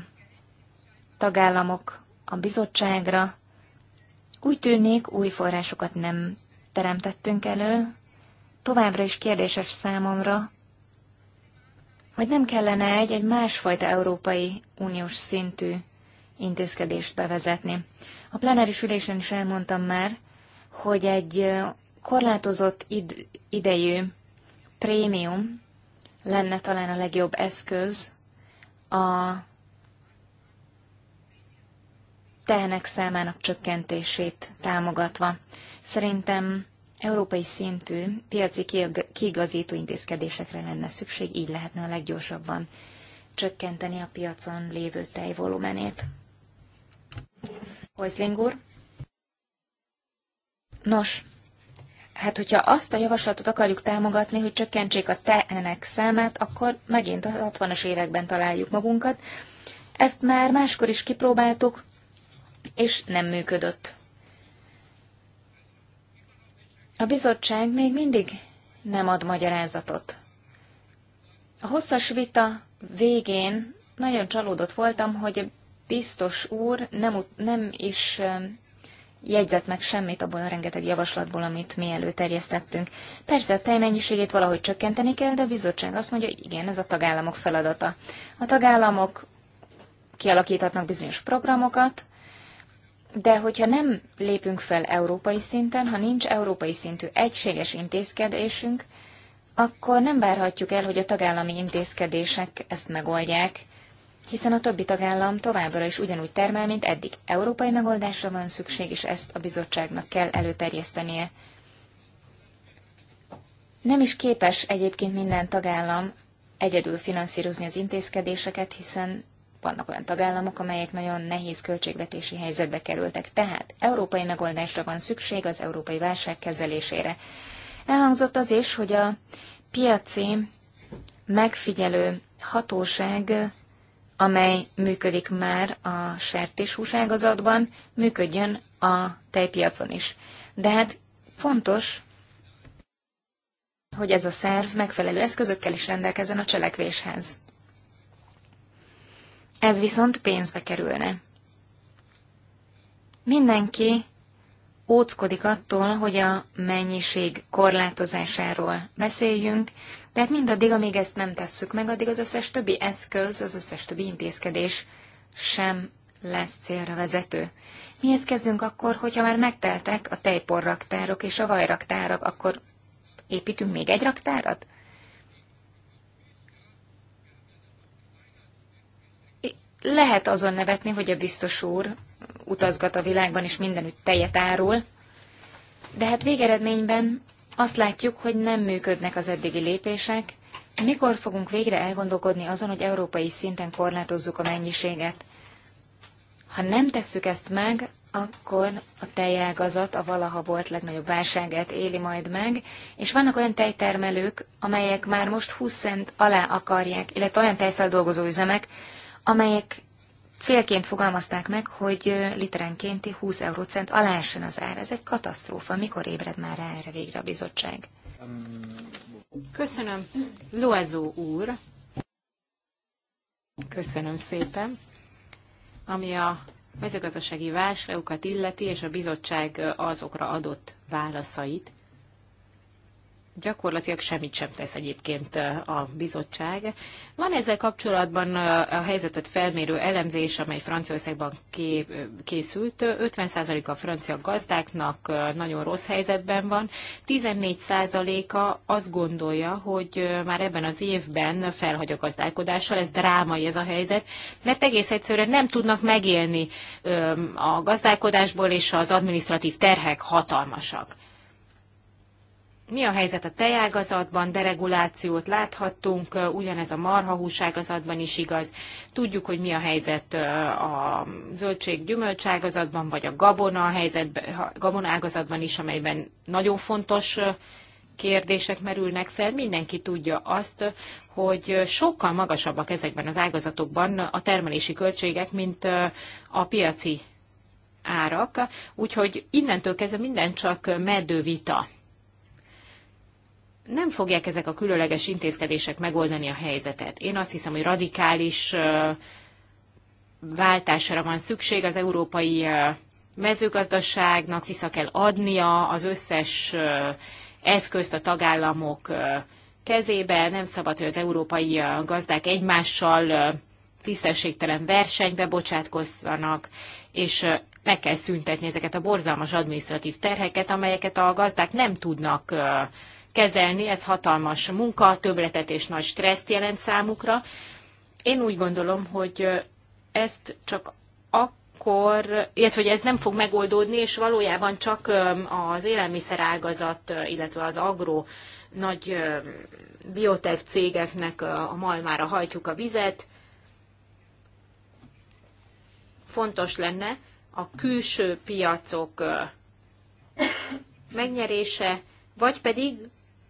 Speaker 4: tagállamok a bizottságra. Úgy tűnik, új forrásokat nem teremtettünk elő. Továbbra is kérdéses számomra, hogy nem kellene egy, egy másfajta Európai Uniós szintű intézkedést bevezetni. A plenáris ülésen is elmondtam már, hogy egy korlátozott id- idejű prémium lenne talán a legjobb eszköz a tehenek számának csökkentését támogatva. Szerintem európai szintű piaci kiigazító intézkedésekre lenne szükség, így lehetne a leggyorsabban csökkenteni a piacon lévő tejvolumenét. Hozling úr? Nos, hát hogyha azt a javaslatot akarjuk támogatni, hogy csökkentsék a tehenek számát, akkor megint a 60-as években találjuk magunkat. Ezt már máskor is kipróbáltuk, és nem működött. A bizottság még mindig nem ad magyarázatot. A hosszas vita végén nagyon csalódott voltam, hogy biztos úr nem, nem is jegyzett meg semmit abból a rengeteg javaslatból, amit mi előterjesztettünk. Persze a tejmennyiségét valahogy csökkenteni kell, de a bizottság azt mondja, hogy igen, ez a tagállamok feladata. A tagállamok kialakíthatnak bizonyos programokat, de hogyha nem lépünk fel európai szinten, ha nincs európai szintű egységes intézkedésünk, akkor nem várhatjuk el, hogy a tagállami intézkedések ezt megoldják, hiszen a többi tagállam továbbra is ugyanúgy termel, mint eddig. Európai megoldásra van szükség, és ezt a bizottságnak kell előterjesztenie. Nem is képes egyébként minden tagállam egyedül finanszírozni az intézkedéseket, hiszen vannak olyan tagállamok, amelyek nagyon nehéz költségvetési helyzetbe kerültek. Tehát európai megoldásra van szükség az európai válság kezelésére. Elhangzott az is, hogy a piaci megfigyelő hatóság amely működik már a sertéshús ágazatban, működjön a tejpiacon is. De hát fontos, hogy ez a szerv megfelelő eszközökkel is rendelkezzen a cselekvéshez. Ez viszont pénzbe kerülne. Mindenki óckodik attól, hogy a mennyiség korlátozásáról beszéljünk, tehát mindaddig, amíg ezt nem tesszük meg, addig az összes többi eszköz, az összes többi intézkedés sem lesz célra vezető. Mihez kezdünk akkor, hogyha már megteltek a tejporraktárok és a vajraktárak, akkor építünk még egy raktárat? Lehet azon nevetni, hogy a biztos úr utazgat a világban, és mindenütt tejet árul, de hát végeredményben azt látjuk, hogy nem működnek az eddigi lépések. Mikor fogunk végre elgondolkodni azon, hogy európai szinten korlátozzuk a mennyiséget? Ha nem tesszük ezt meg, akkor a tejágazat a valaha volt legnagyobb válságát éli majd meg, és vannak olyan tejtermelők, amelyek már most 20 cent alá akarják, illetve olyan tejfeldolgozó üzemek, amelyek célként fogalmazták meg, hogy literenkénti 20 eurócent alá essen az ár. Ez egy katasztrófa. Mikor ébred már rá erre végre a bizottság?
Speaker 2: Köszönöm. Loazó úr. Köszönöm szépen. Ami a mezőgazdasági válságokat illeti, és a bizottság azokra adott válaszait, gyakorlatilag semmit sem tesz egyébként a bizottság. Van ezzel kapcsolatban a helyzetet felmérő elemzés, amely Franciaországban készült. 50% a francia gazdáknak nagyon rossz helyzetben van, 14%-a azt gondolja, hogy már ebben az évben felhagy a gazdálkodással. Ez drámai ez a helyzet, mert egész egyszerűen nem tudnak megélni a gazdálkodásból, és az administratív terhek hatalmasak. Mi a helyzet a tejágazatban? Deregulációt láthattunk, ugyanez a marhahús ágazatban is igaz. Tudjuk, hogy mi a helyzet a zöldség-gyümölcs ágazatban, vagy a gabona, helyzetben, gabona ágazatban is, amelyben nagyon fontos kérdések merülnek fel. Mindenki tudja azt, hogy sokkal magasabbak ezekben az ágazatokban a termelési költségek, mint a piaci árak. Úgyhogy innentől kezdve minden csak medővita nem fogják ezek a különleges intézkedések megoldani a helyzetet. Én azt hiszem, hogy radikális váltásra van szükség az európai mezőgazdaságnak, vissza kell adnia az összes eszközt a tagállamok kezébe, nem szabad, hogy az európai gazdák egymással tisztességtelen versenybe bocsátkozzanak, és meg kell szüntetni ezeket a borzalmas administratív terheket, amelyeket a gazdák nem tudnak kezelni, ez hatalmas munka, többletet és nagy stresszt jelent számukra. Én úgy gondolom, hogy ezt csak akkor, illetve hogy ez nem fog megoldódni, és valójában csak az élelmiszerágazat, illetve az agro nagy biotech cégeknek a malmára hajtjuk a vizet. Fontos lenne a külső piacok megnyerése, vagy pedig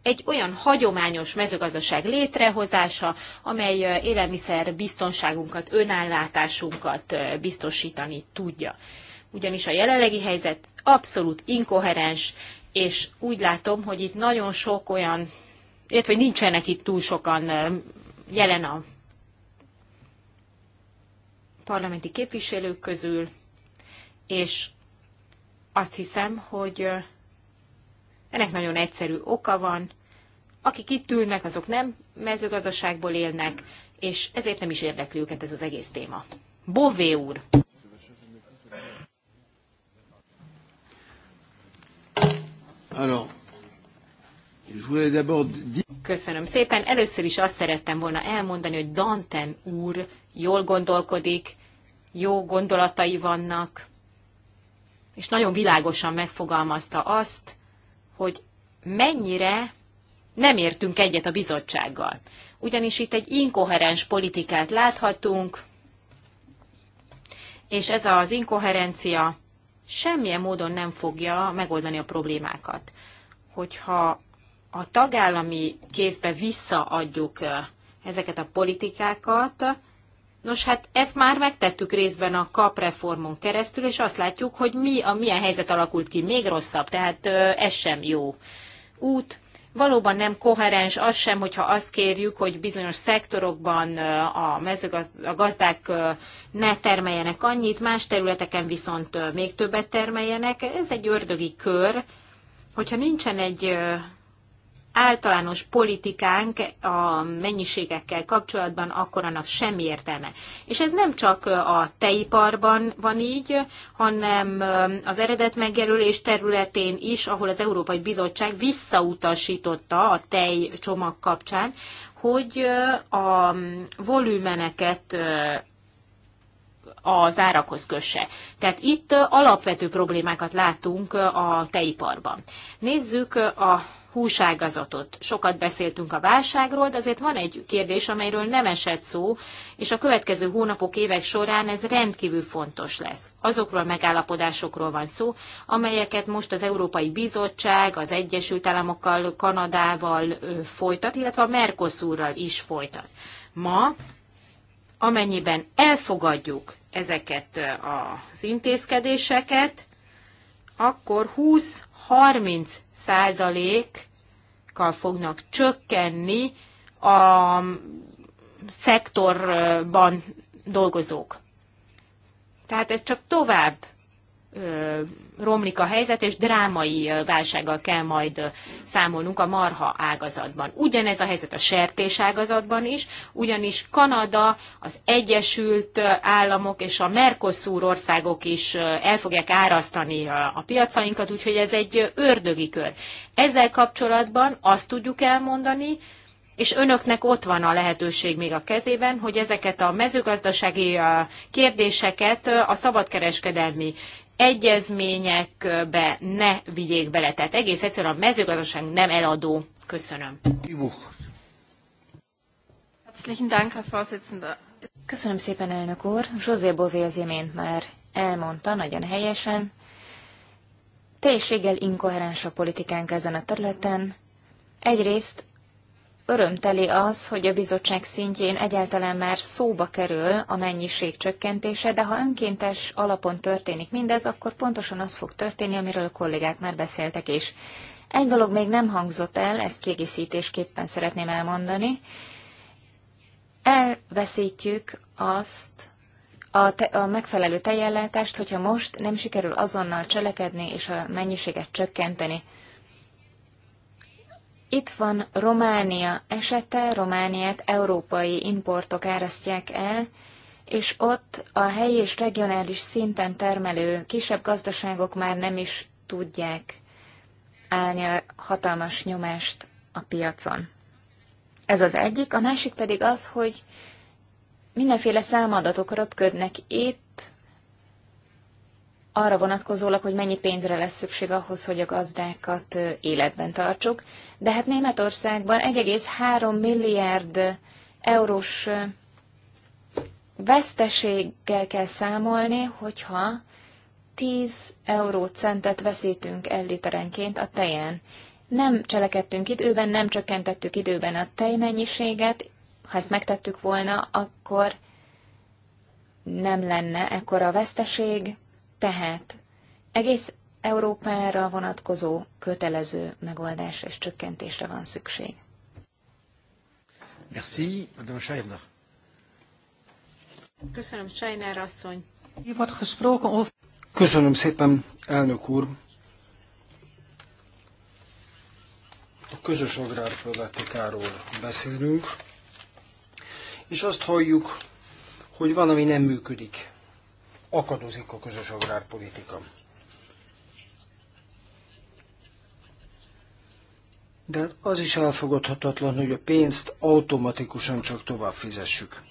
Speaker 2: egy olyan hagyományos mezőgazdaság létrehozása, amely élelmiszer biztonságunkat, önállátásunkat biztosítani tudja. Ugyanis a jelenlegi helyzet abszolút inkoherens, és úgy látom, hogy itt nagyon sok olyan, illetve nincsenek itt túl sokan jelen a parlamenti képviselők közül, és azt hiszem, hogy ennek nagyon egyszerű oka van. Akik itt ülnek, azok nem mezőgazdaságból élnek, és ezért nem is érdekli őket ez az egész téma. Bové úr! Alors, Köszönöm szépen. Először is azt szerettem volna elmondani, hogy Danten úr jól gondolkodik, jó gondolatai vannak, és nagyon világosan megfogalmazta azt, hogy mennyire nem értünk egyet a bizottsággal. Ugyanis itt egy inkoherens politikát láthatunk, és ez az inkoherencia semmilyen módon nem fogja megoldani a problémákat. Hogyha a tagállami kézbe visszaadjuk eh, ezeket a politikákat, Nos, hát ezt már megtettük részben a KAP reformon keresztül, és azt látjuk, hogy mi a milyen helyzet alakult ki, még rosszabb, tehát ez sem jó út. Valóban nem koherens az sem, hogyha azt kérjük, hogy bizonyos szektorokban a, mezőgaz- a gazdák ne termeljenek annyit, más területeken viszont még többet termeljenek. Ez egy ördögi kör, hogyha nincsen egy általános politikánk a mennyiségekkel kapcsolatban, akkor annak semmi értelme. És ez nem csak a tejiparban van így, hanem az eredet megjelölés területén is, ahol az Európai Bizottság visszautasította a tej csomag kapcsán, hogy a volümeneket az árakhoz kösse. Tehát itt alapvető problémákat látunk a tejiparban. Nézzük a húságazatot. Sokat beszéltünk a válságról, de azért van egy kérdés, amelyről nem esett szó, és a következő hónapok, évek során ez rendkívül fontos lesz. Azokról a megállapodásokról van szó, amelyeket most az Európai Bizottság az Egyesült Államokkal, Kanadával folytat, illetve a Mercosurral is folytat. Ma, amennyiben elfogadjuk ezeket az intézkedéseket, akkor 20-30 százalékkal fognak csökkenni a szektorban dolgozók. Tehát ez csak tovább romlik a helyzet, és drámai válsággal kell majd számolnunk a marha ágazatban. Ugyanez a helyzet a sertés ágazatban is, ugyanis Kanada, az Egyesült Államok és a Mercosur országok is el fogják árasztani a piacainkat, úgyhogy ez egy ördögi kör. Ezzel kapcsolatban azt tudjuk elmondani, és önöknek ott van a lehetőség még a kezében, hogy ezeket a mezőgazdasági kérdéseket a szabadkereskedelmi egyezményekbe ne vigyék bele. Tehát egész egyszerűen a mezőgazdaság nem eladó. Köszönöm.
Speaker 4: Köszönöm szépen, elnök úr. José Bové az imént már elmondta nagyon helyesen. Teljességgel inkoherens a politikánk ezen a területen. Egyrészt örömteli az, hogy a bizottság szintjén egyáltalán már szóba kerül a mennyiség csökkentése, de ha önkéntes alapon történik mindez, akkor pontosan az fog történni, amiről a kollégák már beszéltek is. Egy dolog még nem hangzott el, ezt kiegészítésképpen szeretném elmondani. Elveszítjük azt a, te, a megfelelő tejellátást, hogyha most nem sikerül azonnal cselekedni és a mennyiséget csökkenteni. Itt van Románia esete, Romániát európai importok árasztják el, és ott a helyi és regionális szinten termelő kisebb gazdaságok már nem is tudják állni a hatalmas nyomást a piacon. Ez az egyik, a másik pedig az, hogy mindenféle számadatok röpködnek itt, arra vonatkozólag, hogy mennyi pénzre lesz szükség ahhoz, hogy a gazdákat életben tartsuk. De hát Németországban 1,3 milliárd eurós veszteséggel kell számolni, hogyha 10 centet veszítünk el literenként a tejen. Nem cselekedtünk időben, nem csökkentettük időben a tejmennyiséget, ha ezt megtettük volna, akkor nem lenne ekkora veszteség, tehát egész Európára vonatkozó kötelező megoldásra és csökkentésre van szükség.
Speaker 1: Merci, Madame Scheiner.
Speaker 2: Köszönöm, Scheiner asszony.
Speaker 1: Köszönöm szépen, elnök úr. A közös agrárpolitikáról beszélünk, és azt halljuk, hogy van, ami nem működik akadozik a közös agrárpolitika. De hát az is elfogadhatatlan, hogy a pénzt automatikusan csak tovább fizessük.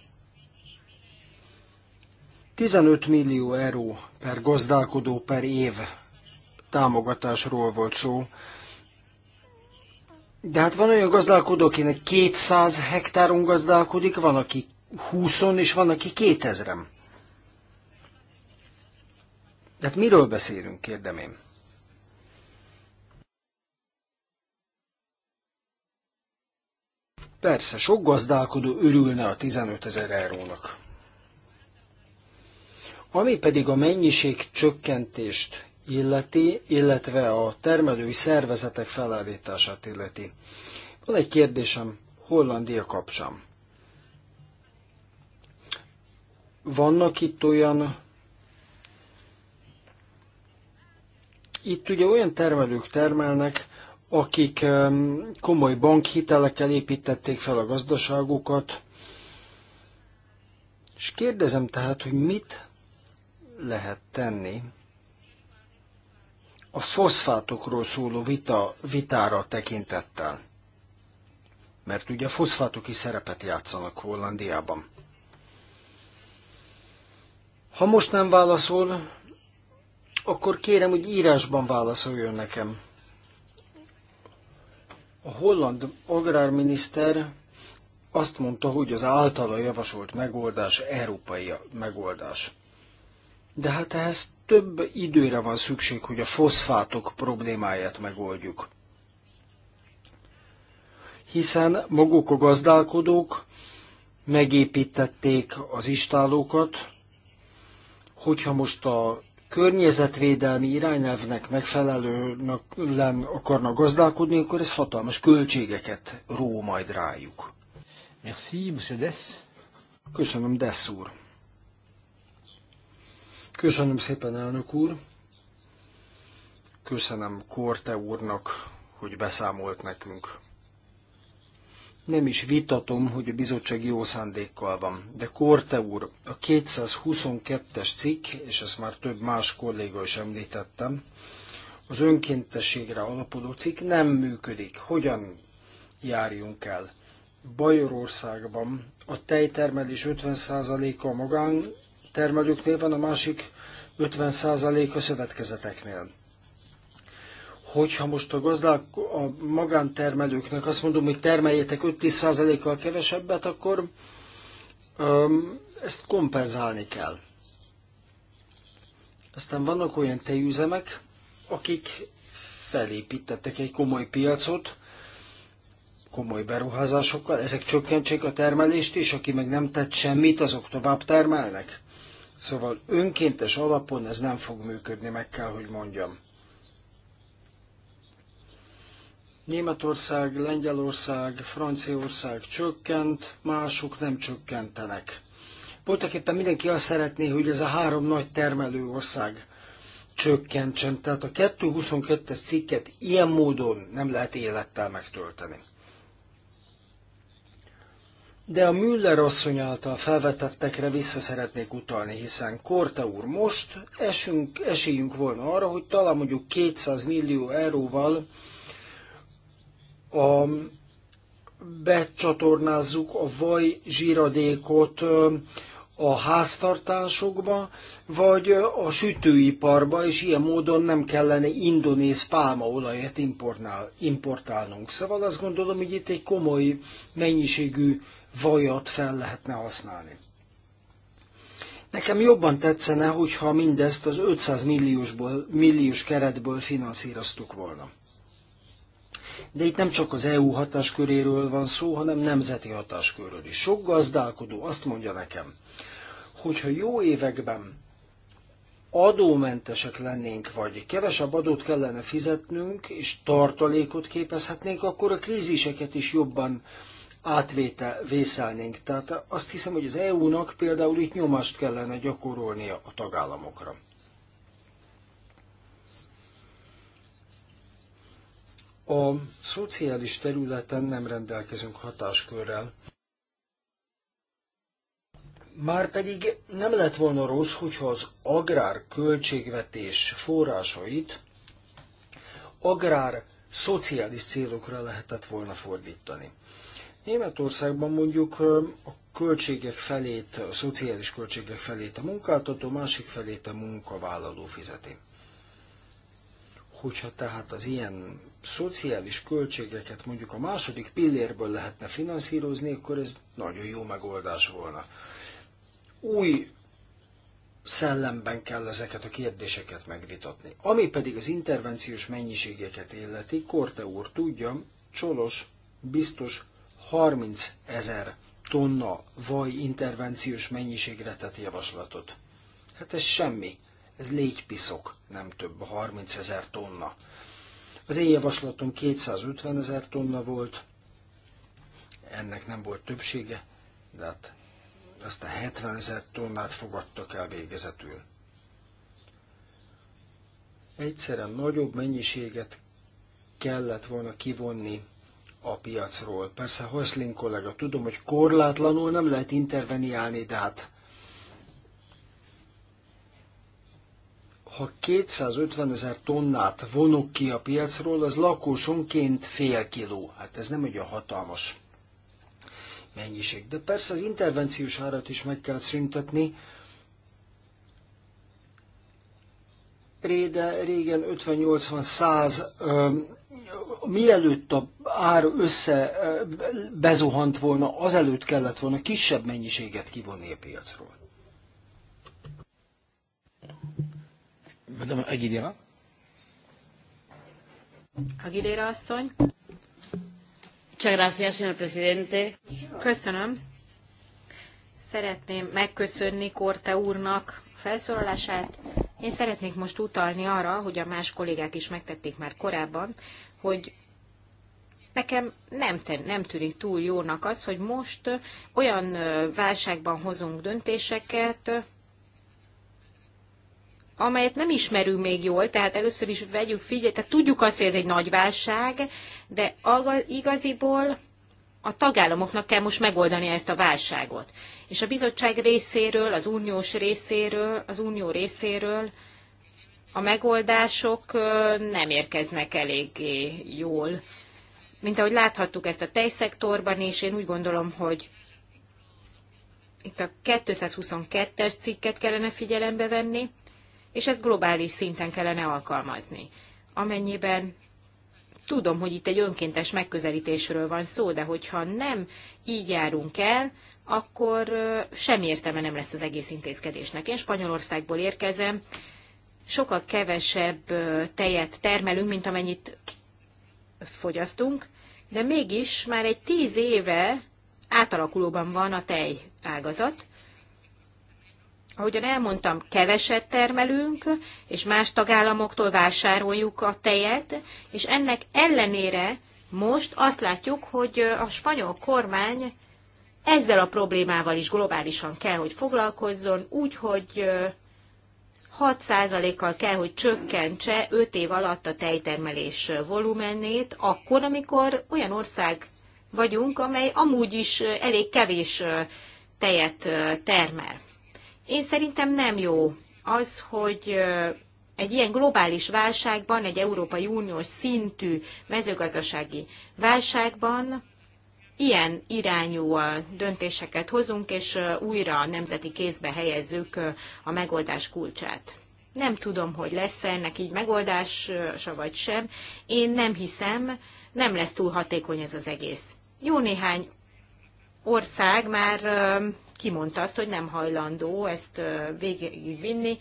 Speaker 1: 15 millió euró per gazdálkodó per év támogatásról volt szó, de hát van olyan gazdálkodó, akinek 200 hektáron gazdálkodik, van, aki 20 és van, aki 2000-en. De hát miről beszélünk, kérdem én? Persze, sok gazdálkodó örülne a 15 ezer eurónak. Ami pedig a mennyiség csökkentést illeti, illetve a termelői szervezetek felállítását illeti. Van egy kérdésem Hollandia kapcsán. Vannak itt olyan Itt ugye olyan termelők termelnek, akik komoly bankhitelekkel építették fel a gazdaságukat, és kérdezem tehát, hogy mit lehet tenni a foszfátokról szóló vita, vitára tekintettel. Mert ugye a foszfátok is szerepet játszanak Hollandiában. Ha most nem válaszol, akkor kérem, hogy írásban válaszoljon nekem. A holland agrárminiszter azt mondta, hogy az általa javasolt megoldás európai megoldás. De hát ehhez több időre van szükség, hogy a foszfátok problémáját megoldjuk. Hiszen maguk a gazdálkodók megépítették az istálókat, hogyha most a környezetvédelmi irányelvnek megfelelően akarnak gazdálkodni, akkor ez hatalmas költségeket ró majd rájuk. Merci, Monsieur Dess. Köszönöm, Dess úr. Köszönöm szépen, elnök úr. Köszönöm Korte úrnak, hogy beszámolt nekünk nem is vitatom, hogy a bizottság jó szándékkal van, de Korte úr, a 222-es cikk, és ezt már több más kolléga is említettem, az önkéntességre alapodó cikk nem működik. Hogyan járjunk el? Bajorországban a tejtermelés 50%-a a magántermelőknél van, a másik 50% a szövetkezeteknél hogyha most a gazdák, a magántermelőknek azt mondom, hogy termeljetek 5-10%-kal kevesebbet, akkor öm, ezt kompenzálni kell. Aztán vannak olyan tejüzemek, akik felépítettek egy komoly piacot, komoly beruházásokkal, ezek csökkentsék a termelést, és aki meg nem tett semmit, azok tovább termelnek. Szóval önkéntes alapon ez nem fog működni, meg kell, hogy mondjam. Németország, Lengyelország, Franciaország csökkent, mások nem csökkentenek. Voltak éppen mindenki azt szeretné, hogy ez a három nagy termelő ország csökkentsen. Tehát a 222-es cikket ilyen módon nem lehet élettel megtölteni. De a Müller asszony által felvetettekre vissza szeretnék utalni, hiszen Korte úr, most esünk, esélyünk volna arra, hogy talán mondjuk 200 millió euróval a, becsatornázzuk a vaj zsíradékot a háztartásokba, vagy a sütőiparba, és ilyen módon nem kellene indonéz pálmaolajat importálnunk. Szóval azt gondolom, hogy itt egy komoly mennyiségű vajat fel lehetne használni. Nekem jobban tetszene, hogyha mindezt az 500 milliósból, milliós keretből finanszíroztuk volna de itt nem csak az EU hatásköréről van szó, hanem nemzeti hatáskörről is. Sok gazdálkodó azt mondja nekem, hogyha jó években adómentesek lennénk, vagy kevesebb adót kellene fizetnünk, és tartalékot képezhetnénk, akkor a kríziseket is jobban átvészelnénk. Tehát azt hiszem, hogy az EU-nak például itt nyomást kellene gyakorolnia a tagállamokra. A szociális területen nem rendelkezünk hatáskörrel. Márpedig nem lett volna rossz, hogyha az agrár költségvetés forrásait agrár szociális célokra lehetett volna fordítani. Németországban mondjuk a költségek felét, a szociális költségek felét a munkáltató, másik felét a munkavállaló fizeti. Hogyha tehát az ilyen szociális költségeket mondjuk a második pillérből lehetne finanszírozni, akkor ez nagyon jó megoldás volna. Új szellemben kell ezeket a kérdéseket megvitatni. Ami pedig az intervenciós mennyiségeket illeti, Korte úr tudja, Csolos biztos 30 ezer tonna vaj intervenciós mennyiségre tett javaslatot. Hát ez semmi ez légy piszok, nem több, 30 ezer tonna. Az én javaslatom 250 ezer tonna volt, ennek nem volt többsége, de hát ezt a 70 ezer tonnát fogadtak el végezetül. Egyszerűen nagyobb mennyiséget kellett volna kivonni a piacról. Persze Hoszlin kollega, tudom, hogy korlátlanul nem lehet interveniálni, de hát ha 250 ezer tonnát vonok ki a piacról, az lakósonként fél kiló. Hát ez nem egy olyan hatalmas mennyiség. De persze az intervenciós árat is meg kell szüntetni. Réde, régen 50-80-100 mielőtt a ár össze bezuhant volna, azelőtt kellett volna kisebb mennyiséget kivonni a piacról. Madame Aguilera.
Speaker 2: Aguilera asszony. Muchas gracias, señor presidente. Köszönöm. Szeretném megköszönni Korte úrnak a felszólalását. Én szeretnék most utalni arra, hogy a más kollégák is megtették már korábban, hogy nekem nem, nem tűnik túl jónak az, hogy most olyan válságban hozunk döntéseket, amelyet nem ismerünk még jól, tehát először is vegyük figyelme, tehát tudjuk azt, hogy ez egy nagy válság, de igaziból a tagállamoknak kell most megoldani ezt a válságot. És a bizottság részéről, az uniós részéről, az unió részéről a megoldások nem érkeznek eléggé jól. Mint ahogy láthattuk ezt a tejszektorban és én úgy gondolom, hogy itt a 222-es cikket kellene figyelembe venni, és ezt globális szinten kellene alkalmazni. Amennyiben tudom, hogy itt egy önkéntes megközelítésről van szó, de hogyha nem így járunk el, akkor sem értelme nem lesz az egész intézkedésnek. Én Spanyolországból érkezem, sokkal kevesebb tejet termelünk, mint amennyit fogyasztunk, de mégis már egy tíz éve átalakulóban van a tej ágazat. Ahogyan elmondtam, keveset termelünk, és más tagállamoktól vásároljuk a tejet, és ennek ellenére most azt látjuk, hogy a spanyol kormány ezzel a problémával is globálisan kell, hogy foglalkozzon, úgyhogy 6%-kal kell, hogy csökkentse 5 év alatt a tejtermelés volumenét, akkor, amikor olyan ország vagyunk, amely amúgy is elég kevés tejet termel. Én szerintem nem jó az, hogy egy ilyen globális válságban, egy Európai Uniós szintű mezőgazdasági válságban ilyen irányú döntéseket hozunk, és újra a nemzeti kézbe helyezzük a megoldás kulcsát. Nem tudom, hogy lesz-e ennek így megoldása vagy sem. Én nem hiszem, nem lesz túl hatékony ez az egész. Jó néhány ország már kimondta azt, hogy nem hajlandó ezt végigvinni,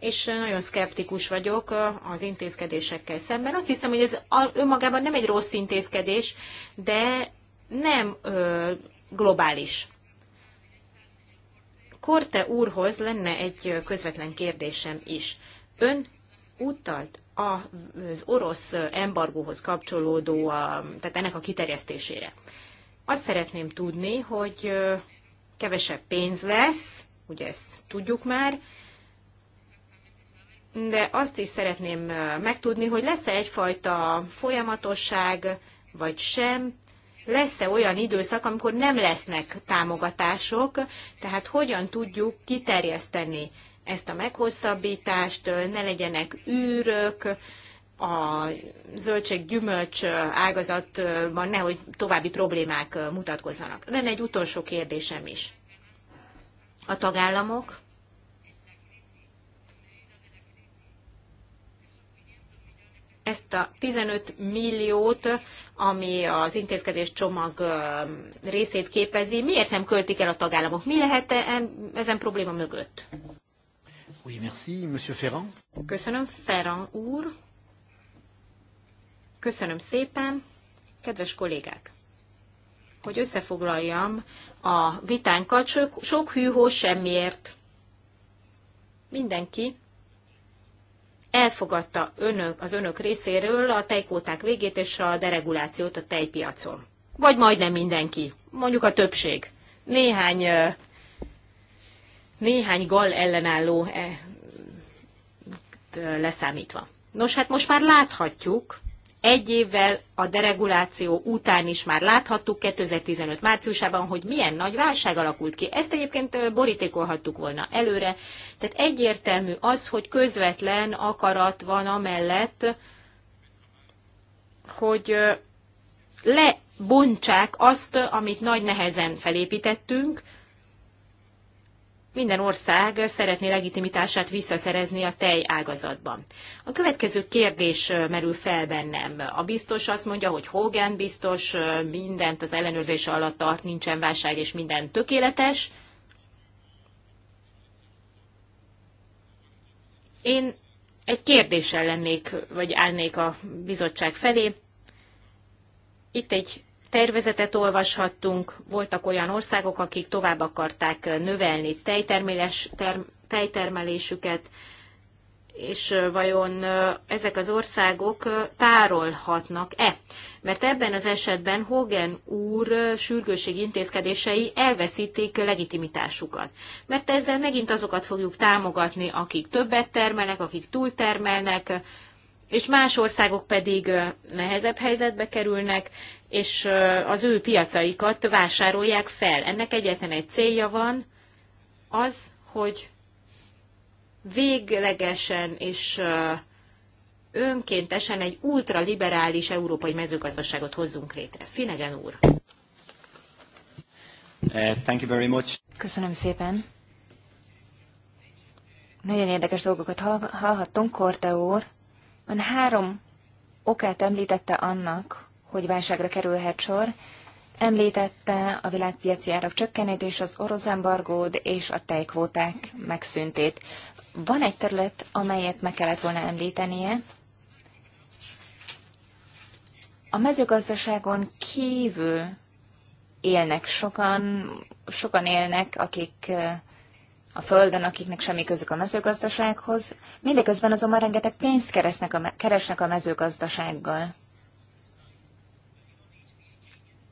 Speaker 2: és nagyon szkeptikus vagyok az intézkedésekkel szemben. Azt hiszem, hogy ez önmagában nem egy rossz intézkedés, de nem ö, globális. Korte úrhoz lenne egy közvetlen kérdésem is. Ön utalt az orosz embargóhoz kapcsolódó, tehát ennek a kiterjesztésére. Azt szeretném tudni, hogy kevesebb pénz lesz, ugye ezt tudjuk már, de azt is szeretném megtudni, hogy lesz-e egyfajta folyamatosság, vagy sem, lesz-e olyan időszak, amikor nem lesznek támogatások, tehát hogyan tudjuk kiterjeszteni ezt a meghosszabbítást, ne legyenek űrök, a zöldség-gyümölcs ágazatban nehogy további problémák mutatkozzanak. Lenne egy utolsó kérdésem is. A tagállamok ezt a 15 milliót, ami az intézkedés csomag részét képezi, miért nem költik el a tagállamok? Mi lehet e-, ezen probléma mögött? Oui, merci, Monsieur Ferrand. Köszönöm, Ferrand úr. Köszönöm szépen, kedves kollégák! Hogy összefoglaljam a vitánkat, sok, sok hűhó semmiért. Mindenki elfogadta önök, az önök részéről a tejkóták végét és a deregulációt a tejpiacon. Vagy majdnem mindenki, mondjuk a többség. Néhány, néhány gal ellenálló e, leszámítva. Nos, hát most már láthatjuk, egy évvel a dereguláció után is már láthattuk 2015 márciusában, hogy milyen nagy válság alakult ki. Ezt egyébként borítékolhattuk volna előre. Tehát egyértelmű az, hogy közvetlen akarat van amellett, hogy lebontsák azt, amit nagy nehezen felépítettünk, minden ország szeretné legitimitását visszaszerezni a tej ágazatban. A következő kérdés merül fel bennem. A biztos azt mondja, hogy Hogan biztos, mindent az ellenőrzése alatt tart, nincsen válság és minden tökéletes. Én egy kérdéssel lennék, vagy állnék a bizottság felé. Itt egy tervezetet olvashattunk, voltak olyan országok, akik tovább akarták növelni ter, tejtermelésüket, és vajon ezek az országok tárolhatnak-e? Mert ebben az esetben Hogan úr sürgőség intézkedései elveszítik legitimitásukat. Mert ezzel megint azokat fogjuk támogatni, akik többet termelnek, akik túltermelnek, és más országok pedig nehezebb helyzetbe kerülnek, és az ő piacaikat vásárolják fel. Ennek egyetlen egy célja van, az, hogy véglegesen és önkéntesen egy ultraliberális európai mezőgazdaságot hozzunk létre. Finegen úr!
Speaker 3: Uh, thank you very much.
Speaker 4: Köszönöm szépen. Nagyon érdekes dolgokat hallhattunk, Korte úr Ön három okát említette annak, hogy válságra kerülhet sor, Említette a világpiaci árak csökkenét és az orosz embargód és a tejkvóták megszüntét. Van egy terület, amelyet meg kellett volna említenie. A mezőgazdaságon kívül élnek sokan, sokan élnek, akik a földön, akiknek semmi közük a mezőgazdasághoz, mindeközben azonban rengeteg pénzt keresnek a, keresnek a mezőgazdasággal.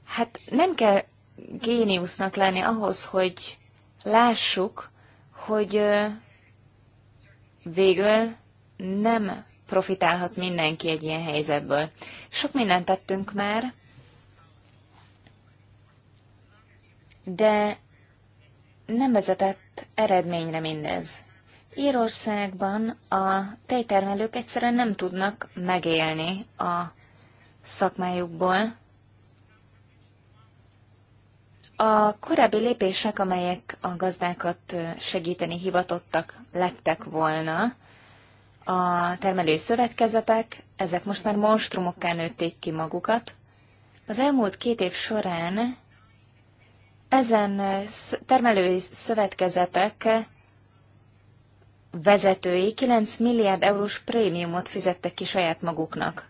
Speaker 4: Hát nem kell géniusznak lenni ahhoz, hogy lássuk, hogy végül nem profitálhat mindenki egy ilyen helyzetből. Sok mindent tettünk már, de nem vezetett eredményre mindez. Írországban a tejtermelők egyszerűen nem tudnak megélni a szakmájukból. A korábbi lépések, amelyek a gazdákat segíteni hivatottak lettek volna, a termelői szövetkezetek, ezek most már monstrumokká nőtték ki magukat. Az elmúlt két év során ezen eh, termelői szövetkezetek eh, vezetői 9 milliárd eurós prémiumot fizettek ki saját maguknak.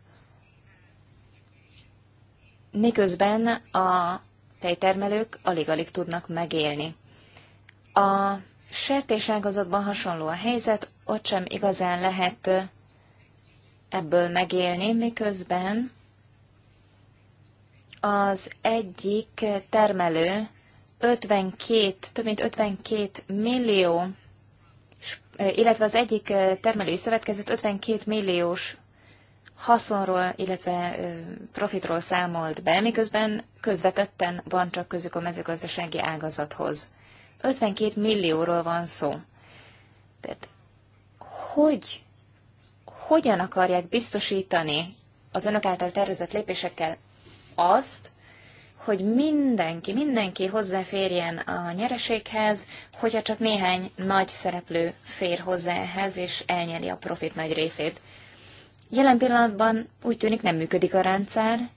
Speaker 4: Miközben a tejtermelők alig-alig tudnak megélni. A sertéságazatban hasonló a helyzet, ott sem igazán lehet eh, ebből megélni, miközben az egyik termelő 52, több mint 52 millió, illetve az egyik termelői szövetkezet 52 milliós haszonról, illetve profitról számolt be, miközben közvetetten van csak közük a mezőgazdasági ágazathoz. 52 millióról van szó. Tehát hogy, hogyan akarják biztosítani az önök által tervezett lépésekkel azt, hogy mindenki, mindenki hozzáférjen a nyereséghez, hogyha csak néhány nagy szereplő fér hozzá ehhez, és elnyeri a profit nagy részét. Jelen pillanatban úgy tűnik nem működik a rendszer,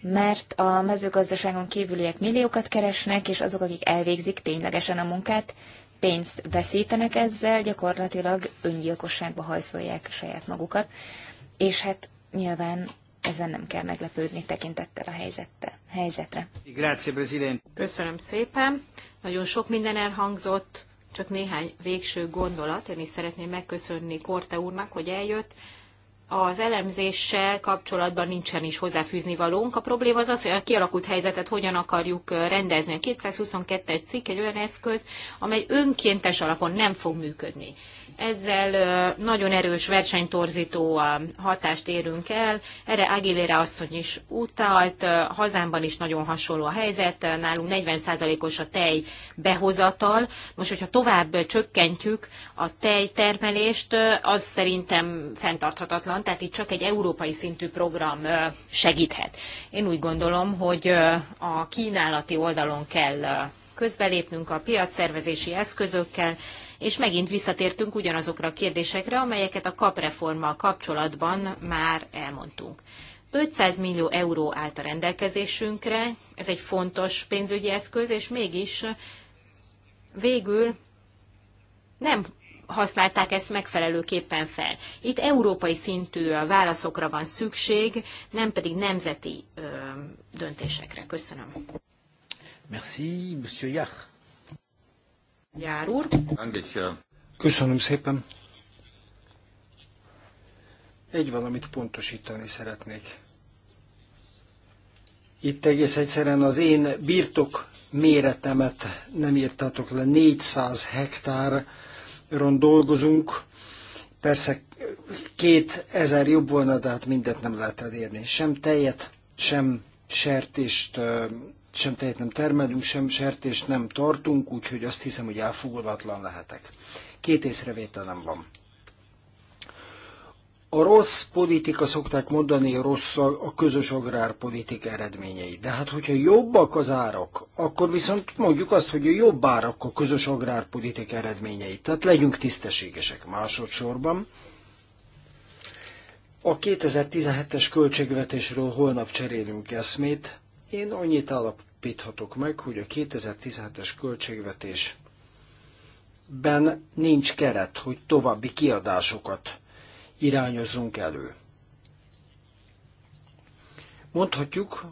Speaker 4: mert a mezőgazdaságon kívüliek milliókat keresnek, és azok, akik elvégzik ténylegesen a munkát, pénzt veszítenek ezzel, gyakorlatilag öngyilkosságba hajszolják saját magukat. És hát nyilván
Speaker 2: ezen nem kell meglepődni tekintettel a helyzette, helyzetre. Köszönöm szépen. Nagyon sok minden elhangzott, csak néhány végső gondolat. Én is szeretném megköszönni Korte úrnak, hogy eljött. Az elemzéssel kapcsolatban nincsen is hozzáfűzni valónk. A probléma az az, hogy a kialakult helyzetet hogyan akarjuk rendezni. A 222-es cikk egy olyan eszköz, amely önkéntes alapon nem fog működni. Ezzel nagyon erős versenytorzító hatást érünk el. Erre Aguilera asszony is utalt. Hazámban is nagyon hasonló a helyzet. Nálunk 40%-os a tej behozatal. Most, hogyha tovább csökkentjük a tejtermelést, az szerintem fenntarthatatlan. Tehát itt csak egy európai szintű program segíthet. Én úgy gondolom, hogy a kínálati oldalon kell közbelépnünk a piacszervezési eszközökkel, és megint visszatértünk ugyanazokra a kérdésekre, amelyeket a kapreformmal kapcsolatban már elmondtunk. 500 millió euró állt a rendelkezésünkre, ez egy fontos pénzügyi eszköz, és mégis végül nem használták ezt megfelelőképpen fel. Itt európai szintű válaszokra van szükség, nem pedig nemzeti ö, döntésekre. Köszönöm.
Speaker 1: Merci, Monsieur Jár úr. Köszönöm szépen. Egy valamit pontosítani szeretnék. Itt egész egyszerűen az én birtok méretemet nem írtátok le. 400 hektáron dolgozunk. Persze két ezer jobb volna, de hát mindent nem lehet elérni. Sem tejet, sem sertést sem tehet nem termelünk, sem sertést nem tartunk, úgyhogy azt hiszem, hogy elfogadatlan lehetek. Két észrevételem van. A rossz politika, szokták mondani, rossz a közös agrárpolitika eredményei. De hát, hogyha jobbak az árak, akkor viszont mondjuk azt, hogy a jobb árak a közös agrárpolitika eredményei. Tehát legyünk tisztességesek másodszorban. A 2017-es költségvetésről holnap cserélünk eszmét. Én annyit állapíthatok meg, hogy a 2017-es költségvetés ben nincs keret, hogy további kiadásokat irányozzunk elő. Mondhatjuk,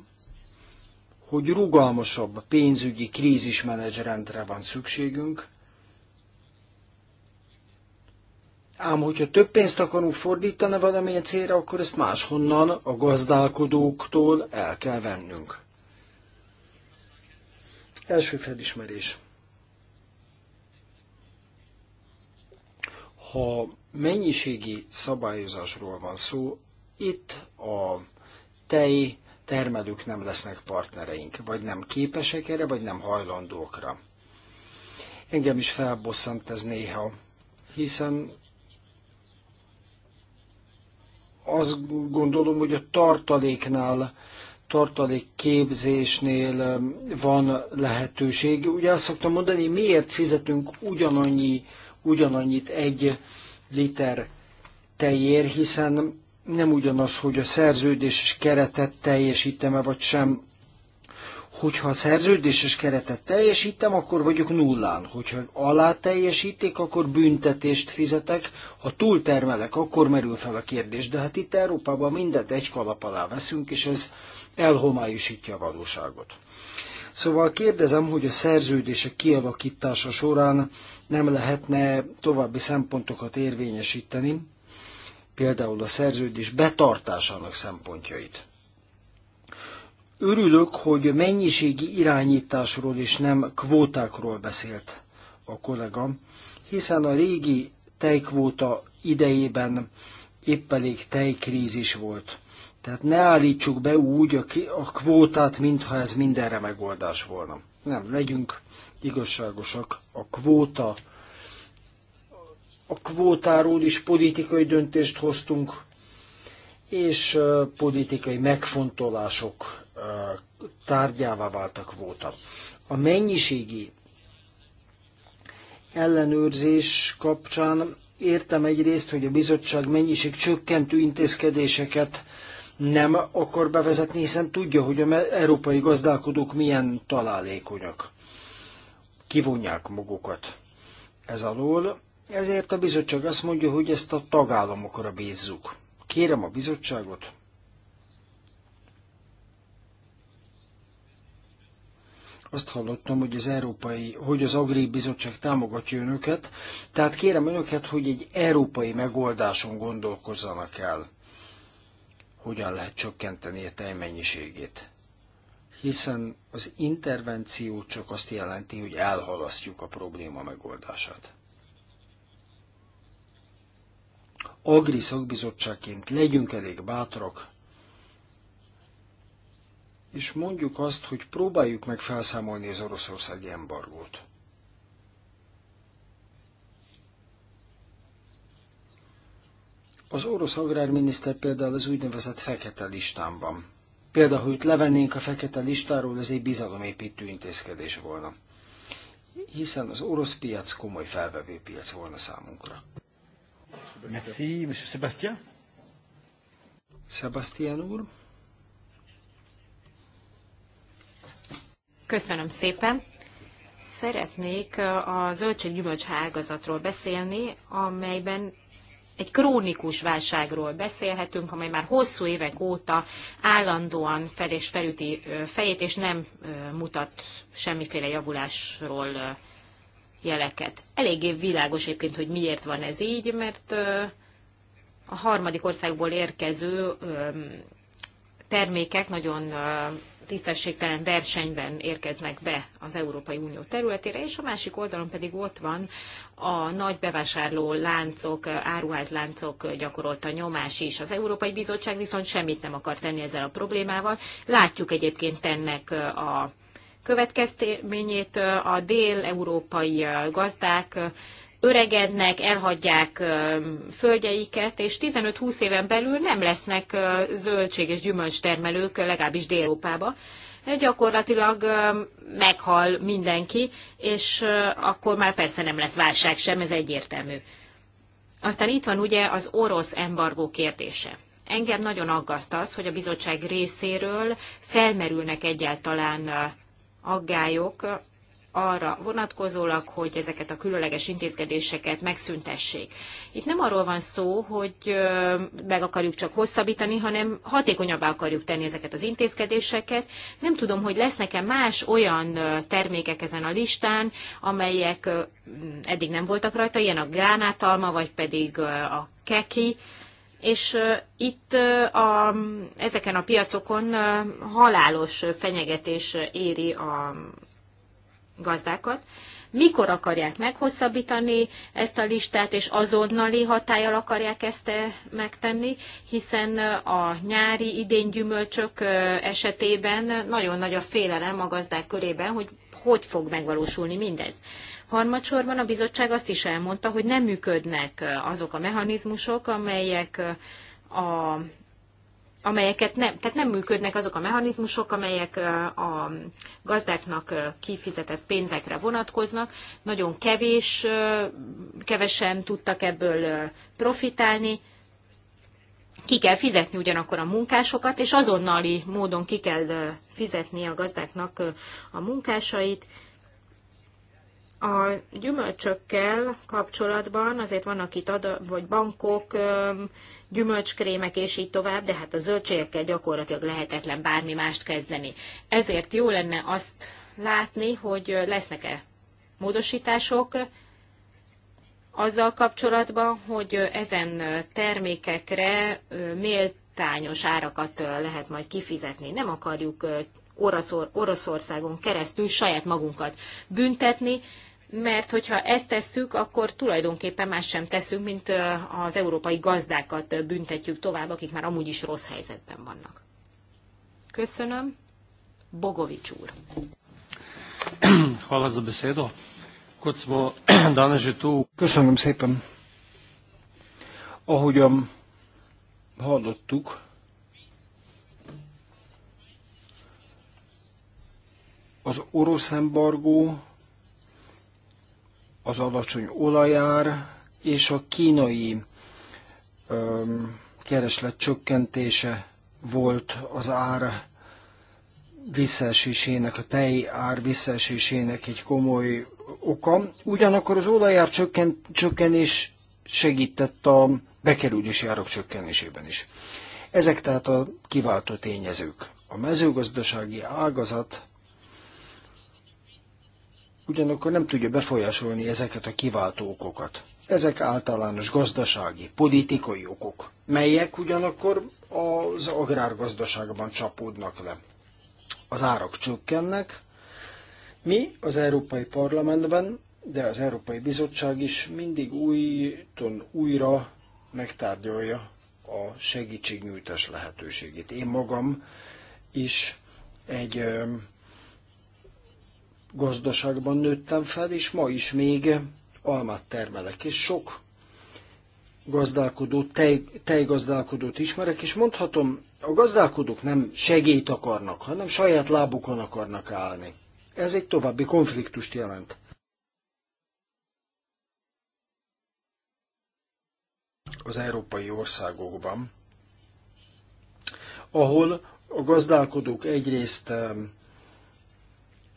Speaker 1: hogy rugalmasabb pénzügyi krízismenedzsrendre van szükségünk, Ám hogyha több pénzt akarunk fordítani valamilyen célra, akkor ezt máshonnan a gazdálkodóktól el kell vennünk. Első felismerés. Ha mennyiségi szabályozásról van szó, itt a tej termelők nem lesznek partnereink, vagy nem képesek erre, vagy nem hajlandókra. Engem is felbosszant ez néha, hiszen azt gondolom, hogy a tartaléknál tartalék képzésnél van lehetőség. Ugye azt szoktam mondani, miért fizetünk ugyanannyi, ugyanannyit egy liter tejér, hiszen nem ugyanaz, hogy a szerződéses keretet teljesítem-e vagy sem. Hogyha a szerződéses keretet teljesítem, akkor vagyok nullán. Hogyha alá teljesítik, akkor büntetést fizetek. Ha túltermelek, akkor merül fel a kérdés. De hát itt Európában mindent egy kalap alá veszünk, és ez elhomályosítja a valóságot. Szóval kérdezem, hogy a szerződések kialakítása során nem lehetne további szempontokat érvényesíteni, például a szerződés betartásának szempontjait. Örülök, hogy mennyiségi irányításról és nem kvótákról beszélt a kollega, hiszen a régi tejkvóta idejében épp elég tejkrízis volt. Tehát ne állítsuk be úgy a, a kvótát, mintha ez mindenre megoldás volna. Nem, legyünk igazságosak. A kvóta, a kvótáról is politikai döntést hoztunk, és politikai megfontolások tárgyává vált a kvóta. A mennyiségi ellenőrzés kapcsán értem egyrészt, hogy a bizottság mennyiség csökkentő intézkedéseket nem akar bevezetni, hiszen tudja, hogy a európai gazdálkodók milyen találékonyak. Kivonják magukat ez alól, ezért a bizottság azt mondja, hogy ezt a tagállamokra bízzuk. Kérem a bizottságot, Azt hallottam, hogy az Európai, hogy az Agri Bizottság támogatja önöket, tehát kérem önöket, hogy egy európai megoldáson gondolkozzanak el. Hogyan lehet csökkenteni a tejmennyiségét. Hiszen az intervenció csak azt jelenti, hogy elhalasztjuk a probléma megoldását. Agri szakbizottságként legyünk elég bátrak, és mondjuk azt, hogy próbáljuk meg felszámolni az oroszországi embargót. Az orosz agrárminiszter például az úgynevezett fekete listán van. Például, hogy levennénk a fekete listáról, ez egy bizalomépítő intézkedés volna. Hiszen az orosz piac komoly felvevő piac volna számunkra. Merci, Monsieur Sebastian. Sebastian úr.
Speaker 2: Köszönöm szépen. Szeretnék a zöldséggyümölcs ágazatról beszélni, amelyben egy krónikus válságról beszélhetünk, amely már hosszú évek óta állandóan fel és felüti fejét, és nem mutat semmiféle javulásról jeleket. Eléggé világos egyébként, hogy miért van ez így, mert a harmadik országból érkező termékek nagyon tisztességtelen versenyben érkeznek be az Európai Unió területére, és a másik oldalon pedig ott van a nagy bevásárló láncok, áruház láncok gyakorolta nyomás is. Az Európai Bizottság viszont semmit nem akar tenni ezzel a problémával. Látjuk egyébként ennek a következményét a dél-európai gazdák öregednek, elhagyják földjeiket, és 15-20 éven belül nem lesznek zöldség és termelők, legalábbis Dél-Európába. Gyakorlatilag meghal mindenki, és akkor már persze nem lesz válság sem, ez egyértelmű. Aztán itt van ugye az orosz embargó kérdése. Engem nagyon aggaszt az, hogy a bizottság részéről felmerülnek egyáltalán aggályok arra vonatkozólag, hogy ezeket a különleges intézkedéseket megszüntessék. Itt nem arról van szó, hogy meg akarjuk csak hosszabbítani, hanem hatékonyabbá akarjuk tenni ezeket az intézkedéseket. Nem tudom, hogy lesznek-e más olyan termékek ezen a listán, amelyek eddig nem voltak rajta, ilyen a gránátalma, vagy pedig a keki, és itt a, ezeken a piacokon halálos fenyegetés éri a gazdákat, mikor akarják meghosszabbítani ezt a listát, és azonnali hatállal akarják ezt eh, megtenni, hiszen eh, a nyári gyümölcsök eh, esetében nagyon nagy a félelem a gazdák körében, hogy hogy fog megvalósulni mindez. Harmadsorban a bizottság azt is elmondta, hogy nem működnek azok a mechanizmusok, amelyek a amelyeket nem, tehát nem működnek azok a mechanizmusok, amelyek a gazdáknak kifizetett pénzekre vonatkoznak. Nagyon kevés, kevesen tudtak ebből profitálni. Ki kell fizetni ugyanakkor a munkásokat, és azonnali módon ki kell fizetni a gazdáknak a munkásait. A gyümölcsökkel kapcsolatban azért vannak itt ad, vagy bankok, gyümölcskrémek és így tovább, de hát a zöldségekkel gyakorlatilag lehetetlen bármi mást kezdeni. Ezért jó lenne azt látni, hogy lesznek-e módosítások azzal kapcsolatban, hogy ezen termékekre méltányos árakat lehet majd kifizetni. Nem akarjuk Oroszor, Oroszországon keresztül saját magunkat büntetni, mert hogyha ezt tesszük, akkor tulajdonképpen más sem teszünk, mint az európai gazdákat büntetjük tovább, akik már amúgy is rossz helyzetben vannak. Köszönöm. Bogovics úr.
Speaker 1: Hvala za besedo. Kot smo tu... Köszönöm szépen. Ahogyan hallottuk, az orosz embargó az alacsony olajár és a kínai öm, kereslet csökkentése volt az ár visszaesésének, a tej ár visszaesésének egy komoly oka. Ugyanakkor az olajár csökken, csökkenés segített a bekerülési árak csökkenésében is. Ezek tehát a kiváltó tényezők. A mezőgazdasági ágazat ugyanakkor nem tudja befolyásolni ezeket a kiváltó okokat. Ezek általános gazdasági, politikai okok, melyek ugyanakkor az agrárgazdaságban csapódnak le. Az árak csökkennek, mi az Európai Parlamentben, de az Európai Bizottság is mindig újton újra megtárgyalja a segítségnyújtás lehetőségét. Én magam is egy gazdaságban nőttem fel, és ma is még almát termelek, és sok gazdálkodó, tej, tejgazdálkodót ismerek, és mondhatom, a gazdálkodók nem segélyt akarnak, hanem saját lábukon akarnak állni. Ez egy további konfliktust jelent. Az európai országokban, ahol a gazdálkodók egyrészt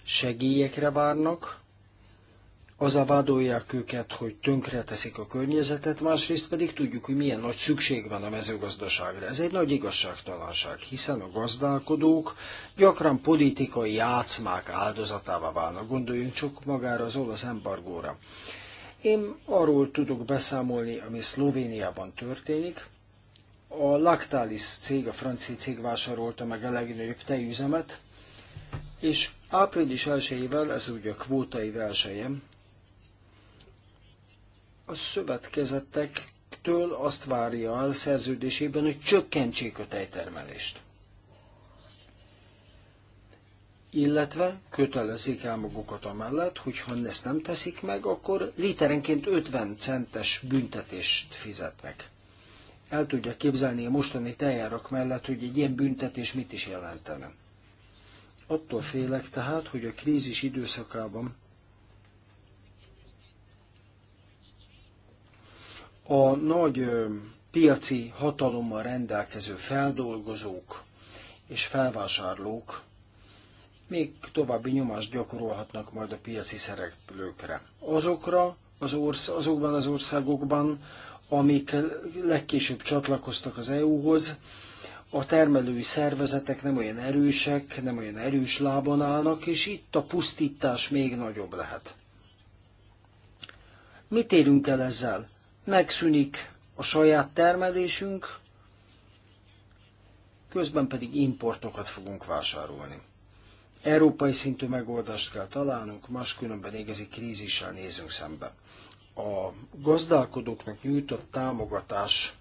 Speaker 1: segélyekre várnak, Az a vádolják őket, hogy tönkre teszik a környezetet, másrészt pedig tudjuk, hogy milyen nagy szükség van a mezőgazdaságra. Ez egy nagy igazságtalanság, hiszen a gazdálkodók gyakran politikai játszmák áldozatává válnak. Gondoljunk csak magára az olasz embargóra. Én arról tudok beszámolni, ami Szlovéniában történik. A Lactalis cég, a francia cég vásárolta meg a legnagyobb tejüzemet, és április 1-ével, ez ugye a kvótai versenyem, a szövetkezetektől azt várja el szerződésében, hogy csökkentsék a tejtermelést. Illetve kötelezik el magukat amellett, hogy ha ezt nem teszik meg, akkor literenként 50 centes büntetést fizetnek. El tudja képzelni a mostani tejárak mellett, hogy egy ilyen büntetés mit is jelentene. Attól félek tehát, hogy a krízis időszakában a nagy piaci hatalommal rendelkező feldolgozók és felvásárlók még további nyomást gyakorolhatnak majd a piaci szereplőkre. Azokra az orsz- azokban az országokban, amik legkésőbb csatlakoztak az EU-hoz, a termelői szervezetek nem olyan erősek, nem olyan erős lábon állnak, és itt a pusztítás még nagyobb lehet. Mit érünk el ezzel? Megszűnik a saját termelésünk, közben pedig importokat fogunk vásárolni. Európai szintű megoldást kell találnunk, máskülönben igazi krízissel nézünk szembe. A gazdálkodóknak nyújtott támogatás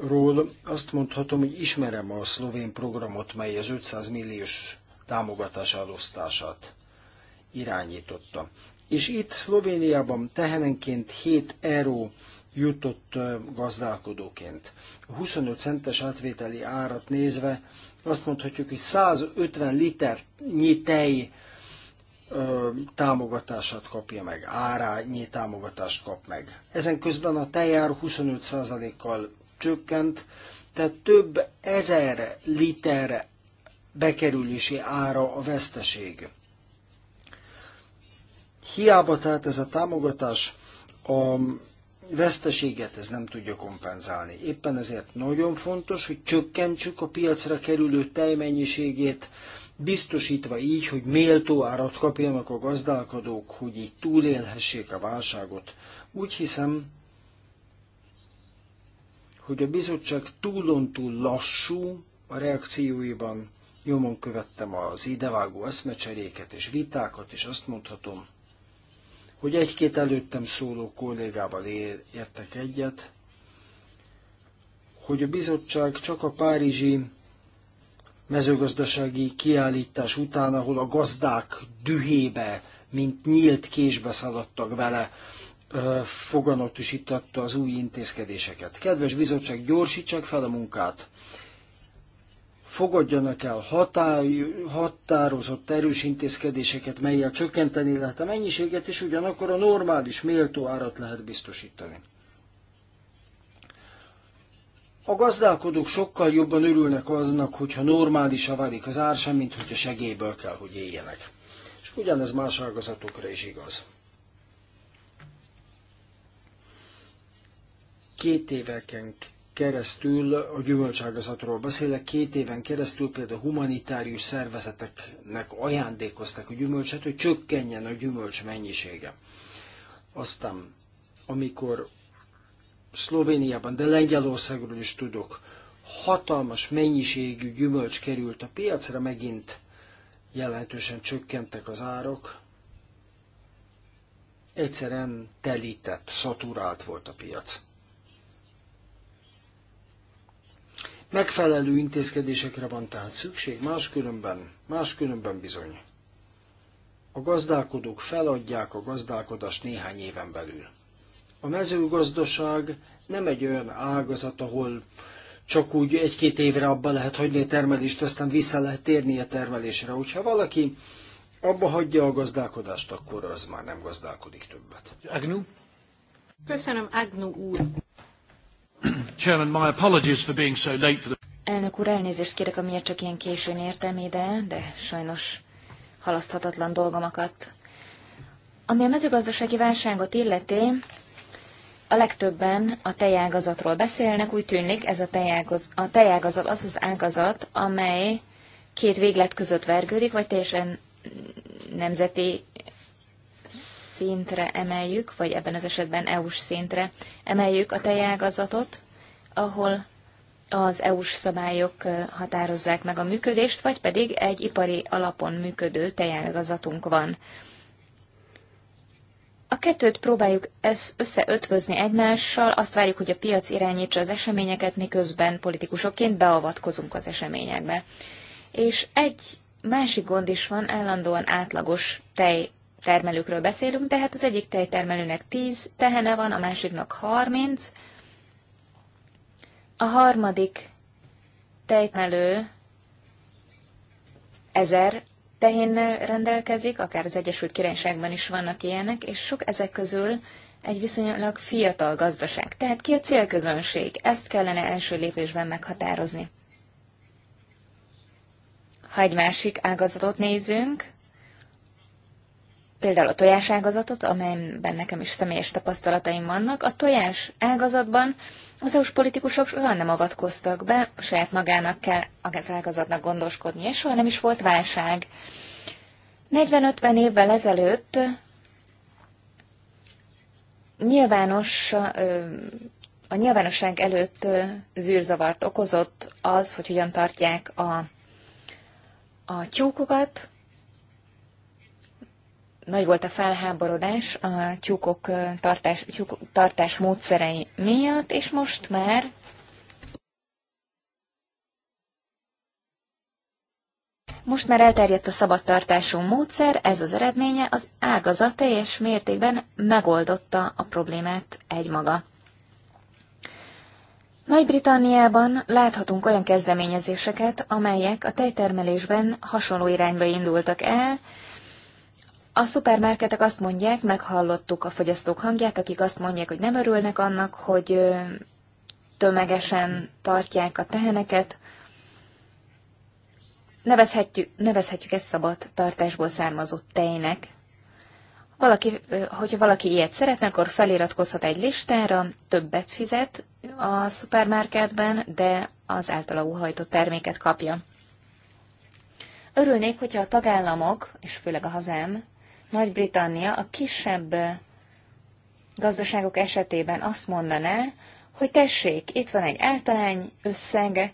Speaker 1: ról azt mondhatom, hogy ismerem a szlovén programot, mely az 500 milliós támogatás elosztását irányította. És itt Szlovéniában tehenenként 7 euró jutott gazdálkodóként. A 25 centes átvételi árat nézve azt mondhatjuk, hogy 150 liter tej támogatását kapja meg, árányi támogatást kap meg. Ezen közben a tejár 25%-kal csökkent, tehát több ezer liter bekerülési ára a veszteség. Hiába tehát ez a támogatás a veszteséget ez nem tudja kompenzálni. Éppen ezért nagyon fontos, hogy csökkentsük a piacra kerülő tejmennyiségét, biztosítva így, hogy méltó árat kapjanak a gazdálkodók, hogy így túlélhessék a válságot. Úgy hiszem, hogy a bizottság túlontúl lassú a reakcióiban, nyomon követtem az idevágó eszmecseréket és vitákat, és azt mondhatom, hogy egy-két előttem szóló kollégával értek egyet, hogy a bizottság csak a párizsi mezőgazdasági kiállítás után, ahol a gazdák dühébe, mint nyílt késbe szaladtak vele, foganatosította az új intézkedéseket. Kedves bizottság, gyorsítsák fel a munkát! Fogadjanak el hatály, határozott erős intézkedéseket, melyel csökkenteni lehet a mennyiséget, és ugyanakkor a normális, méltó árat lehet biztosítani. A gazdálkodók sokkal jobban örülnek aznak, hogyha normális válik az ár, sem, mint hogyha segélyből kell, hogy éljenek. És ugyanez más ágazatokra is igaz. két éveken keresztül, a gyümölcságazatról beszélek, két éven keresztül például humanitárius szervezeteknek ajándékozták a gyümölcset, hogy csökkenjen a gyümölcs mennyisége. Aztán, amikor Szlovéniában, de Lengyelországról is tudok, hatalmas mennyiségű gyümölcs került a piacra, megint jelentősen csökkentek az árak, egyszerűen telített, szaturált volt a piac. Megfelelő intézkedésekre van tehát szükség, máskülönben, máskülönben bizony. A gazdálkodók feladják a gazdálkodást néhány éven belül. A mezőgazdaság nem egy olyan ágazat, ahol csak úgy egy-két évre abba lehet hagyni a termelést, aztán vissza lehet térni a termelésre. Hogyha valaki abba hagyja a gazdálkodást, akkor az már nem gazdálkodik többet. Agnu? Köszönöm,
Speaker 2: Agnu úr.
Speaker 1: Chairman, my apologies for being so late for the...
Speaker 2: Elnök
Speaker 4: úr, elnézést kérek, amiért csak ilyen későn értem ide, de sajnos halaszthatatlan dolgom akadt. Ami a mezőgazdasági válságot illeti, a legtöbben a tejágazatról beszélnek, úgy tűnik ez a, tejágaz, a tejágazat az az ágazat, amely két véglet között vergődik, vagy teljesen nemzeti szintre emeljük, vagy ebben az esetben EU-s szintre emeljük a tejágazatot, ahol az EU-s szabályok határozzák meg a működést, vagy pedig egy ipari alapon működő tejágazatunk van. A kettőt próbáljuk összeötvözni egymással, azt várjuk, hogy a piac irányítsa az eseményeket, miközben politikusokként beavatkozunk az eseményekbe. És egy másik gond is van, állandóan átlagos tej termelőkről beszélünk, tehát az egyik tejtermelőnek 10 tehene van, a másiknak 30, a harmadik tejmelő ezer tehénnel rendelkezik, akár az Egyesült Királyságban is vannak ilyenek, és sok ezek közül egy viszonylag fiatal gazdaság. Tehát ki a célközönség? Ezt kellene első lépésben meghatározni. Ha egy másik ágazatot nézünk, például a tojás ágazatot, amelyben nekem is személyes tapasztalataim vannak, a tojás ágazatban az EU-s politikusok soha nem avatkoztak be, saját magának kell az ágazatnak gondoskodni, és soha nem is volt válság. 40-50 évvel ezelőtt nyilvános, a nyilvánosság előtt zűrzavart okozott az, hogy hogyan tartják a, a tyúkokat, nagy volt a felháborodás a tyúkok tartás, tyúk, tartás módszerei miatt, és most már Most már elterjedt a szabadtartású módszer, ez az eredménye, az ágazat teljes mértékben megoldotta a problémát egymaga. Nagy-Britanniában láthatunk olyan kezdeményezéseket, amelyek a tejtermelésben hasonló irányba indultak el, a szupermarketek azt mondják, meghallottuk a fogyasztók hangját, akik azt mondják, hogy nem örülnek annak, hogy tömegesen tartják a teheneket. Nevezhetjük, nevezhetjük ezt szabad tartásból származó tejnek. Valaki, hogyha valaki ilyet szeretne, akkor feliratkozhat egy listára, többet fizet a szupermarketben, de az általa uhajtott terméket kapja. Örülnék, hogyha a tagállamok, és főleg a hazám, nagy-Britannia a kisebb gazdaságok esetében azt mondaná, hogy tessék, itt van egy általány összeg,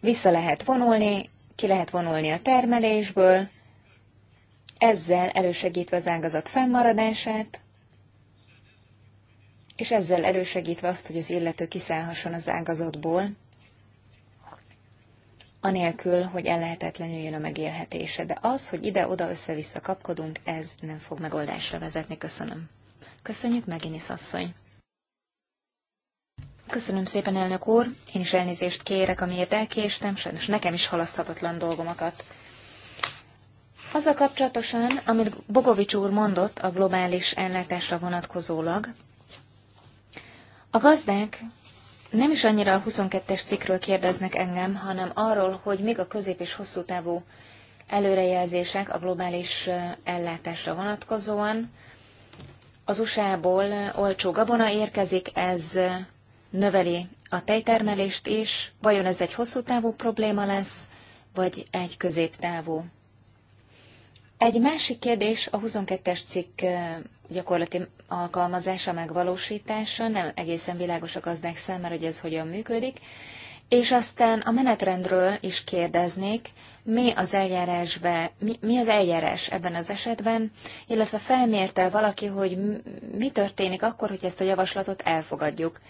Speaker 4: vissza lehet vonulni, ki lehet vonulni a termelésből, ezzel elősegítve az ágazat fennmaradását, és ezzel elősegítve azt, hogy az illető kiszállhasson az ágazatból, anélkül, hogy jön a megélhetése. De az, hogy ide-oda össze-vissza kapkodunk, ez nem fog megoldásra vezetni. Köszönöm. Köszönjük, Meginis asszony. Köszönöm szépen, elnök úr. Én is elnézést kérek, amiért elkéstem, sajnos nekem is halaszthatatlan dolgomakat. Azzal kapcsolatosan, amit Bogovics úr mondott a globális ellátásra vonatkozólag, a gazdák nem is annyira a 22-es cikkről kérdeznek engem, hanem arról, hogy még a közép- és hosszú távú előrejelzések a globális ellátásra vonatkozóan. Az USA-ból olcsó gabona érkezik, ez növeli a tejtermelést is. Vajon ez egy hosszú távú probléma lesz, vagy egy középtávú? Egy másik kérdés a 22-es cikk gyakorlati alkalmazása, megvalósítása, nem egészen világos a gazdák számára, hogy ez hogyan működik, és aztán a menetrendről is kérdeznék, mi az, eljárásbe, mi, mi az eljárás ebben az esetben, illetve felmérte valaki, hogy mi történik akkor, hogy ezt a javaslatot elfogadjuk,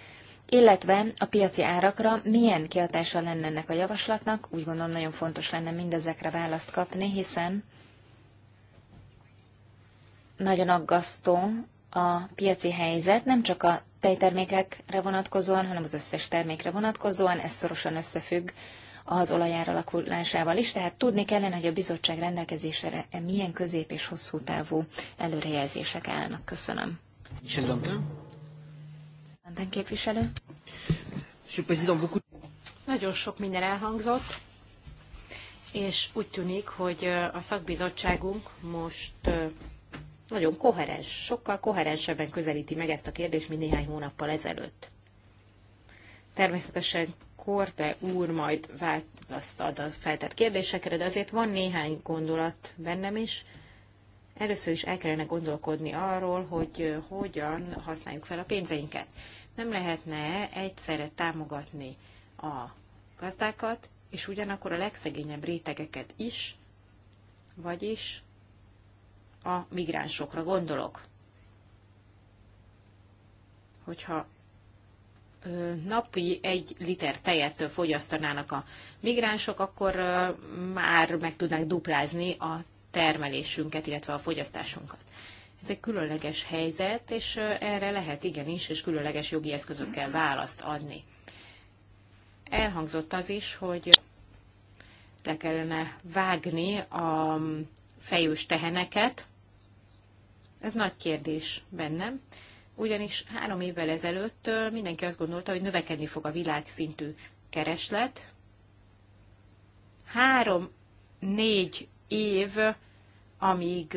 Speaker 4: illetve a piaci árakra milyen kihatása lenne ennek a javaslatnak, úgy gondolom nagyon fontos lenne mindezekre választ kapni, hiszen nagyon aggasztó a piaci helyzet, nem csak a tejtermékekre vonatkozóan, hanem az összes termékre vonatkozóan, ez szorosan összefügg az olajár alakulásával is, tehát tudni kellene, hogy a bizottság rendelkezésére milyen közép- és hosszú távú előrejelzések állnak. Köszönöm.
Speaker 2: Danten képviselő. Nagyon sok minden elhangzott, és úgy tűnik, hogy a szakbizottságunk most nagyon koherens, sokkal koherensebben közelíti meg ezt a kérdést, mint néhány hónappal ezelőtt. Természetesen Korte úr majd választ ad a feltett kérdésekre, de azért van néhány gondolat bennem is. Először is el kellene gondolkodni arról, hogy hogyan használjuk fel a pénzeinket. Nem lehetne egyszerre támogatni a gazdákat, és ugyanakkor a legszegényebb rétegeket is, vagyis a migránsokra gondolok. Hogyha napi egy liter tejet fogyasztanának a migránsok, akkor már meg tudnák duplázni a termelésünket, illetve a fogyasztásunkat. Ez egy különleges helyzet, és erre lehet igenis, és különleges jogi eszközökkel választ adni. Elhangzott az is, hogy le kellene vágni a fejős teheneket, ez nagy kérdés bennem, ugyanis három évvel ezelőtt mindenki azt gondolta, hogy növekedni fog a világszintű kereslet. Három-négy év, amíg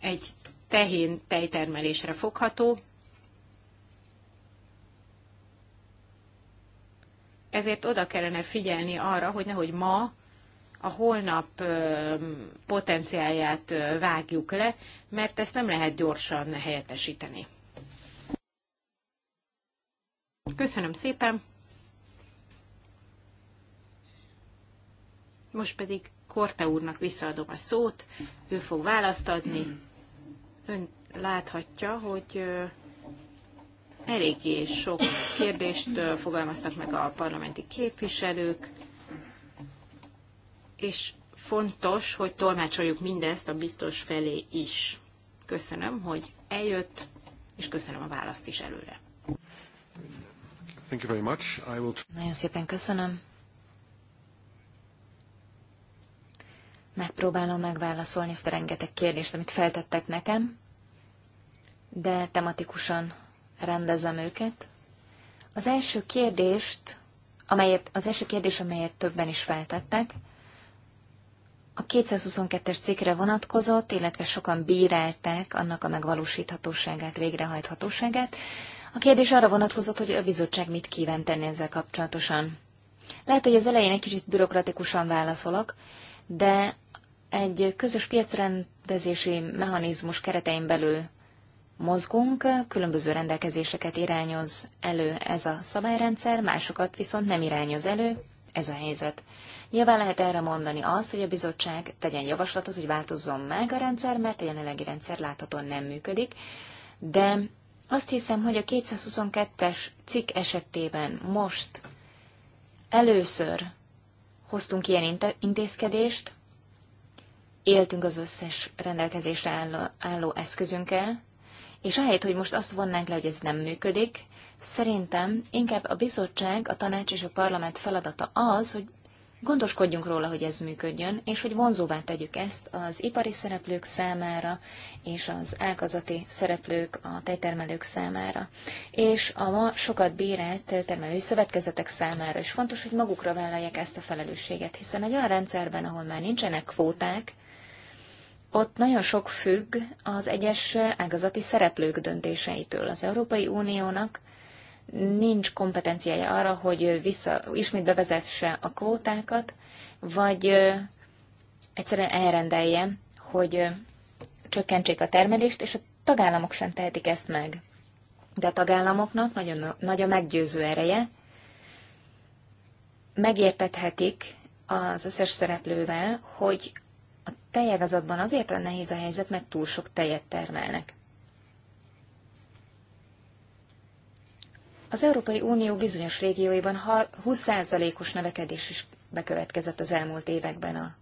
Speaker 2: egy tehén tejtermelésre fogható, ezért oda kellene figyelni arra, hogy nehogy ma a holnap potenciáját vágjuk le, mert ezt nem lehet gyorsan helyettesíteni. Köszönöm szépen! Most pedig Korte úrnak visszaadom a szót, ő fog választ adni. Ön láthatja, hogy eléggé sok kérdést fogalmaztak meg a parlamenti képviselők és fontos, hogy tolmácsoljuk mindezt a biztos felé is. Köszönöm, hogy eljött, és köszönöm a választ is előre.
Speaker 4: Thank you very much. I will... Nagyon szépen köszönöm. Megpróbálom megválaszolni ezt a rengeteg kérdést, amit feltettek nekem, de tematikusan rendezem őket. Az első kérdést, amelyet, az első kérdés, amelyet többen is feltettek, a 222-es cikkre vonatkozott, illetve sokan bírálták annak a megvalósíthatóságát, végrehajthatóságát. A kérdés arra vonatkozott, hogy a bizottság mit kíván tenni ezzel kapcsolatosan. Lehet, hogy az elején egy kicsit bürokratikusan válaszolok, de egy közös piacrendezési mechanizmus keretein belül mozgunk, különböző rendelkezéseket irányoz elő ez a szabályrendszer, másokat viszont nem irányoz elő, ez a helyzet. Nyilván lehet erre mondani azt, hogy a bizottság tegyen javaslatot, hogy változzon meg a rendszer, mert a jelenlegi rendszer láthatóan nem működik, de azt hiszem, hogy a 222-es cikk esetében most először hoztunk ilyen intézkedést, éltünk az összes rendelkezésre álló, álló eszközünkkel, és ahelyett, hogy most azt vonnánk le, hogy ez nem működik, szerintem inkább a bizottság, a tanács és a parlament feladata az, hogy gondoskodjunk róla, hogy ez működjön, és hogy vonzóvá tegyük ezt az ipari szereplők számára, és az ágazati szereplők, a tejtermelők számára, és a ma sokat bírált termelői szövetkezetek számára is fontos, hogy magukra vállalják ezt a felelősséget, hiszen egy olyan rendszerben, ahol már nincsenek kvóták, ott nagyon sok függ az egyes ágazati szereplők döntéseitől. Az Európai Uniónak nincs kompetenciája arra, hogy vissza, ismét bevezesse a kvótákat, vagy egyszerűen elrendelje, hogy csökkentsék a termelést, és a tagállamok sem tehetik ezt meg. De a tagállamoknak nagyon nagy a meggyőző ereje, megértethetik az összes szereplővel, hogy a tejegazatban azért olyan nehéz a helyzet, mert túl sok tejet termelnek. Az Európai Unió bizonyos régióiban 20%-os növekedés is bekövetkezett az elmúlt években a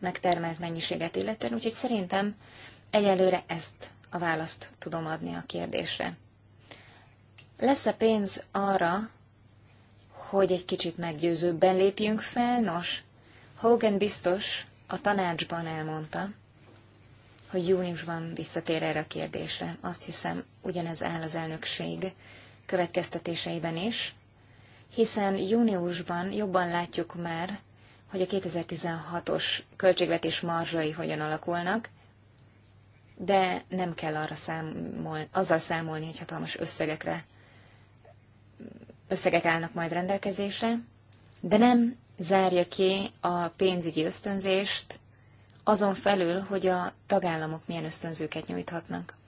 Speaker 4: megtermelt mennyiséget illetően, úgyhogy szerintem egyelőre ezt a választ tudom adni a kérdésre. Lesz-e pénz arra, hogy egy kicsit meggyőzőbben lépjünk fel? Nos, Hogan biztos a tanácsban elmondta, hogy júniusban visszatér erre a kérdésre. Azt hiszem, ugyanez áll az elnökség következtetéseiben is, hiszen júniusban jobban látjuk már, hogy a 2016-os költségvetés marzsai hogyan alakulnak, de nem kell arra számol, azzal számolni, hogy hatalmas összegekre összegek állnak majd rendelkezésre, de nem zárja ki a pénzügyi ösztönzést azon felül, hogy a tagállamok milyen ösztönzőket nyújthatnak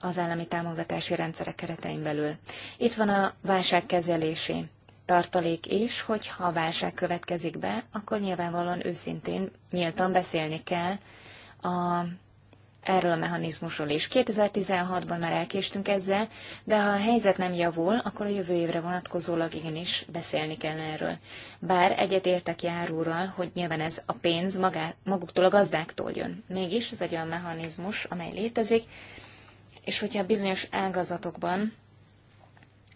Speaker 4: az állami támogatási rendszerek keretein belül. Itt van a válság kezelésé tartalék is, hogyha a válság következik be, akkor nyilvánvalóan őszintén, nyíltan beszélni kell a, erről a mechanizmusról is. 2016-ban már elkéstünk ezzel, de ha a helyzet nem javul, akkor a jövő évre vonatkozólag igenis beszélni kell erről. Bár egyetértek járúral, hogy nyilván ez a pénz magá, maguktól a gazdáktól jön. Mégis ez egy olyan mechanizmus, amely létezik, és hogyha bizonyos ágazatokban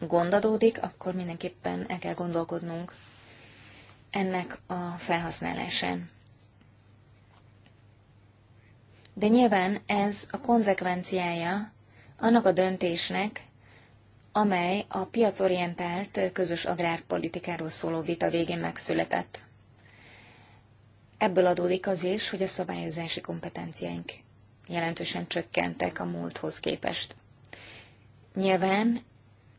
Speaker 4: gondadódik, akkor mindenképpen el kell gondolkodnunk ennek a felhasználásán. De nyilván ez a konzekvenciája annak a döntésnek, amely a piacorientált közös agrárpolitikáról szóló vita végén megszületett. Ebből adódik az is, hogy a szabályozási kompetenciáink jelentősen csökkentek a múlthoz képest. Nyilván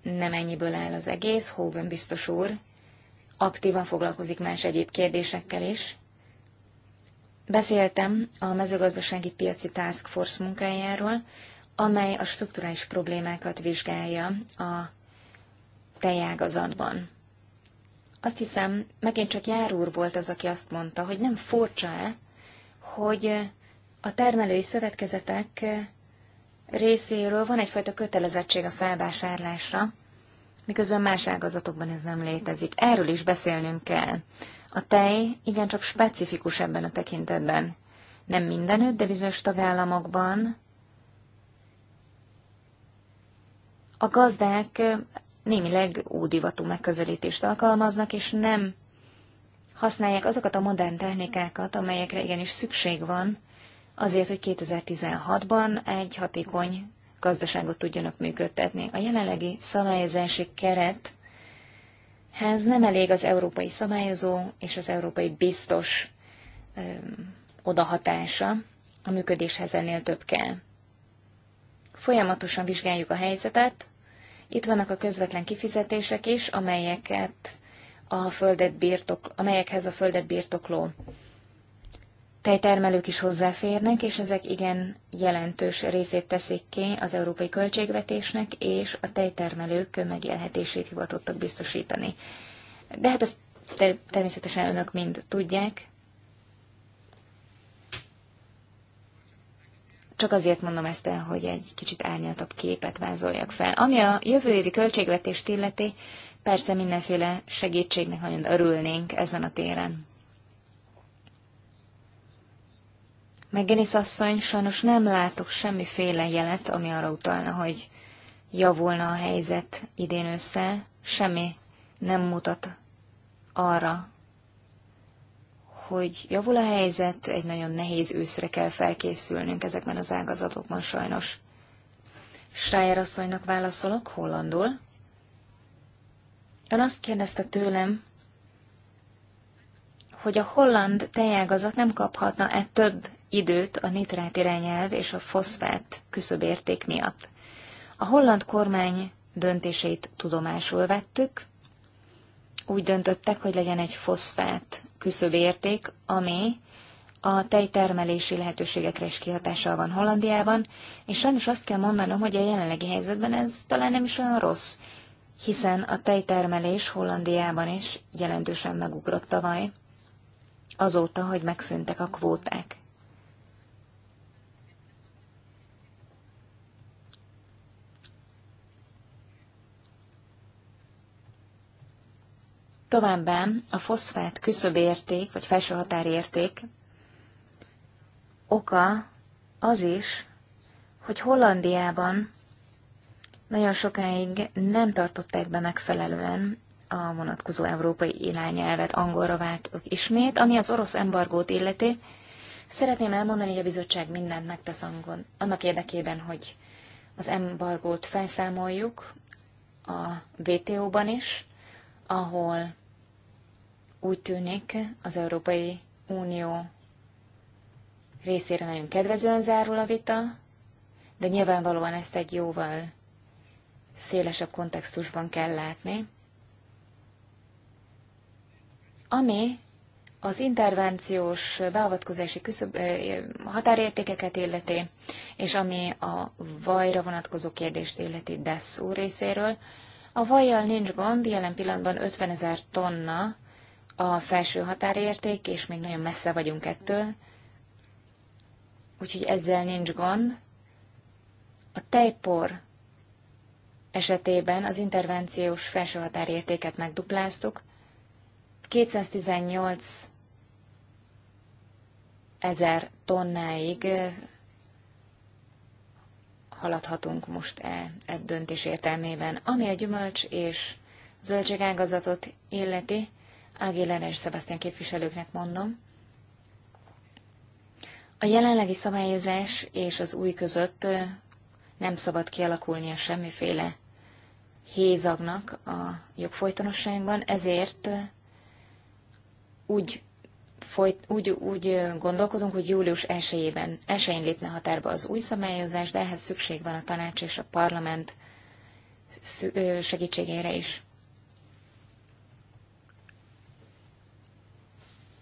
Speaker 4: nem ennyiből áll az egész, Hogan biztos úr aktívan foglalkozik más egyéb kérdésekkel is. Beszéltem a mezőgazdasági piaci task force munkájáról, amely a strukturális problémákat vizsgálja a tejágazatban. Azt hiszem, megint csak Jár úr volt az, aki azt mondta, hogy nem furcsa-e, hogy a termelői szövetkezetek részéről van egyfajta kötelezettség a felvásárlásra, miközben más ágazatokban ez nem létezik. Erről is beszélnünk kell. A tej igencsak specifikus ebben a tekintetben. Nem mindenütt, de bizonyos tagállamokban a gazdák némileg ódivatú megközelítést alkalmaznak, és nem használják azokat a modern technikákat, amelyekre igenis szükség van, azért, hogy 2016-ban egy hatékony gazdaságot tudjanak működtetni. A jelenlegi szabályozási kerethez nem elég az európai szabályozó és az európai biztos ö, odahatása, a működéshez ennél több kell. Folyamatosan vizsgáljuk a helyzetet, itt vannak a közvetlen kifizetések is, amelyeket a földet birtok, amelyekhez a földet birtokló tejtermelők is hozzáférnek, és ezek igen jelentős részét teszik ki az európai költségvetésnek, és a tejtermelők megélhetését hivatottak biztosítani. De hát ezt ter- természetesen önök mind tudják. Csak azért mondom ezt el, hogy egy kicsit árnyaltabb képet vázoljak fel. Ami a jövő évi költségvetést illeti, persze mindenféle segítségnek nagyon örülnénk ezen a téren. Meggenis asszony, sajnos nem látok semmiféle jelet, ami arra utalna, hogy javulna a helyzet idén össze. Semmi nem mutat arra, hogy javul a helyzet, egy nagyon nehéz őszre kell felkészülnünk ezekben az ágazatokban sajnos. Schreier asszonynak válaszolok hollandul. Ön azt kérdezte tőlem, hogy a holland tejágazat nem kaphatna-e több időt a nitrát irányelv és a foszfát küszöbérték miatt. A holland kormány döntését tudomásul vettük, úgy döntöttek, hogy legyen egy foszfát küszöbérték, ami a tejtermelési lehetőségekre is kihatással van Hollandiában, és sajnos azt kell mondanom, hogy a jelenlegi helyzetben ez talán nem is olyan rossz, hiszen a tejtermelés Hollandiában is jelentősen megugrott tavaly, azóta, hogy megszűntek a kvóták. Továbbá a foszfát küszöbérték, vagy felső határérték oka az is, hogy Hollandiában nagyon sokáig nem tartották be megfelelően a vonatkozó európai irányelvet, angolra váltok ismét, ami az orosz embargót illeti. Szeretném elmondani, hogy a bizottság mindent megtesz angon, annak érdekében, hogy az embargót felszámoljuk a WTO-ban is, ahol úgy tűnik az Európai Unió részére nagyon kedvezően zárul a vita, de nyilvánvalóan ezt egy jóval szélesebb kontextusban kell látni. Ami az intervenciós beavatkozási küszöb, határértékeket illeti, és ami a vajra vonatkozó kérdést illeti DESZ részéről, a vajjal nincs gond, jelen pillanatban 50 ezer tonna a felső határérték, és még nagyon messze vagyunk ettől, úgyhogy ezzel nincs gond. A tejpor esetében az intervenciós felső határértéket megdupláztuk, 218 ezer tonnáig eh, haladhatunk most e, e döntés értelmében. Ami a gyümölcs és zöldségágazatot illeti, Ágélán és Sebastian képviselőknek mondom. A jelenlegi szabályozás és az új között nem szabad kialakulnia semmiféle hézagnak a jogfolytonosságban, ezért úgy, folyt, úgy, úgy gondolkodunk, hogy július 1-ben, 1 lépne határba az új szabályozás, de ehhez szükség van a tanács és a parlament segítségére is.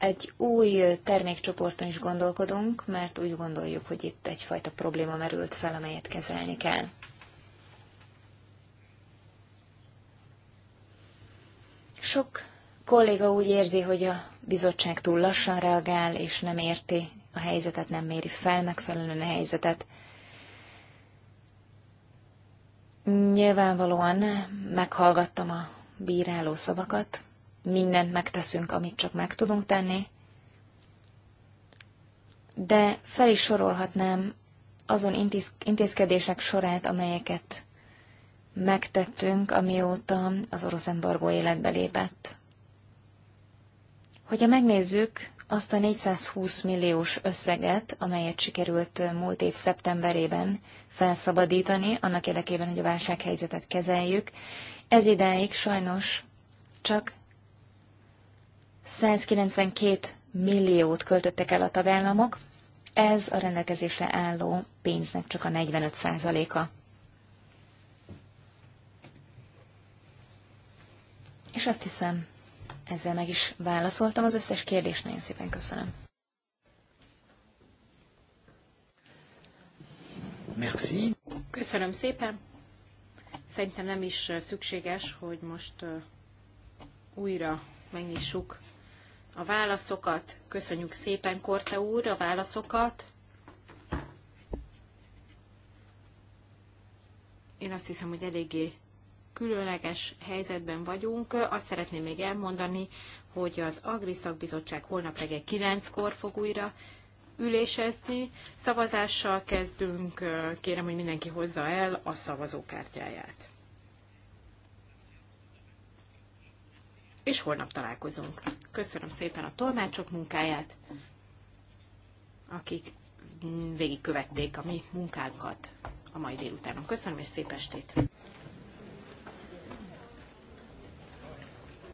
Speaker 4: egy új termékcsoporton is gondolkodunk, mert úgy gondoljuk, hogy itt egyfajta probléma merült fel, amelyet kezelni kell. Sok kolléga úgy érzi, hogy a bizottság túl lassan reagál, és nem érti a helyzetet, nem méri fel megfelelően a helyzetet. Nyilvánvalóan meghallgattam a bíráló szavakat, mindent megteszünk, amit csak meg tudunk tenni, de fel is sorolhatnám azon intéz, intézkedések sorát, amelyeket megtettünk, amióta az orosz embargó életbe lépett. Hogyha megnézzük azt a 420 milliós összeget, amelyet sikerült múlt év szeptemberében felszabadítani, annak érdekében, hogy a válsághelyzetet kezeljük, ez idáig sajnos csak 192 milliót költöttek el a tagállamok, ez a rendelkezésre álló pénznek csak a 45 százaléka. És azt hiszem, ezzel meg is válaszoltam az összes kérdést. Nagyon szépen köszönöm.
Speaker 1: Merci.
Speaker 2: Köszönöm szépen. Szerintem nem is szükséges, hogy most újra megnyissuk a válaszokat. Köszönjük szépen, Korte úr, a válaszokat. Én azt hiszem, hogy eléggé különleges helyzetben vagyunk. Azt szeretném még elmondani, hogy az Agri Szakbizottság holnap reggel 9-kor fog újra ülésezni. Szavazással kezdünk. Kérem, hogy mindenki hozza el a szavazókártyáját. és holnap találkozunk. Köszönöm szépen a tolmácsok munkáját, akik végigkövették a mi munkánkat a mai délutánon. Köszönöm, és szép estét!